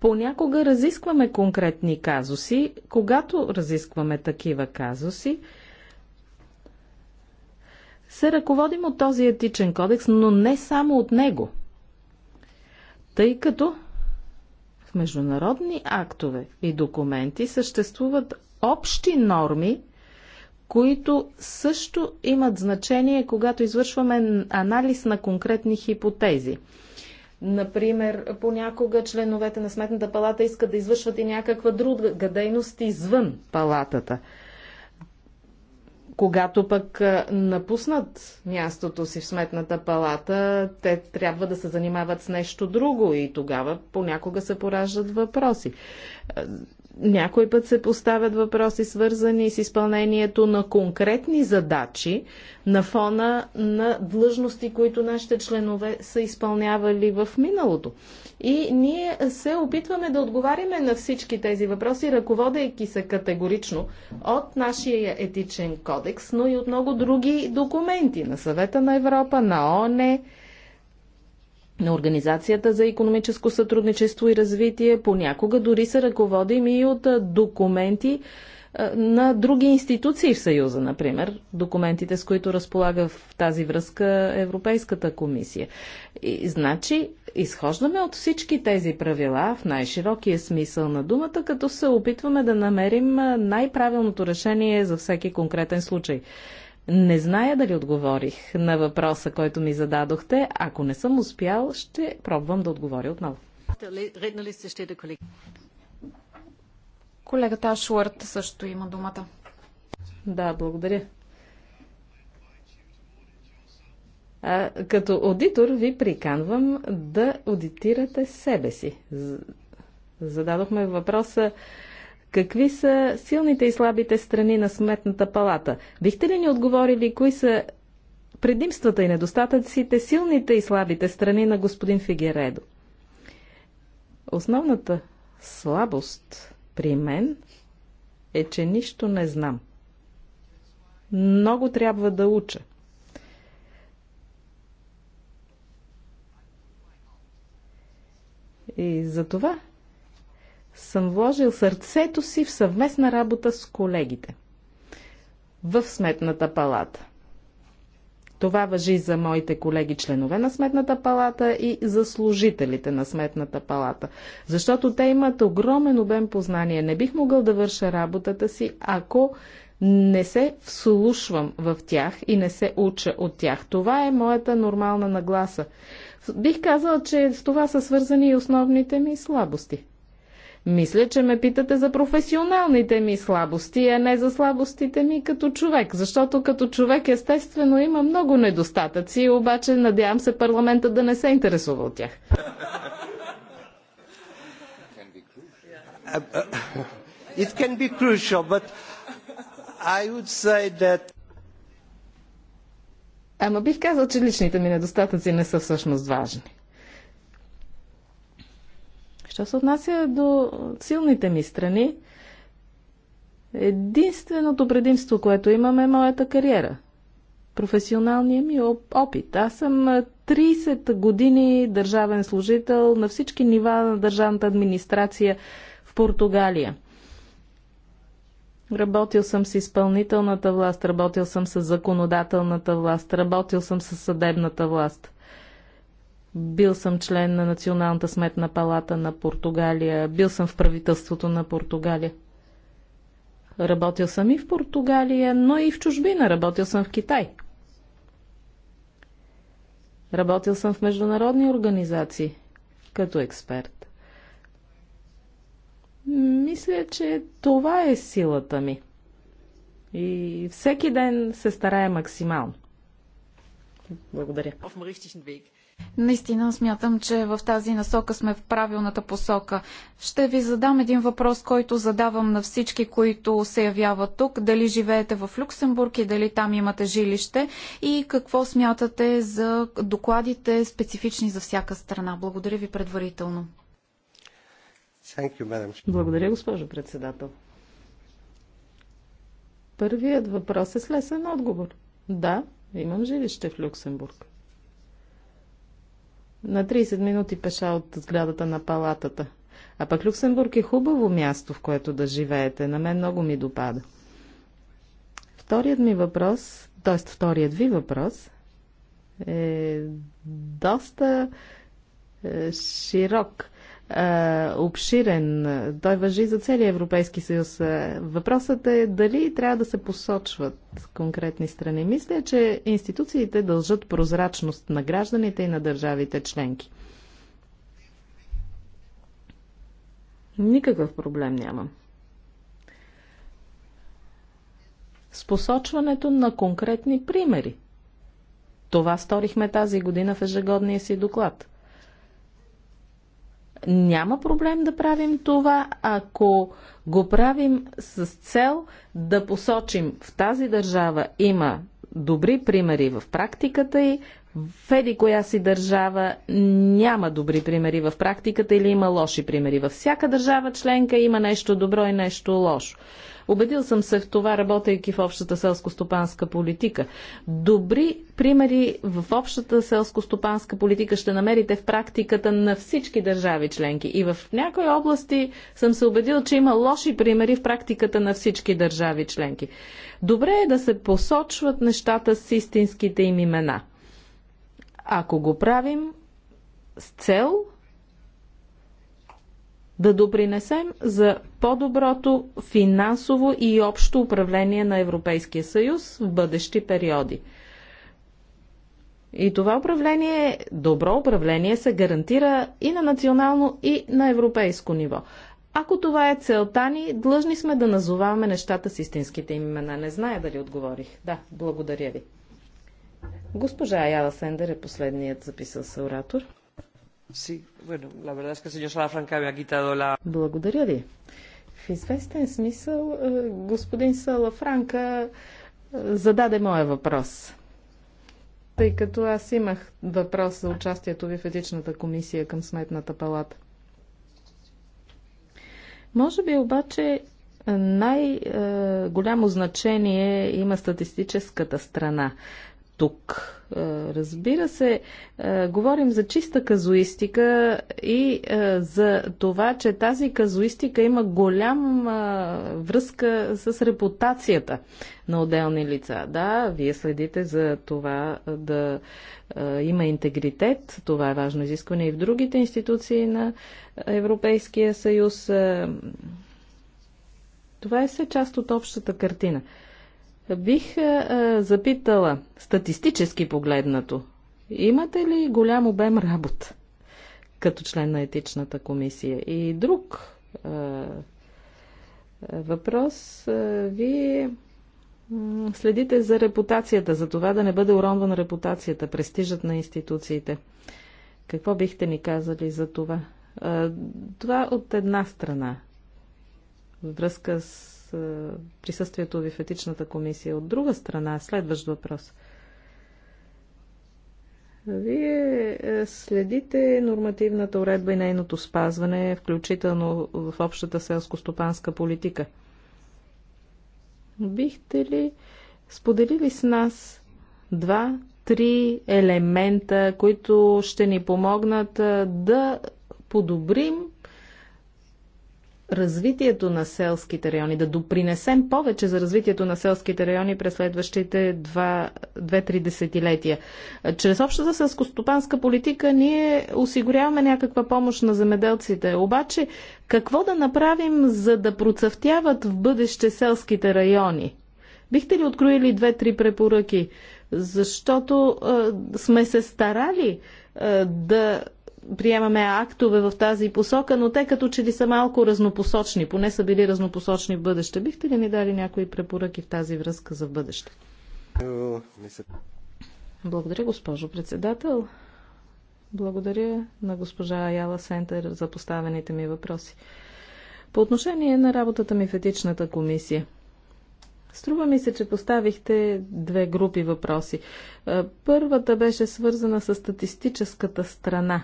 понякога разискваме конкретни казуси. Когато разискваме такива казуси, се ръководим от този етичен кодекс, но не само от него. Тъй като в международни актове и документи съществуват общи норми, които също имат значение, когато извършваме анализ на конкретни хипотези. Например, понякога членовете на Сметната палата искат да извършват и някаква друга дейност извън палатата. Когато пък напуснат мястото си в Сметната палата, те трябва да се занимават с нещо друго и тогава понякога се пораждат въпроси някой път се поставят въпроси, свързани с изпълнението на конкретни задачи на фона на длъжности, които нашите членове са изпълнявали в миналото. И ние се опитваме да отговаряме на всички тези въпроси, ръководейки се категорично от нашия етичен кодекс, но и от много други документи на Съвета на Европа, на ОНЕ, на Организацията за економическо сътрудничество и развитие. Понякога дори се ръководим и от документи на други институции в Съюза, например, документите, с които разполага в тази връзка Европейската комисия. И, значи, изхождаме от всички тези правила в най-широкия смисъл на думата, като се опитваме да намерим най-правилното решение за всеки конкретен случай. Не зная дали отговорих на въпроса, който ми зададохте. Ако не съм успял, ще пробвам да отговоря отново. Колегата Ашуарт също има думата. Да, благодаря. А, като аудитор ви приканвам да аудитирате себе си. Зададохме въпроса Какви са силните и слабите страни на Сметната палата? Бихте ли ни отговорили кои са предимствата и недостатъците, силните и слабите страни на господин Фигередо? Основната слабост при мен е, че нищо не знам. Много трябва да уча. И за това съм вложил сърцето си в съвместна работа с колегите в Сметната палата. Това въжи за моите колеги членове на Сметната палата и за служителите на Сметната палата, защото те имат огромен обем познание. Не бих могъл да върша работата си, ако не се вслушвам в тях и не се уча от тях. Това е моята нормална нагласа. Бих казала, че с това са свързани и основните ми слабости. Мисля, че ме питате за професионалните ми слабости, а не за слабостите ми като човек. Защото като човек естествено има много недостатъци, обаче надявам се парламента да не се интересува от тях. It can be crucial, but I would say that Ама бих казал, че личните ми недостатъци не са всъщност важни. Що се отнася до силните ми страни, единственото предимство, което имам е моята кариера. Професионалния ми опит. Аз съм 30 години държавен служител на всички нива на държавната администрация в Португалия. Работил съм с изпълнителната власт, работил съм с законодателната власт, работил съм с съдебната власт. Бил съм член на Националната сметна палата на Португалия. Бил съм в правителството на Португалия. Работил съм и в Португалия, но и в чужбина. Работил съм в Китай. Работил съм в международни организации като експерт. Мисля, че това е силата ми. И всеки ден се старая максимално. Благодаря. Наистина смятам, че в тази насока сме в правилната посока. Ще ви задам един въпрос, който задавам на всички, които се явяват тук. Дали живеете в Люксембург и дали там имате жилище и какво смятате за докладите специфични за всяка страна. Благодаря ви предварително. Благодаря, госпожо председател. Първият въпрос е лесен отговор. Да, имам жилище в Люксембург. На 30 минути пеша от сградата на палатата. А пък Люксембург е хубаво място, в което да живеете. На мен много ми допада. Вторият ми въпрос, т.е. вторият ви въпрос е доста е, широк. Е, обширен. Той въжи за целия Европейски съюз. Въпросът е дали трябва да се посочват конкретни страни. Мисля, че институциите дължат прозрачност на гражданите и на държавите членки. Никакъв проблем нямам. С посочването на конкретни примери. Това сторихме тази година в ежегодния си доклад – няма проблем да правим това, ако го правим с цел да посочим в тази държава има добри примери в практиката и в еди коя си държава няма добри примери в практиката или има лоши примери. Във всяка държава членка има нещо добро и нещо лошо. Обедил съм се в това, работейки в общата селско-стопанска политика. Добри примери в общата селско-стопанска политика ще намерите в практиката на всички държави членки. И в някои области съм се убедил, че има лоши примери в практиката на всички държави членки. Добре е да се посочват нещата с истинските им имена. Ако го правим с цел да допринесем за по-доброто финансово и общо управление на Европейския съюз в бъдещи периоди. И това управление, добро управление, се гарантира и на национално, и на европейско ниво. Ако това е целта ни, длъжни сме да назоваваме нещата с истинските им имена. Не зная дали отговорих. Да, благодаря ви. Госпожа Аяла Сендер е последният записал се оратор. Благодаря ви. В известен смисъл е, господин Салафранка е, зададе моя въпрос. Тъй като аз имах въпрос за участието ви в етичната комисия към Сметната палата. Може би обаче най-голямо е, значение има статистическата страна тук е, разбира се, е, говорим за чиста казуистика и е, за това, че тази казуистика има голяма връзка с репутацията на отделни лица. Да, вие следите за това да има интегритет. Това е важно изискване и в другите институции на Европейския съюз. Това е все част от общата картина. Бих а, запитала, статистически погледнато, имате ли голям обем работа като член на етичната комисия? И друг а, въпрос. А, вие следите за репутацията, за това да не бъде уронвана репутацията, престижът на институциите. Какво бихте ни казали за това? Това от една страна, във връзка с е, присъствието ви в етичната комисия. От друга страна, следващ въпрос. Вие е, следите нормативната уредба и нейното спазване, включително в общата селско-стопанска политика. Бихте ли споделили с нас два, три елемента, които ще ни помогнат е, да подобрим развитието на селските райони, да допринесем повече за развитието на селските райони през следващите 2-3 десетилетия. Чрез общата селскостопанска политика ние осигуряваме някаква помощ на земеделците. Обаче, какво да направим, за да процъфтяват в бъдеще селските райони? Бихте ли откроили две-три препоръки? Защото а, сме се старали а, да приемаме актове в тази посока, но те като че ли са малко разнопосочни, поне са били разнопосочни в бъдеще. Бихте ли ни дали някои препоръки в тази връзка за бъдеще? Благодаря, госпожо председател. Благодаря на госпожа Яла Сентер за поставените ми въпроси. По отношение на работата ми в етичната комисия. Струва ми се, че поставихте две групи въпроси. Първата беше свързана с статистическата страна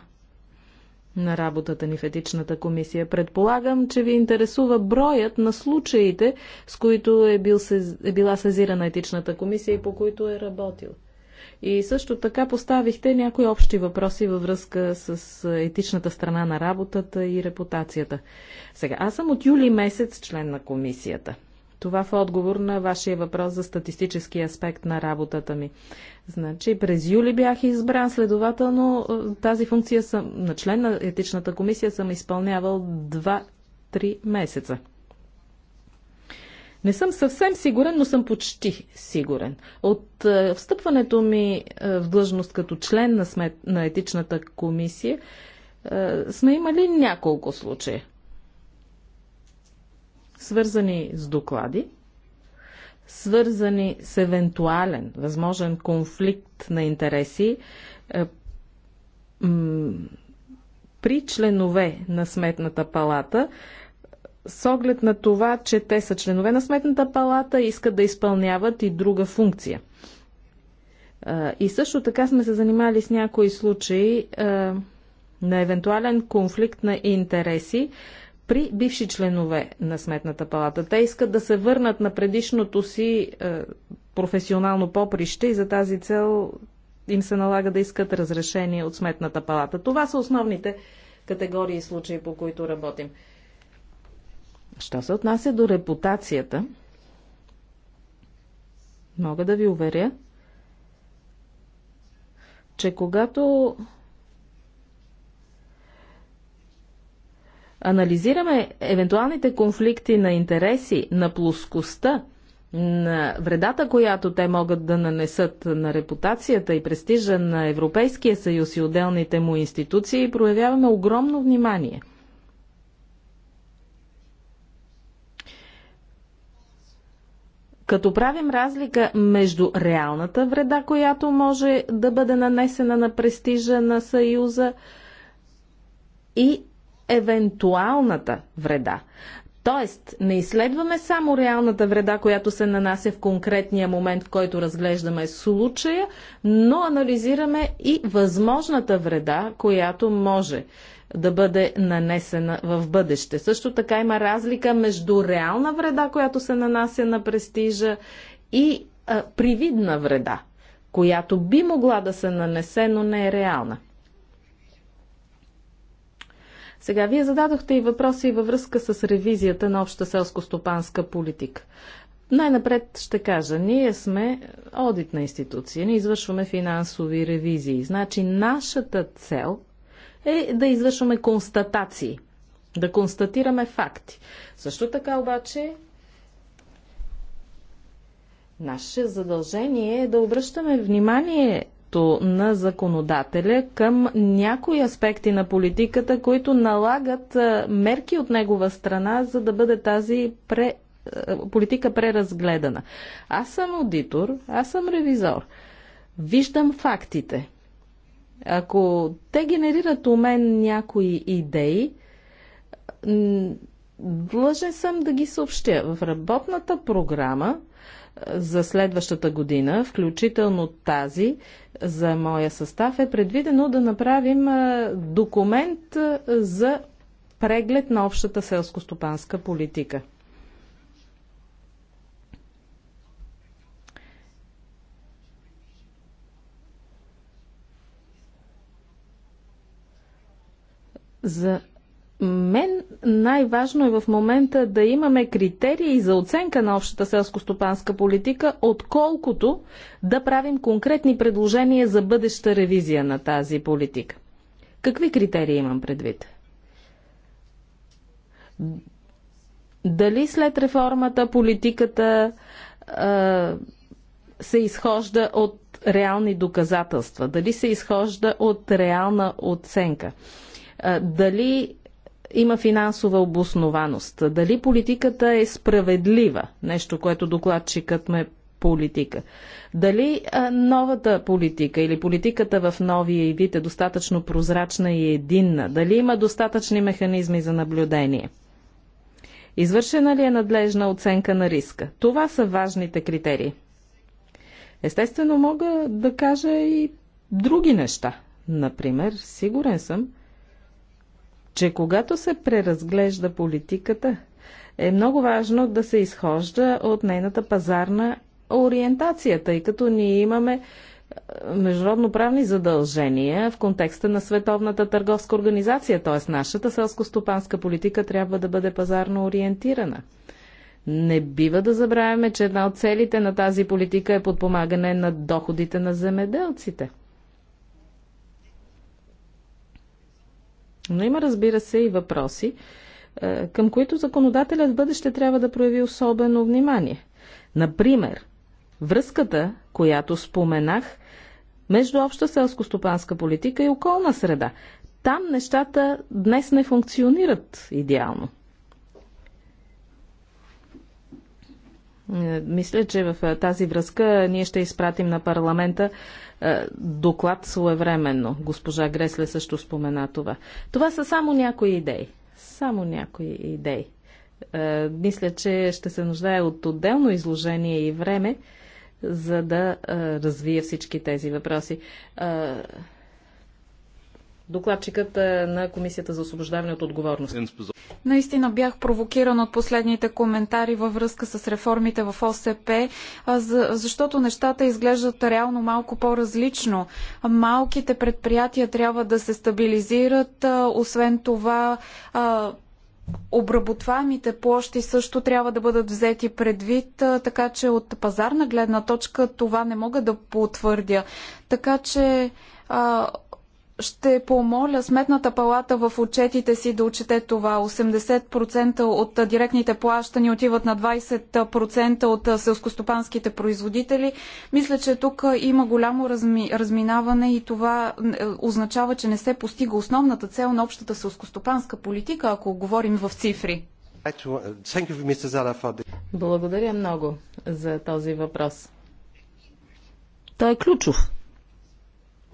на работата ни в етичната комисия. Предполагам, че ви интересува броят на случаите, с които е, бил, е била сезирана етичната комисия и по които е работил. И също така поставихте някои общи въпроси във връзка с е, етичната страна на работата и репутацията. Сега, аз съм от юли месец член на комисията. Това в отговор на вашия въпрос за статистически аспект на работата ми. Значи, през юли бях избран, следователно е, тази функция съм, на член на етичната комисия съм изпълнявал 2-3 месеца. Не съм съвсем сигурен, но съм почти сигурен. От е, встъпването ми е, в длъжност като член на, смет, на етичната комисия е, сме имали няколко случая свързани с доклади, свързани с евентуален възможен конфликт на интереси е, при членове на Сметната палата, с оглед на това, че те са членове на Сметната палата и искат да изпълняват и друга функция. Е, и също така сме се занимали с някои случаи е, на евентуален конфликт на интереси, при бивши членове на Сметната палата. Те искат да се върнат на предишното си е, професионално поприще и за тази цел им се налага да искат разрешение от Сметната палата. Това са основните категории и случаи, по които работим. Що се отнася до репутацията, мога да ви уверя, че когато анализираме евентуалните конфликти на интереси, на плоскостта, на вредата, която те могат да нанесат на репутацията и престижа на Европейския съюз и отделните му институции, проявяваме огромно внимание. Като правим разлика между реалната вреда, която може да бъде нанесена на престижа на Съюза и евентуалната вреда. Тоест, не изследваме само реалната вреда, която се нанася в конкретния момент, в който разглеждаме случая, но анализираме и възможната вреда, която може да бъде нанесена в бъдеще. Също така има разлика между реална вреда, която се нанася на престижа и а, привидна вреда, която би могла да се нанесе, но не е реална. Сега, вие зададохте и въпроси във връзка с ревизията на обща селско-стопанска политика. Най-напред ще кажа, ние сме одитна институция, ние извършваме финансови ревизии. Значи нашата цел е да извършваме констатации, да констатираме факти. Също така обаче наше задължение е да обръщаме внимание вниманието на законодателя към някои аспекти на политиката, които налагат мерки от негова страна, за да бъде тази пре, политика преразгледана. Аз съм аудитор, аз съм ревизор. Виждам фактите. Ако те генерират у мен някои идеи, длъжен съм да ги съобщя. В работната програма за следващата година, включително тази за моя състав, е предвидено да направим документ за преглед на общата селско-стопанска политика. За мен най-важно е в момента да имаме критерии за оценка на общата селско-стопанска политика, отколкото да правим конкретни предложения за бъдеща ревизия на тази политика. Какви критерии имам предвид? Дали след реформата политиката а, се изхожда от реални доказателства? Дали се изхожда от реална оценка? А, дали има финансова обоснованост. Дали политиката е справедлива? Нещо, което докладчикът ме политика. Дали а, новата политика или политиката в новия и вид е достатъчно прозрачна и единна? Дали има достатъчни механизми за наблюдение? Извършена ли е надлежна оценка на риска? Това са важните критерии. Естествено, мога да кажа и други неща. Например, сигурен съм, че когато се преразглежда политиката, е много важно да се изхожда от нейната пазарна ориентация, тъй като ние имаме е, международноправни задължения в контекста на Световната търговска организация, т.е. нашата селско-стопанска политика трябва да бъде пазарно ориентирана. Не бива да забравяме, че една от целите на тази политика е подпомагане на доходите на земеделците – Но има, разбира се, и въпроси, е, към които законодателят в бъдеще трябва да прояви особено внимание. Например, връзката, която споменах, между обща селско-стопанска политика и околна среда. Там нещата днес не функционират идеално. Е, мисля, че в е, тази връзка ние ще изпратим на парламента е, доклад своевременно. Госпожа Гресле също спомена това. Това са само някои идеи. Само някои идеи. Е, мисля, че ще се нуждае от отделно изложение и време, за да е, развия всички тези въпроси докладчикът е, на Комисията за освобождаване от отговорност. Наистина бях провокиран от последните коментари във връзка с реформите в ОСП, защото нещата изглеждат реално малко по-различно. Малките предприятия трябва да се стабилизират, освен това обработваемите площи също трябва да бъдат взети предвид, така че от пазарна гледна точка това не мога да потвърдя. Така че ще помоля Сметната палата в отчетите си да отчете това. 80% от директните плащани отиват на 20% от селскостопанските производители. Мисля, че тук има голямо разми... разминаване и това е, означава, че не се постига основната цел на общата селскостопанска политика, ако говорим в цифри. Благодаря много за този въпрос. Той е ключов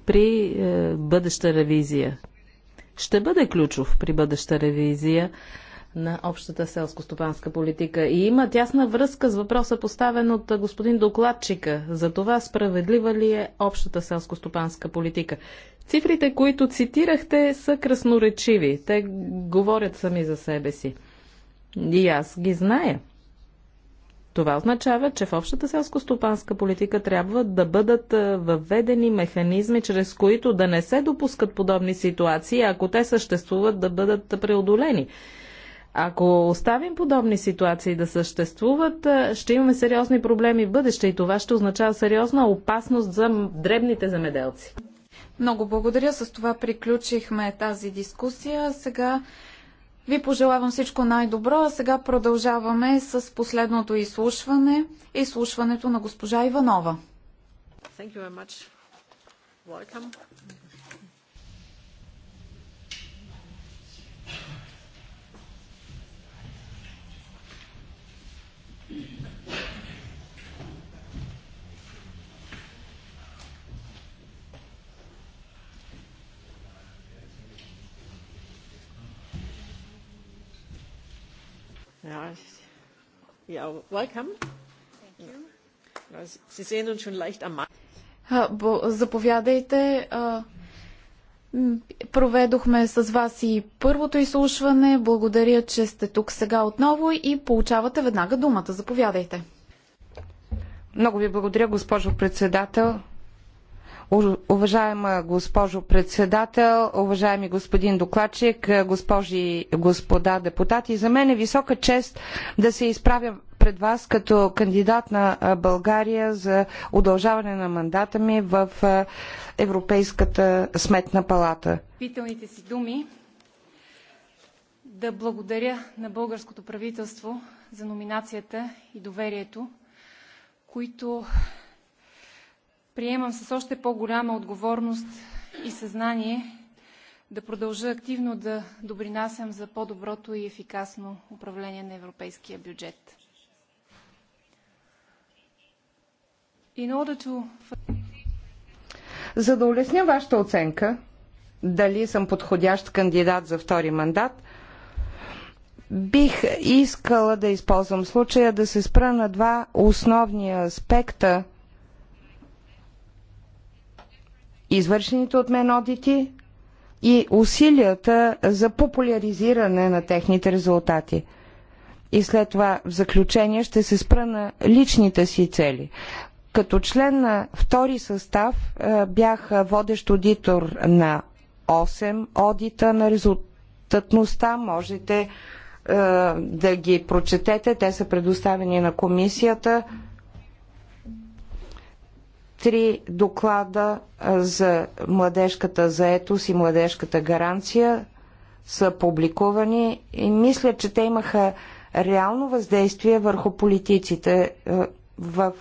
при е, бъдеща ревизия. Ще бъде ключов при бъдеща ревизия на общата селско-стопанска политика. И има тясна връзка с въпроса поставен от е, господин докладчика за това справедлива ли е общата селско-стопанска политика. Цифрите, които цитирахте, са красноречиви. Те говорят сами за себе си. И аз ги зная. Това означава, че в общата селско-стопанска политика трябва да бъдат е, въведени механизми, чрез които да не се допускат подобни ситуации, ако те съществуват, да бъдат преодолени. Ако оставим подобни ситуации да съществуват, е, ще имаме сериозни проблеми в бъдеще и това ще означава сериозна опасност за дребните замеделци. Много благодаря. С това приключихме тази дискусия. Сега ви пожелавам всичко най-добро, а сега продължаваме с последното изслушване, изслушването на госпожа Иванова. Thank you very much. Welcome. Заповядайте. Проведохме с вас и първото изслушване. Благодаря, че сте тук сега отново и получавате веднага думата. Заповядайте. Много ви благодаря, госпожо председател. Уважаема госпожо председател, уважаеми господин докладчик, госпожи и господа депутати, за мен е висока чест да се изправя пред вас като кандидат на България за удължаване на мандата ми в Европейската сметна палата. Питалните си думи да благодаря на българското правителство за номинацията и доверието, които приемам с още по-голяма отговорност и съзнание да продължа активно да добринасям за по-доброто и ефикасно управление на европейския бюджет. To... За да улесня вашата оценка, дали съм подходящ кандидат за втори мандат, бих искала да използвам случая да се спра на два основни аспекта – извършените от мен одити и усилията за популяризиране на техните резултати. И след това в заключение ще се спра на личните си цели. Като член на втори състав е, бях водещ аудитор на 8 одита на резултатността. Можете е, да ги прочетете. Те са предоставени на комисията три доклада за младежката заетост и младежката гаранция са публикувани и мисля, че те имаха реално въздействие върху политиците в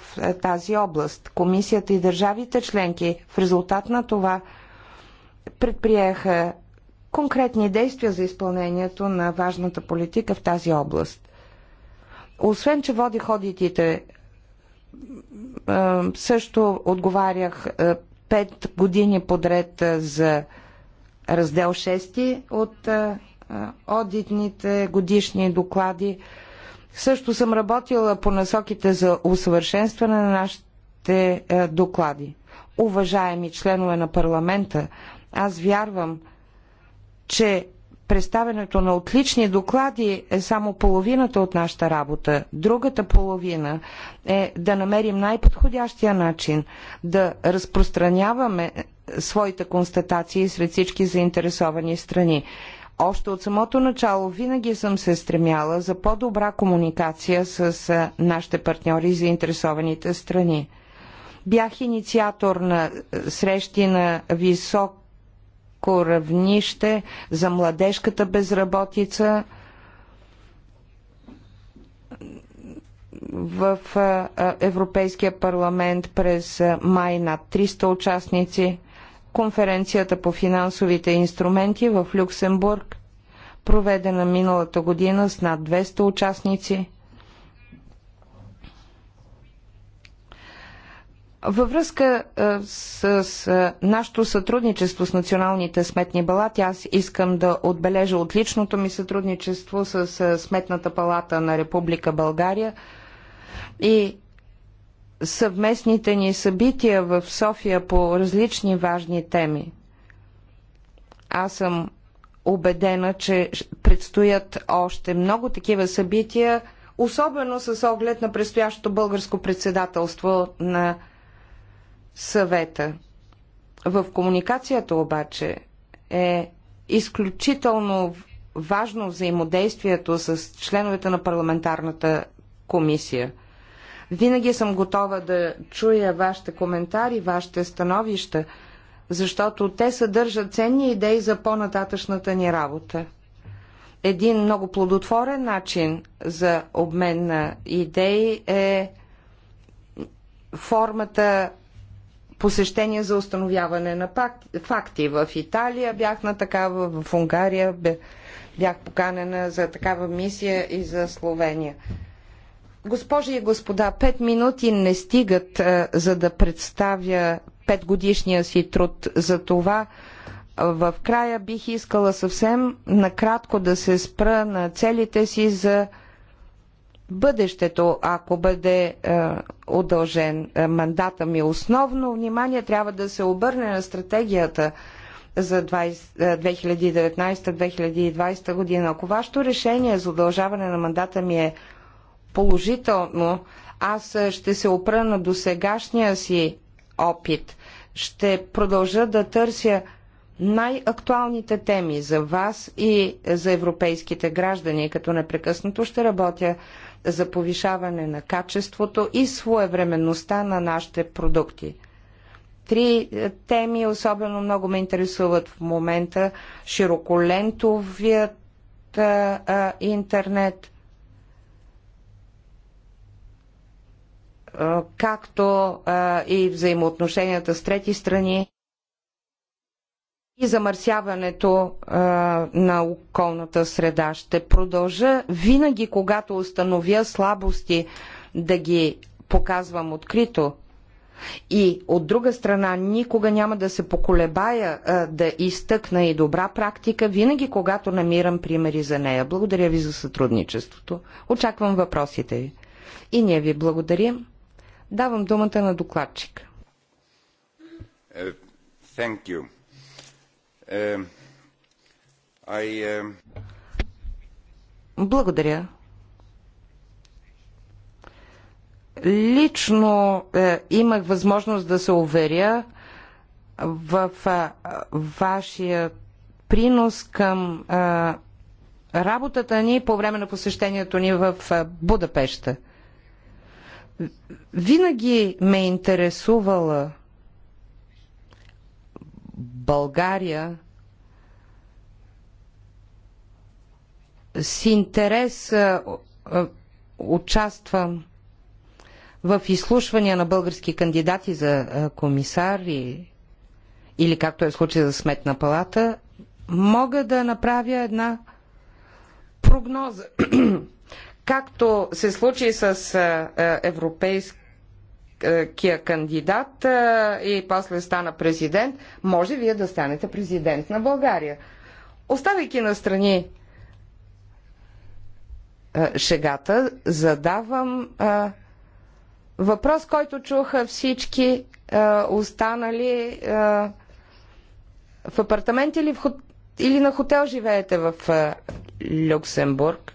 тази област. Комисията и държавите членки в резултат на това предприеха конкретни действия за изпълнението на важната политика в тази област. Освен, че водих ходитите е, също отговарях е, пет години подред е, за раздел 6 от одитните годишни доклади. Също съм работила по насоките за усъвършенстване на нашите доклади. Уважаеми членове на парламента, аз вярвам, че представенето на отлични доклади е само половината от нашата работа. Другата половина е да намерим най-подходящия начин да разпространяваме своите констатации сред всички заинтересовани страни. Още от самото начало винаги съм се стремяла за по-добра комуникация с нашите партньори и заинтересованите страни. Бях инициатор на срещи на висок ниско равнище, за младежката безработица в Европейския парламент през май над 300 участници, конференцията по финансовите инструменти в Люксембург, проведена миналата година с над 200 участници – Във връзка с, с нашето сътрудничество с националните сметни палати, аз искам да отбележа отличното ми сътрудничество с Сметната палата на Република България и съвместните ни събития в София по различни важни теми. Аз съм убедена, че предстоят още много такива събития, особено с оглед на предстоящото българско председателство на съвета. В комуникацията обаче е изключително важно взаимодействието с членовете на парламентарната комисия. Винаги съм готова да чуя вашите коментари, вашите становища, защото те съдържат ценни идеи за по-нататъчната ни работа. Един много плодотворен начин за обмен на идеи е формата посещения за установяване на факти. В Италия бях на такава, в Унгария бях поканена за такава мисия и за Словения. Госпожи и господа, пет минути не стигат е, за да представя петгодишния си труд. За това е, в края бих искала съвсем накратко да се спра на целите си за бъдещето, ако бъде е, удължен е, мандата ми. Основно внимание трябва да се обърне на стратегията за 2019-2020 е, година. Ако вашето решение за удължаване на мандата ми е положително, аз е, ще се опра на досегашния си опит. Ще продължа да търся най-актуалните теми за вас и за европейските граждани, като непрекъснато ще работя за повишаване на качеството и своевременността на нашите продукти. Три е, теми особено много ме интересуват в момента. Широколентовият а, е, а, е, интернет, а, както а, и взаимоотношенията с трети страни и замърсяването а, на околната среда. Ще продължа винаги, когато установя слабости, да ги показвам открито. И от друга страна, никога няма да се поколебая а, да изтъкна и добра практика, винаги когато намирам примери за нея. Благодаря ви за сътрудничеството. Очаквам въпросите ви. И ние ви благодарим. Давам думата на докладчик. Uh, е, thank you. Е, е. Благодаря. Лично е, имах възможност да се уверя в а, е, вашия принос към а, работата ни по време на посещението ни в а, Будапеща. Винаги ме интересувала България с интерес участвам в изслушвания на български кандидати за комисар и, или както е в случая за сметна палата, мога да направя една прогноза. Както се случи с европейски кия кандидат и после стана президент, може вие да станете президент на България. Оставяйки на страни шегата, задавам въпрос, който чуха всички останали в апартамент или, в, или на хотел живеете в Люксембург.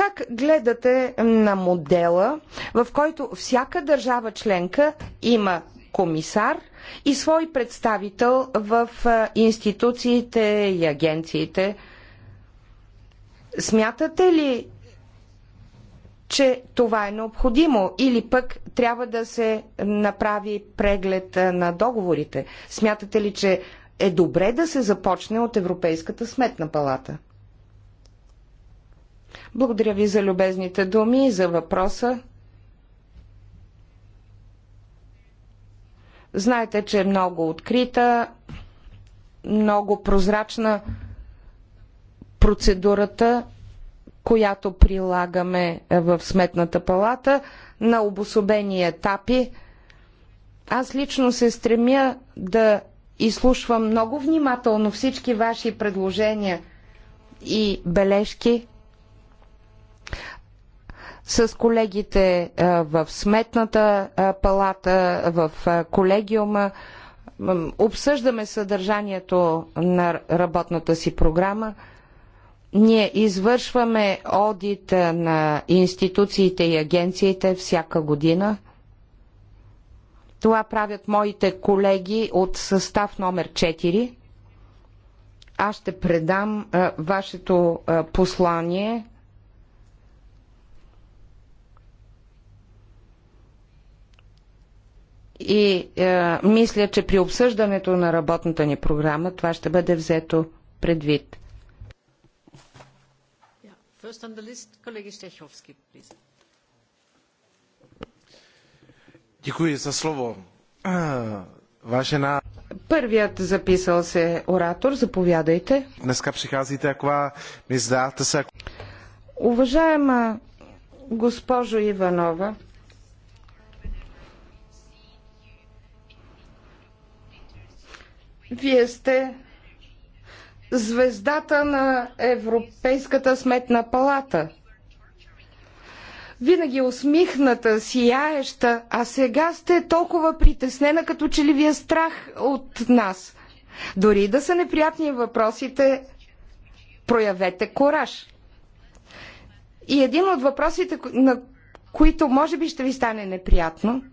Как гледате на модела, в който всяка държава членка има комисар и свой представител в институциите и агенциите? Смятате ли, че това е необходимо или пък трябва да се направи преглед на договорите? Смятате ли, че е добре да се започне от Европейската сметна палата? Благодаря ви за любезните думи и за въпроса. Знаете, че е много открита, много прозрачна процедурата, която прилагаме в Сметната палата на обособени етапи. Аз лично се стремя да изслушвам много внимателно всички ваши предложения и бележки с колегите в Сметната палата, в колегиума. Обсъждаме съдържанието на работната си програма. Ние извършваме одит на институциите и агенциите всяка година. Това правят моите колеги от състав номер 4. Аз ще предам а, вашето а, послание и е, мисля, че при обсъждането на работната ни програма това ще бъде взето предвид. Първият записал се оратор, заповядайте. Днеска прихазите, ако ми се... Уважаема госпожо Иванова, Вие сте звездата на Европейската сметна палата. Винаги усмихната, сияеща, а сега сте толкова притеснена, като че ли ви е страх от нас. Дори да са неприятни въпросите, проявете кораж. И един от въпросите, на които може би ще ви стане неприятно –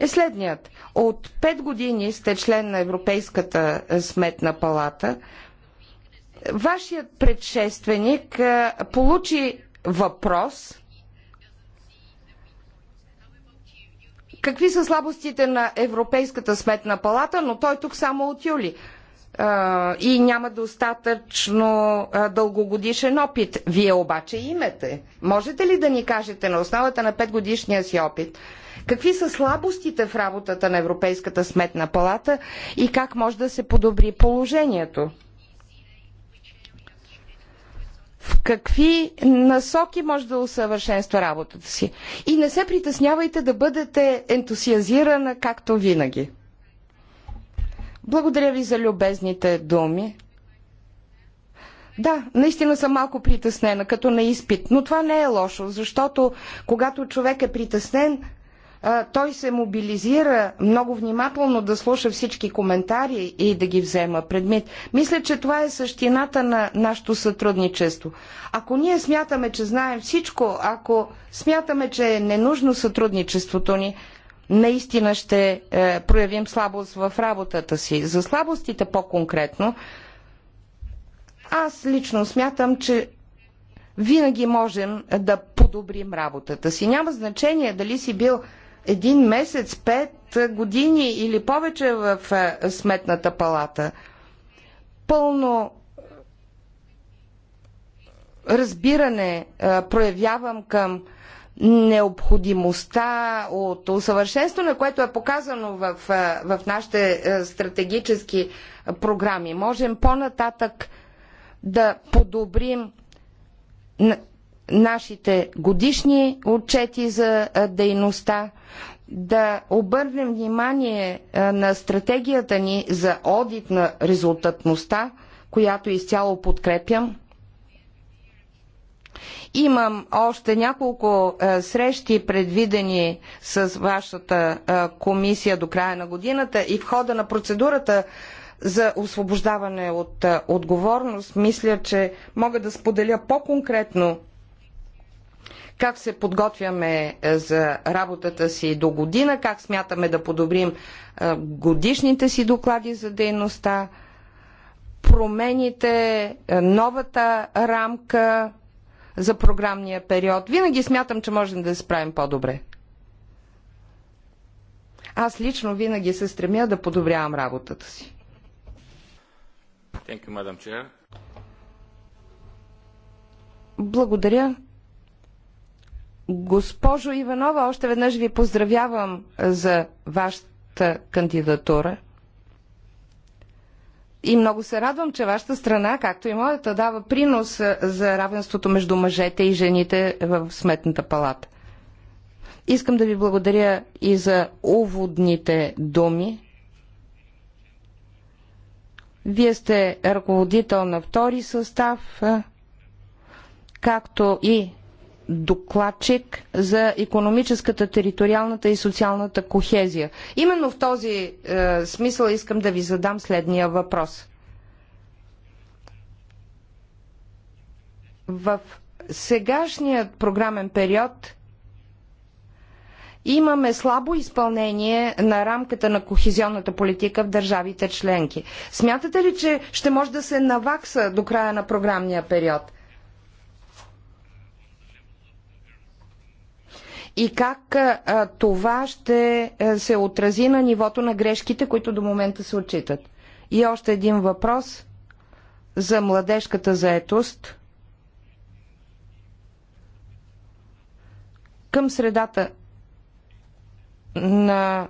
е следният. От 5 години сте член на Европейската е, сметна палата. Вашият предшественик е, получи въпрос какви са слабостите на Европейската сметна палата, но той тук само от юли и няма достатъчно дългогодишен опит. Вие обаче имате. Можете ли да ни кажете на основата на петгодишния си опит, какви са слабостите в работата на Европейската сметна палата и как може да се подобри положението? в какви насоки може да усъвършенства работата си. И не се притеснявайте да бъдете ентусиазирана, както винаги. Благодаря ви за любезните думи. Да, наистина съм малко притеснена, като на изпит, но това не е лошо, защото когато човек е притеснен, той се мобилизира много внимателно да слуша всички коментари и да ги взема предмет. Мисля, че това е същината на нашето сътрудничество. Ако ние смятаме, че знаем всичко, ако смятаме, че е ненужно сътрудничеството ни, наистина ще е, проявим слабост в работата си. За слабостите по-конкретно, аз лично смятам, че винаги можем да подобрим работата си. Няма значение дали си бил един месец, пет години или повече в е, сметната палата. Пълно разбиране е, проявявам към необходимостта от усъвършенстване, което е показано в, е, в нашите е, стратегически програми. Можем по-нататък да подобрим нашите годишни отчети за е, дейността, да обърнем внимание на стратегията ни за одит на резултатността, която изцяло подкрепям, Имам още няколко е, срещи предвидени с вашата е, комисия до края на годината и в хода на процедурата за освобождаване от е, отговорност, мисля, че мога да споделя по-конкретно как се подготвяме за работата си до година, как смятаме да подобрим годишните си доклади за дейността, промените, новата рамка, за програмния период. Винаги смятам, че можем да се справим по-добре. Аз лично винаги се стремя да подобрявам работата си. You, Благодаря. Госпожо Иванова, още веднъж ви поздравявам за вашата кандидатура. И много се радвам, че вашата страна, както и моята, дава принос е, за равенството между мъжете и жените в Сметната палата. Искам да ви благодаря и за уводните думи. Вие сте ръководител на втори състав, е, както и докладчик за економическата, териториалната и социалната кохезия. Именно в този е, смисъл искам да ви задам следния въпрос. В сегашният програмен период имаме слабо изпълнение на рамката на кохезионната политика в държавите членки. Смятате ли, че ще може да се навакса до края на програмния период? и как това ще се отрази на нивото на грешките, които до момента се отчитат. И още един въпрос за младежката заетост. Към средата на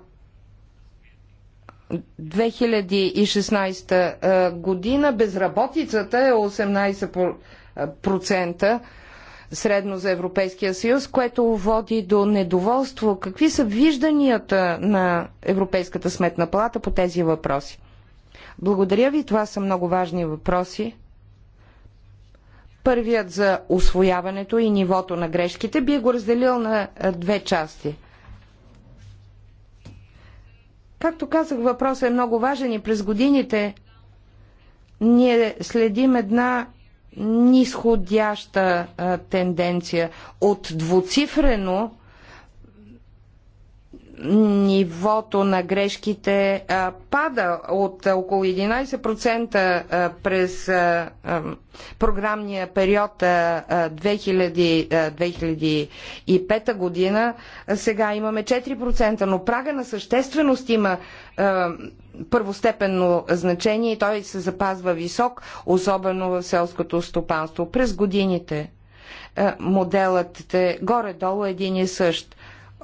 2016 година безработицата е 18% средно за Европейския съюз, което води до недоволство. Какви са вижданията на Европейската сметна палата по тези въпроси? Благодаря ви, това са много важни въпроси. Първият за освояването и нивото на грешките би го разделил на две части. Както казах, въпросът е много важен и през годините ние следим една нисходяща тенденция от двуцифрено нивото на грешките а, пада от около 11% през а, а, програмния период 2000-2005 година. Сега имаме 4%, но прага на същественост има първостепенно значение и той се запазва висок, особено в селското стопанство. През годините моделът е горе-долу един и същ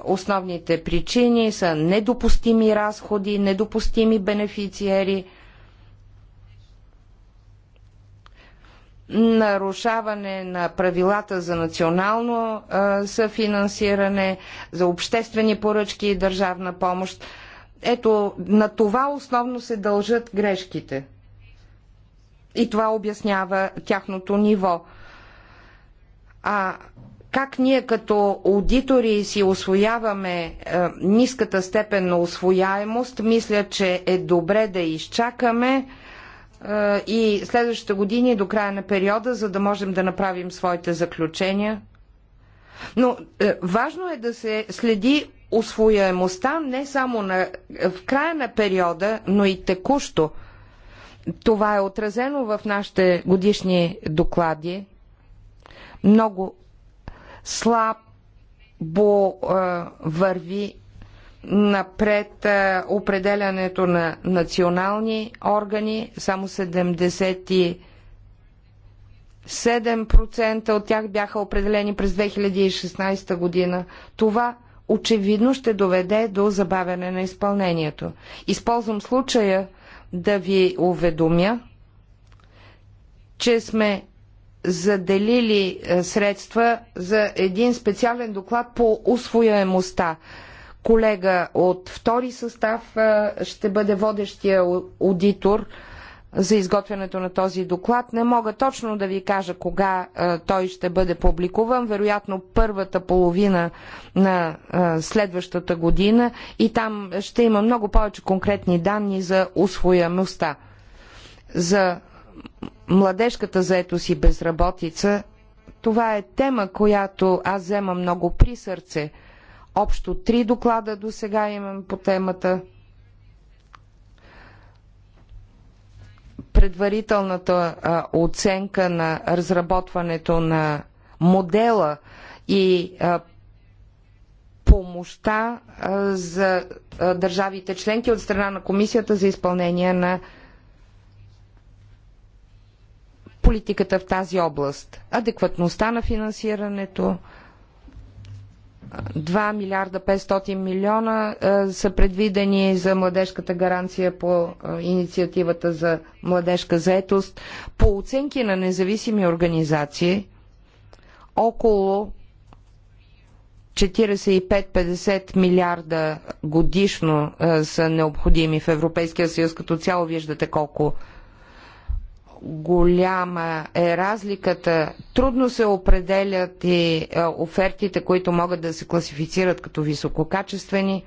Основните причини са недопустими разходи, недопустими бенефициери, нарушаване на правилата за национално а, съфинансиране, за обществени поръчки и държавна помощ. Ето, на това основно се дължат грешките. И това обяснява тяхното ниво. А как ние като аудитори си освояваме е, ниската степен на освояемост, мисля, че е добре да изчакаме е, и следващите години до края на периода, за да можем да направим своите заключения. Но е, важно е да се следи освояемостта не само на, в края на периода, но и текущо. Това е отразено в нашите годишни доклади. Много слабо върви напред определянето на национални органи, само 77% от тях бяха определени през 2016 година. Това очевидно ще доведе до забавяне на изпълнението. Използвам случая да ви уведомя, че сме заделили е, средства за един специален доклад по усвояемостта. Колега от втори състав е, ще бъде водещия аудитор за изготвянето на този доклад. Не мога точно да ви кажа кога е, той ще бъде публикуван, вероятно първата половина на следващата година и там ще има много повече конкретни данни за усвояемостта. За младежката заетост и безработица, това е тема, която аз взема много при сърце. Общо три доклада до сега имам по темата. Предварителната а, оценка на разработването на модела и а, помощта а, за а, държавите членки от страна на Комисията за изпълнение на политиката в тази област? Адекватността на финансирането. 2 милиарда 500 милиона е, са предвидени за младежката гаранция по е, инициативата за младежка заетост. По оценки на независими организации, около 45-50 милиарда годишно е, са необходими в Европейския съюз. Като цяло виждате колко голяма е разликата. Трудно се определят и е, офертите, които могат да се класифицират като висококачествени.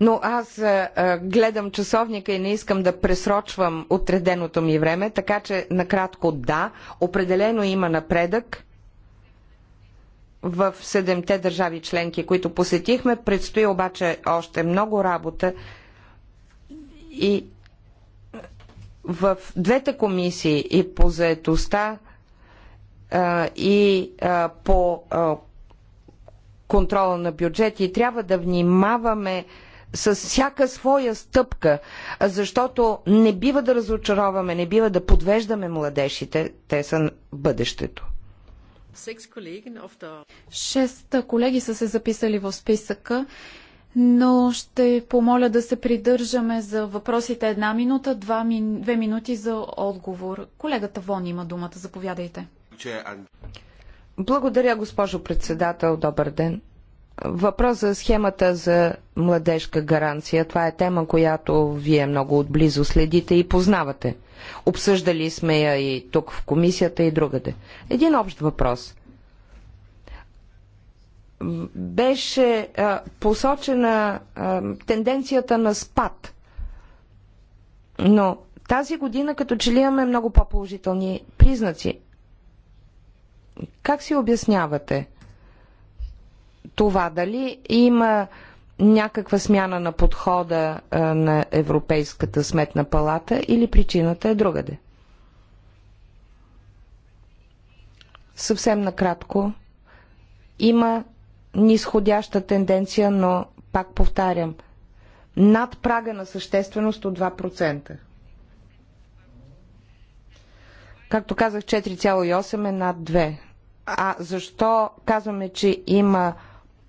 Но аз е, е, гледам часовника и не искам да пресрочвам отреденото ми време, така че накратко да, определено има напредък в седемте държави членки, които посетихме. Предстои обаче още много работа и в двете комисии и по заетостта и по контрола на бюджети трябва да внимаваме с всяка своя стъпка, защото не бива да разочароваме, не бива да подвеждаме младежите. Те са бъдещето. Шест колеги са се записали в списъка но ще помоля да се придържаме за въпросите една минута, два, две минути за отговор. Колегата Вон има думата, заповядайте. Благодаря, госпожо председател. Добър ден. Въпрос за схемата за младежка гаранция. Това е тема, която вие много отблизо следите и познавате. Обсъждали сме я и тук в комисията и другаде. Един общ въпрос – беше посочена тенденцията на спад. Но тази година като че ли имаме много по-положителни признаци. Как си обяснявате това? Дали има някаква смяна на подхода на Европейската сметна палата или причината е другаде? Съвсем накратко, има нисходяща тенденция, но пак повтарям, над прага на същественост от 2%. Както казах, 4,8 е над 2. А защо казваме, че има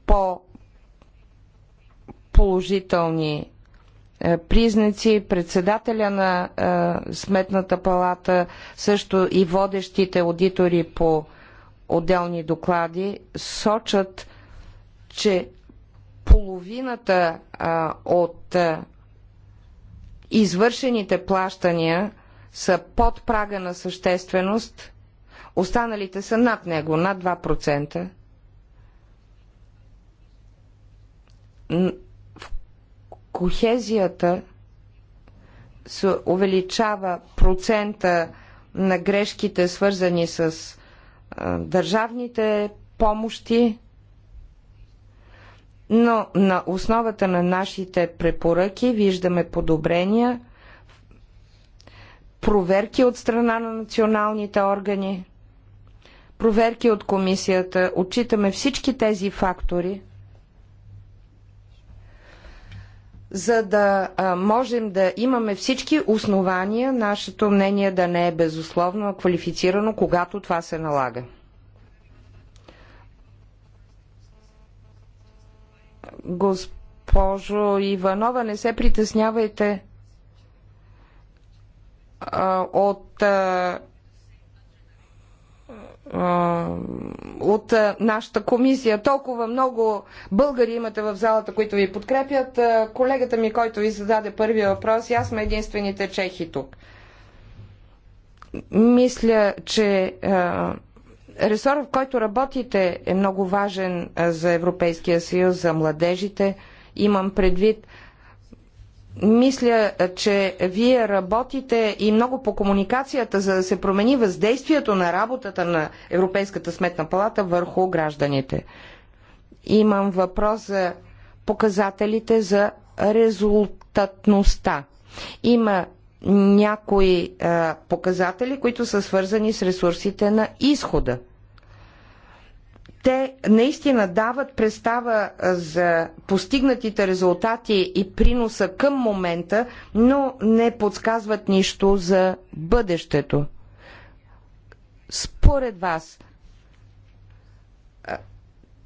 по-положителни е, признаци, председателя на е, Сметната палата, също и водещите аудитори по отделни доклади сочат че половината а, от а, извършените плащания са под прага на същественост, останалите са над него, над 2%. В кохезията се увеличава процента на грешките, свързани с а, държавните помощи, но на основата на нашите препоръки виждаме подобрения, проверки от страна на националните органи, проверки от комисията, отчитаме всички тези фактори, за да можем да имаме всички основания нашето мнение да не е безусловно, а квалифицирано, когато това се налага. Госпожо Иванова, не се притеснявайте от от нашата комисия. Толкова много българи имате в залата, които ви подкрепят. Колегата ми, който ви зададе първия въпрос, и аз сме единствените чехи тук. Мисля, че Ресорът, в който работите, е много важен за Европейския съюз, за младежите. Имам предвид. Мисля, че вие работите и много по комуникацията, за да се промени въздействието на работата на Европейската сметна палата върху гражданите. Имам въпрос за показателите за резултатността. Има някои а, е, показатели, които са свързани с ресурсите на изхода. Те наистина дават представа е, за постигнатите резултати и приноса към момента, но не подсказват нищо за бъдещето. Според вас,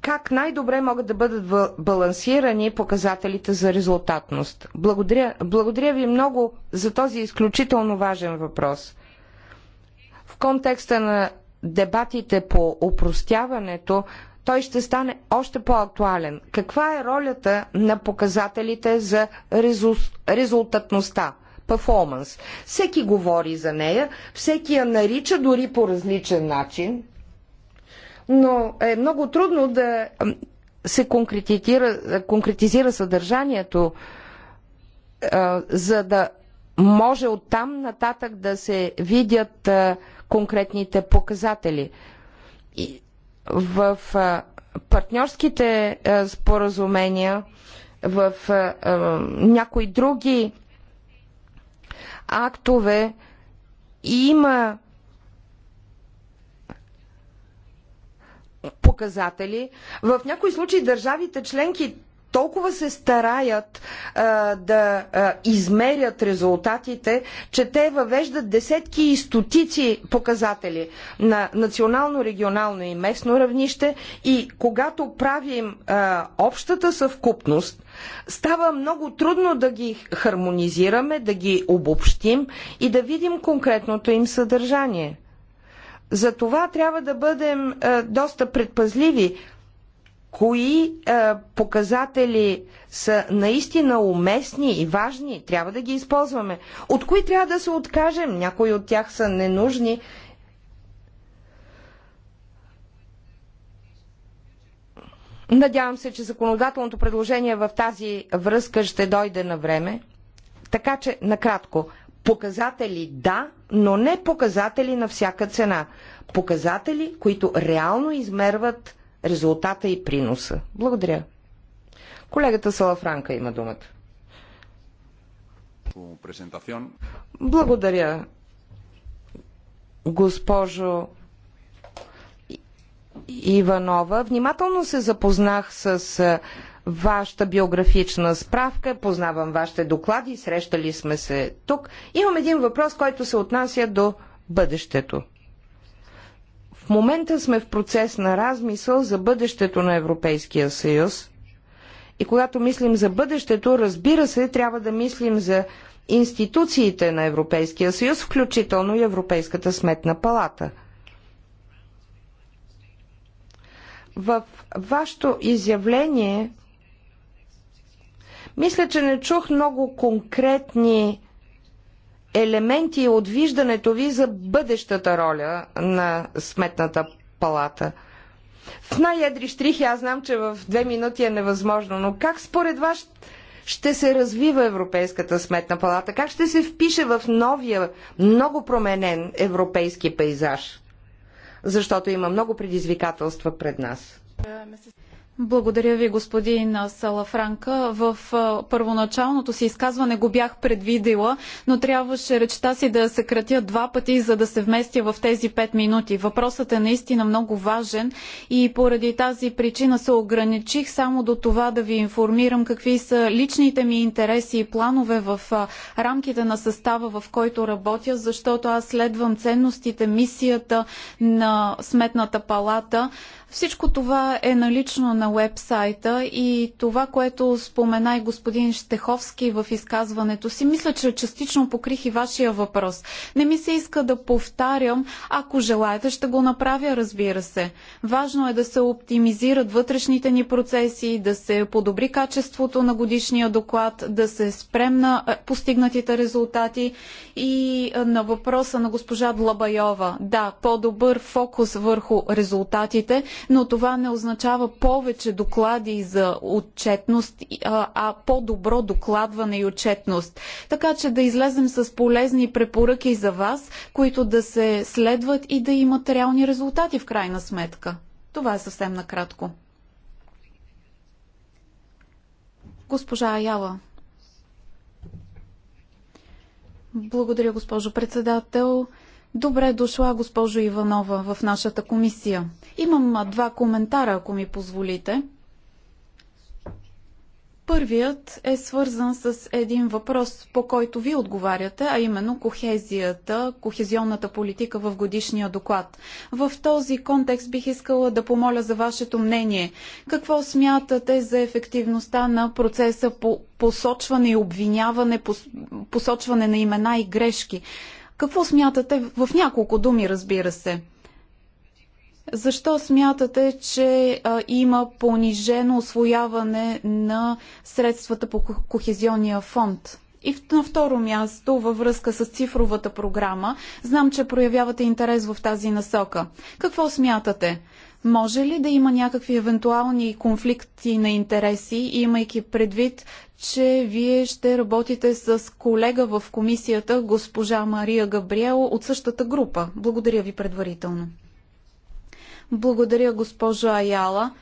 как най-добре могат да бъдат балансирани показателите за резултатност. Благодаря, благодаря ви много за този изключително важен въпрос. В контекста на дебатите по упростяването, той ще стане още по-актуален. Каква е ролята на показателите за резу... резултатността? Перформанс. Всеки говори за нея, всеки я нарича дори по различен начин – но е много трудно да се конкретизира, конкретизира съдържанието, за да може оттам нататък да се видят конкретните показатели. В партньорските споразумения, в някои други актове има показатели. В някои случаи държавите членки толкова се стараят а, да а, измерят резултатите, че те въвеждат десетки и стотици показатели на национално, регионално и местно равнище и когато правим а, общата съвкупност, става много трудно да ги хармонизираме, да ги обобщим и да видим конкретното им съдържание. За това трябва да бъдем е, доста предпазливи кои е, показатели са наистина уместни и важни, трябва да ги използваме. От кои трябва да се откажем? Някои от тях са ненужни. Надявам се, че законодателното предложение в тази връзка ще дойде на време. Така че, накратко, Показатели да, но не показатели на всяка цена. Показатели, които реално измерват резултата и приноса. Благодаря. Колегата Салафранка има думата. Благодаря, госпожо Иванова. Внимателно се запознах с вашата биографична справка, познавам вашите доклади, срещали сме се тук. Имам един въпрос, който се отнася до бъдещето. В момента сме в процес на размисъл за бъдещето на Европейския съюз. И когато мислим за бъдещето, разбира се, трябва да мислим за институциите на Европейския съюз, включително и Европейската сметна палата. В вашето изявление мисля, че не чух много конкретни елементи от виждането ви за бъдещата роля на Сметната палата. В най-едри штрихи аз знам, че в две минути е невъзможно, но как според вас ще се развива Европейската сметна палата? Как ще се впише в новия, много променен европейски пейзаж? Защото има много предизвикателства пред нас. Благодаря ви, господин Салафранка. В първоначалното си изказване го бях предвидила, но трябваше речта си да се съкратя два пъти, за да се вместя в тези пет минути. Въпросът е наистина много важен и поради тази причина се ограничих само до това да ви информирам какви са личните ми интереси и планове в рамките на състава, в който работя, защото аз следвам ценностите, мисията на Сметната палата всичко това е налично на вебсайта и това, което спомена и господин Штеховски в изказването си, мисля, че частично покрих и вашия въпрос. Не ми се иска да повтарям, ако желаете ще го направя, разбира се. Важно е да се оптимизират вътрешните ни процеси, да се подобри качеството на годишния доклад, да се спрем на е, постигнатите резултати и е, на въпроса на госпожа Длабайова. Да, по-добър фокус върху резултатите, но това не означава повече доклади за отчетност, а по-добро докладване и отчетност. Така че да излезем с полезни препоръки за вас, които да се следват и да имат реални резултати в крайна сметка. Това е съвсем накратко. Госпожа Аяла. Благодаря, госпожо председател. Добре дошла, госпожо Иванова, в нашата комисия. Имам два коментара, ако ми позволите. Първият е свързан с един въпрос, по който ви отговаряте, а именно кохезията, кохезионната политика в годишния доклад. В този контекст бих искала да помоля за вашето мнение. Какво смятате за ефективността на процеса по посочване и обвиняване, посочване на имена и грешки? Какво смятате в няколко думи, разбира се? Защо смятате, че а, има понижено освояване на средствата по кохезионния фонд? И на второ място, във връзка с цифровата програма, знам, че проявявате интерес в тази насока. Какво смятате? Може ли да има някакви евентуални конфликти на интереси, имайки предвид, че вие ще работите с колега в комисията, госпожа Мария Габриел от същата група? Благодаря ви предварително. Благодаря, госпожо Аяла.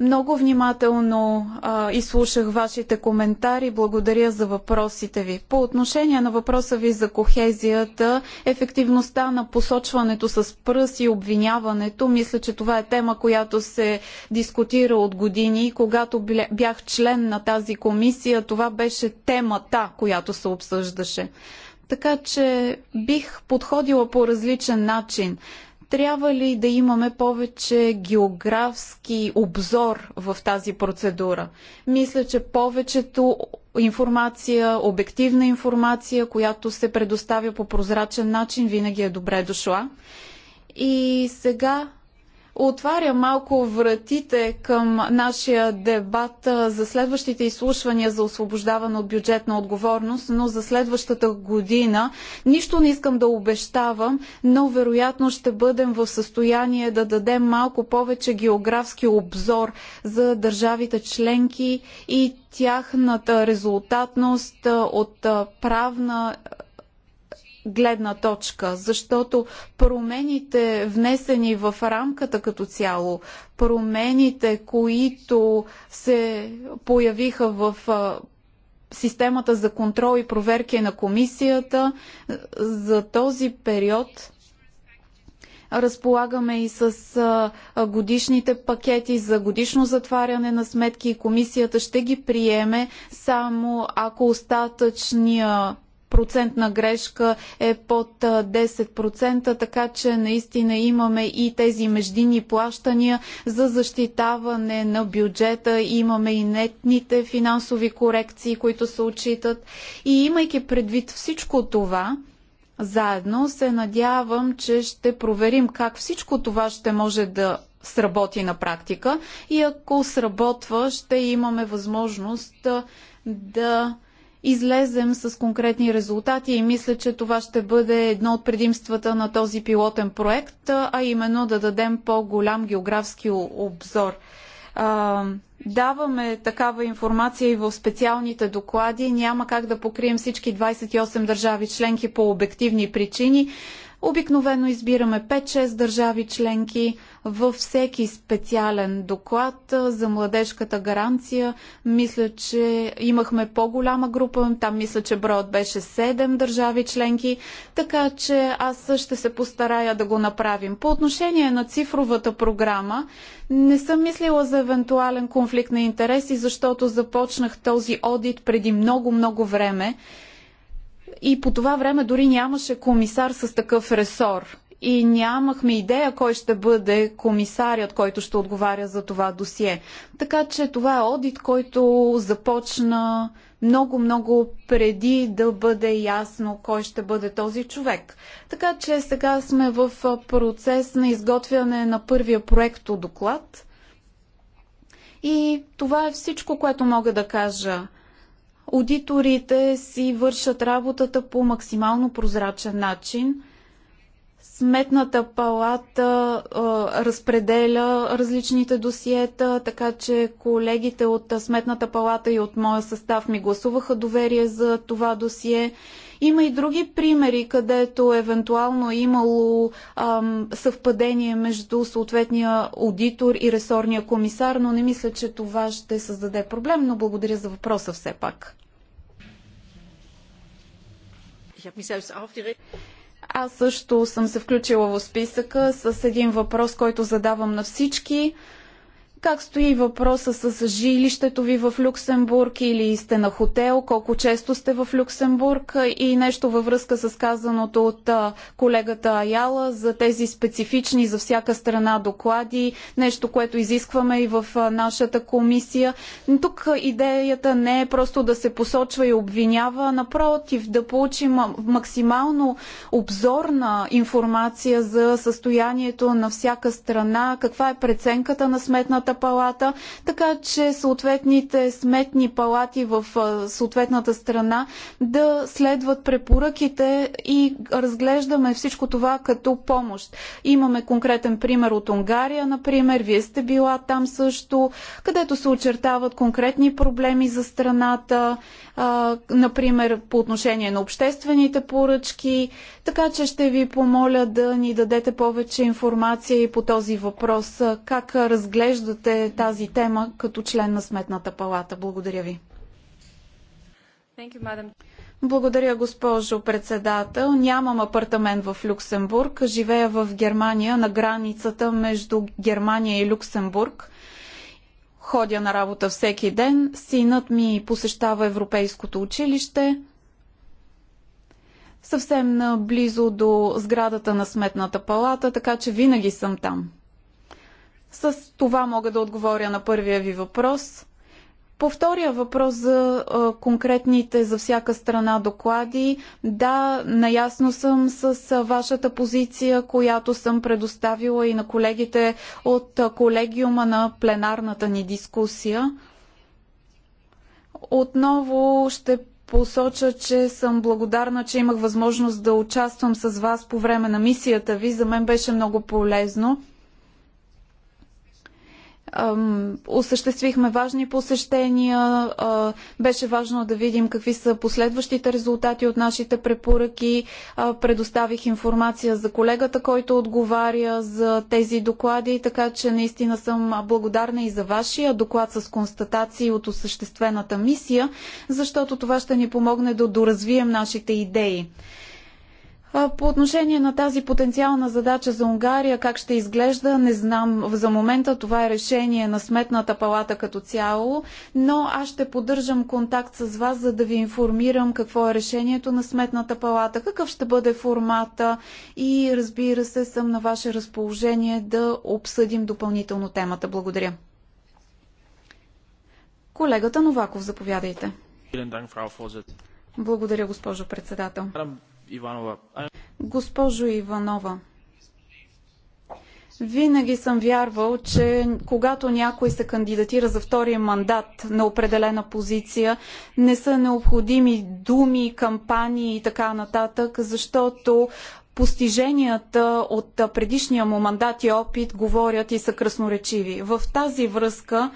Много внимателно а, изслушах вашите коментари. Благодаря за въпросите ви. По отношение на въпроса ви за кохезията, ефективността на посочването с пръст и обвиняването, мисля, че това е тема, която се дискутира от години. Когато бях член на тази комисия, това беше темата, която се обсъждаше. Така че бих подходила по различен начин трябва ли да имаме повече географски обзор в тази процедура? Мисля, че повечето информация, обективна информация, която се предоставя по прозрачен начин, винаги е добре дошла. И сега отваря малко вратите към нашия дебат за следващите изслушвания за освобождаване от бюджетна отговорност, но за следващата година. Нищо не искам да обещавам, но вероятно ще бъдем в състояние да дадем малко повече географски обзор за държавите членки и тяхната резултатност от правна гледна точка, защото промените внесени в рамката като цяло, промените, които се появиха в системата за контрол и проверки на комисията за този период, разполагаме и с годишните пакети за годишно затваряне на сметки и комисията ще ги приеме само ако остатъчния процентна грешка е под 10%, така че наистина имаме и тези междинни плащания за защитаване на бюджета, имаме и нетните финансови корекции, които се отчитат. И имайки предвид всичко това, заедно се надявам, че ще проверим как всичко това ще може да сработи на практика и ако сработва, ще имаме възможност да излезем с конкретни резултати и мисля, че това ще бъде едно от предимствата на този пилотен проект, а именно да дадем по-голям географски обзор. Даваме такава информация и в специалните доклади. Няма как да покрием всички 28 държави членки по обективни причини, Обикновено избираме 5-6 държави членки във всеки специален доклад за младежката гаранция. Мисля, че имахме по-голяма група, там мисля, че броят беше 7 държави членки, така че аз ще се постарая да го направим. По отношение на цифровата програма, не съм мислила за евентуален конфликт на интереси, защото започнах този одит преди много-много време. И по това време дори нямаше комисар с такъв ресор. И нямахме идея кой ще бъде комисарят, който ще отговаря за това досие. Така че това е одит, който започна много-много преди да бъде ясно кой ще бъде този човек. Така че сега сме в процес на изготвяне на първия проект доклад. И това е всичко, което мога да кажа. Аудиторите си вършат работата по максимално прозрачен начин. Сметната палата а, разпределя различните досиета, така че колегите от Сметната палата и от моя състав ми гласуваха доверие за това досие има и други примери, където евентуално е имало ам, съвпадение между съответния аудитор и ресорния комисар, но не мисля, че това ще създаде проблем, но благодаря за въпроса все пак. Аз също съм се включила в списъка с един въпрос, който задавам на всички. Как стои въпроса с жилището ви в Люксембург или сте на хотел? Колко често сте в Люксембург? И нещо във връзка с казаното от колегата Аяла за тези специфични за всяка страна доклади, нещо, което изискваме и в нашата комисия. Тук идеята не е просто да се посочва и обвинява, напротив, да получим максимално обзорна информация за състоянието на всяка страна, каква е преценката на сметната сметната палата, така че съответните сметни палати в съответната страна да следват препоръките и разглеждаме всичко това като помощ. Имаме конкретен пример от Унгария, например, вие сте била там също, където се очертават конкретни проблеми за страната, например по отношение на обществените поръчки, така че ще ви помоля да ни дадете повече информация и по този въпрос, как разглеждат разглеждате тази тема като член на Сметната палата? Благодаря ви. Благодаря, госпожо председател. Нямам апартамент в Люксембург. Живея в Германия, на границата между Германия и Люксембург. Ходя на работа всеки ден. Синът ми посещава Европейското училище. Съвсем близо до сградата на Сметната палата, така че винаги съм там. С това мога да отговоря на първия ви въпрос. По втория въпрос за а, конкретните за всяка страна доклади, да, наясно съм с а, вашата позиция, която съм предоставила и на колегите от а, колегиума на пленарната ни дискусия. Отново ще посоча, че съм благодарна, че имах възможност да участвам с вас по време на мисията ви. За мен беше много полезно осъществихме важни посещения. Беше важно да видим какви са последващите резултати от нашите препоръки. Предоставих информация за колегата, който отговаря за тези доклади, така че наистина съм благодарна и за вашия доклад с констатации от осъществената мисия, защото това ще ни помогне да доразвием нашите идеи. По отношение на тази потенциална задача за Унгария, как ще изглежда, не знам. За момента това е решение на Сметната палата като цяло, но аз ще поддържам контакт с вас, за да ви информирам какво е решението на Сметната палата, какъв ще бъде формата и разбира се съм на ваше разположение да обсъдим допълнително темата. Благодаря. Колегата Новаков, заповядайте. Благодаря, госпожо председател. Иванова. Госпожо Иванова, винаги съм вярвал, че когато някой се кандидатира за втория мандат на определена позиция, не са необходими думи, кампании и така нататък, защото постиженията от предишния му мандат и опит говорят и са красноречиви. В тази връзка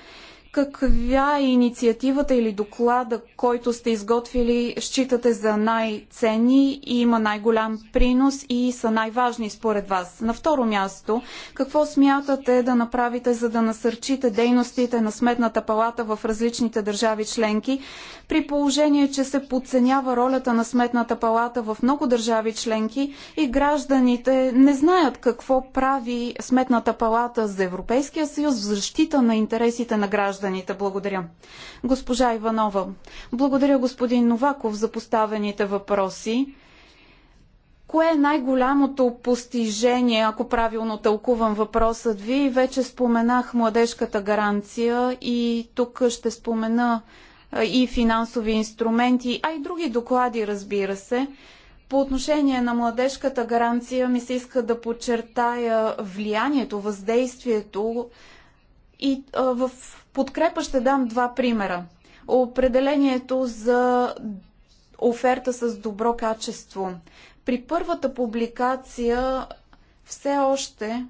каква е инициативата или доклада, който сте изготвили, считате за най-ценни и има най-голям принос и са най-важни според вас? На второ място, какво смятате да направите, за да насърчите дейностите на Сметната палата в различните държави членки, при положение, че се подценява ролята на Сметната палата в много държави членки и гражданите не знаят какво прави Сметната палата за Европейския съюз в защита на интересите на гражданите? гражданите. Благодаря. Госпожа Иванова, благодаря господин Новаков за поставените въпроси. Кое е най-голямото постижение, ако правилно тълкувам въпросът ви? Вече споменах младежката гаранция и тук ще спомена и финансови инструменти, а и други доклади, разбира се. По отношение на младежката гаранция ми се иска да подчертая влиянието, въздействието и а, в подкрепа ще дам два примера. Определението за оферта с добро качество. При първата публикация все още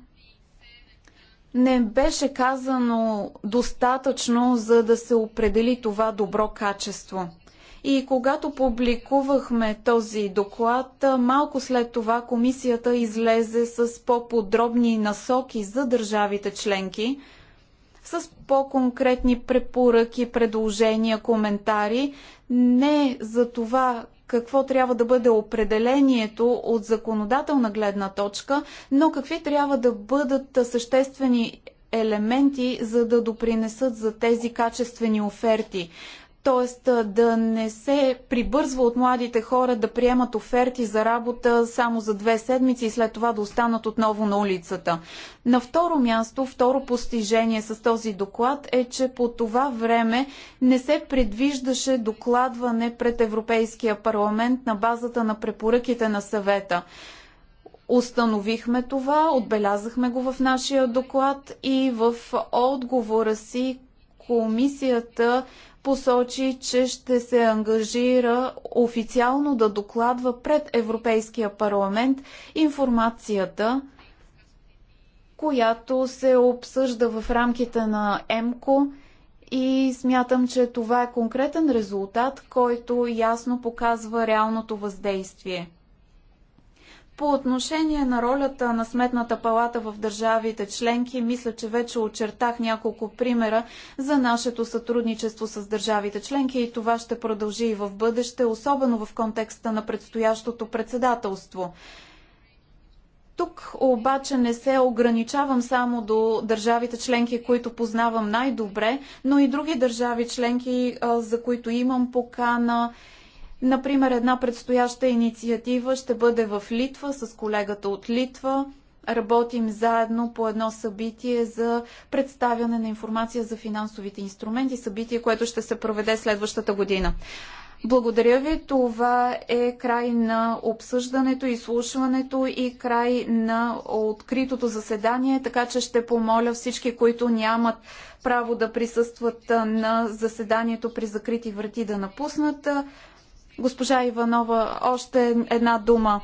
не беше казано достатъчно, за да се определи това добро качество. И когато публикувахме този доклад, малко след това комисията излезе с по-подробни насоки за държавите членки – с по-конкретни препоръки, предложения, коментари. Не за това какво трябва да бъде определението от законодателна гледна точка, но какви трябва да бъдат съществени елементи, за да допринесат за тези качествени оферти т.е. да не се прибързва от младите хора да приемат оферти за работа само за две седмици и след това да останат отново на улицата. На второ място, второ постижение с този доклад е, че по това време не се предвиждаше докладване пред Европейския парламент на базата на препоръките на съвета. Установихме това, отбелязахме го в нашия доклад и в отговора си комисията посочи, че ще се ангажира официално да докладва пред Европейския парламент информацията, която се обсъжда в рамките на ЕМКО и смятам, че това е конкретен резултат, който ясно показва реалното въздействие. По отношение на ролята на Сметната палата в държавите членки, мисля, че вече очертах няколко примера за нашето сътрудничество с държавите членки и това ще продължи и в бъдеще, особено в контекста на предстоящото председателство. Тук обаче не се ограничавам само до държавите членки, които познавам най-добре, но и други държави членки, за които имам покана Например, една предстояща инициатива ще бъде в Литва с колегата от Литва. Работим заедно по едно събитие за представяне на информация за финансовите инструменти, събитие, което ще се проведе следващата година. Благодаря ви. Това е край на обсъждането, изслушването и край на откритото заседание, така че ще помоля всички, които нямат право да присъстват на заседанието при закрити врати да напуснат. Госпожа Иванова, още една дума.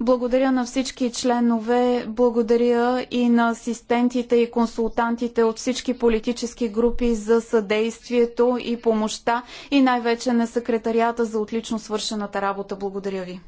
Благодаря на всички членове, благодаря и на асистентите и консултантите от всички политически групи за съдействието и помощта и най-вече на секретарията за отлично свършената работа. Благодаря ви.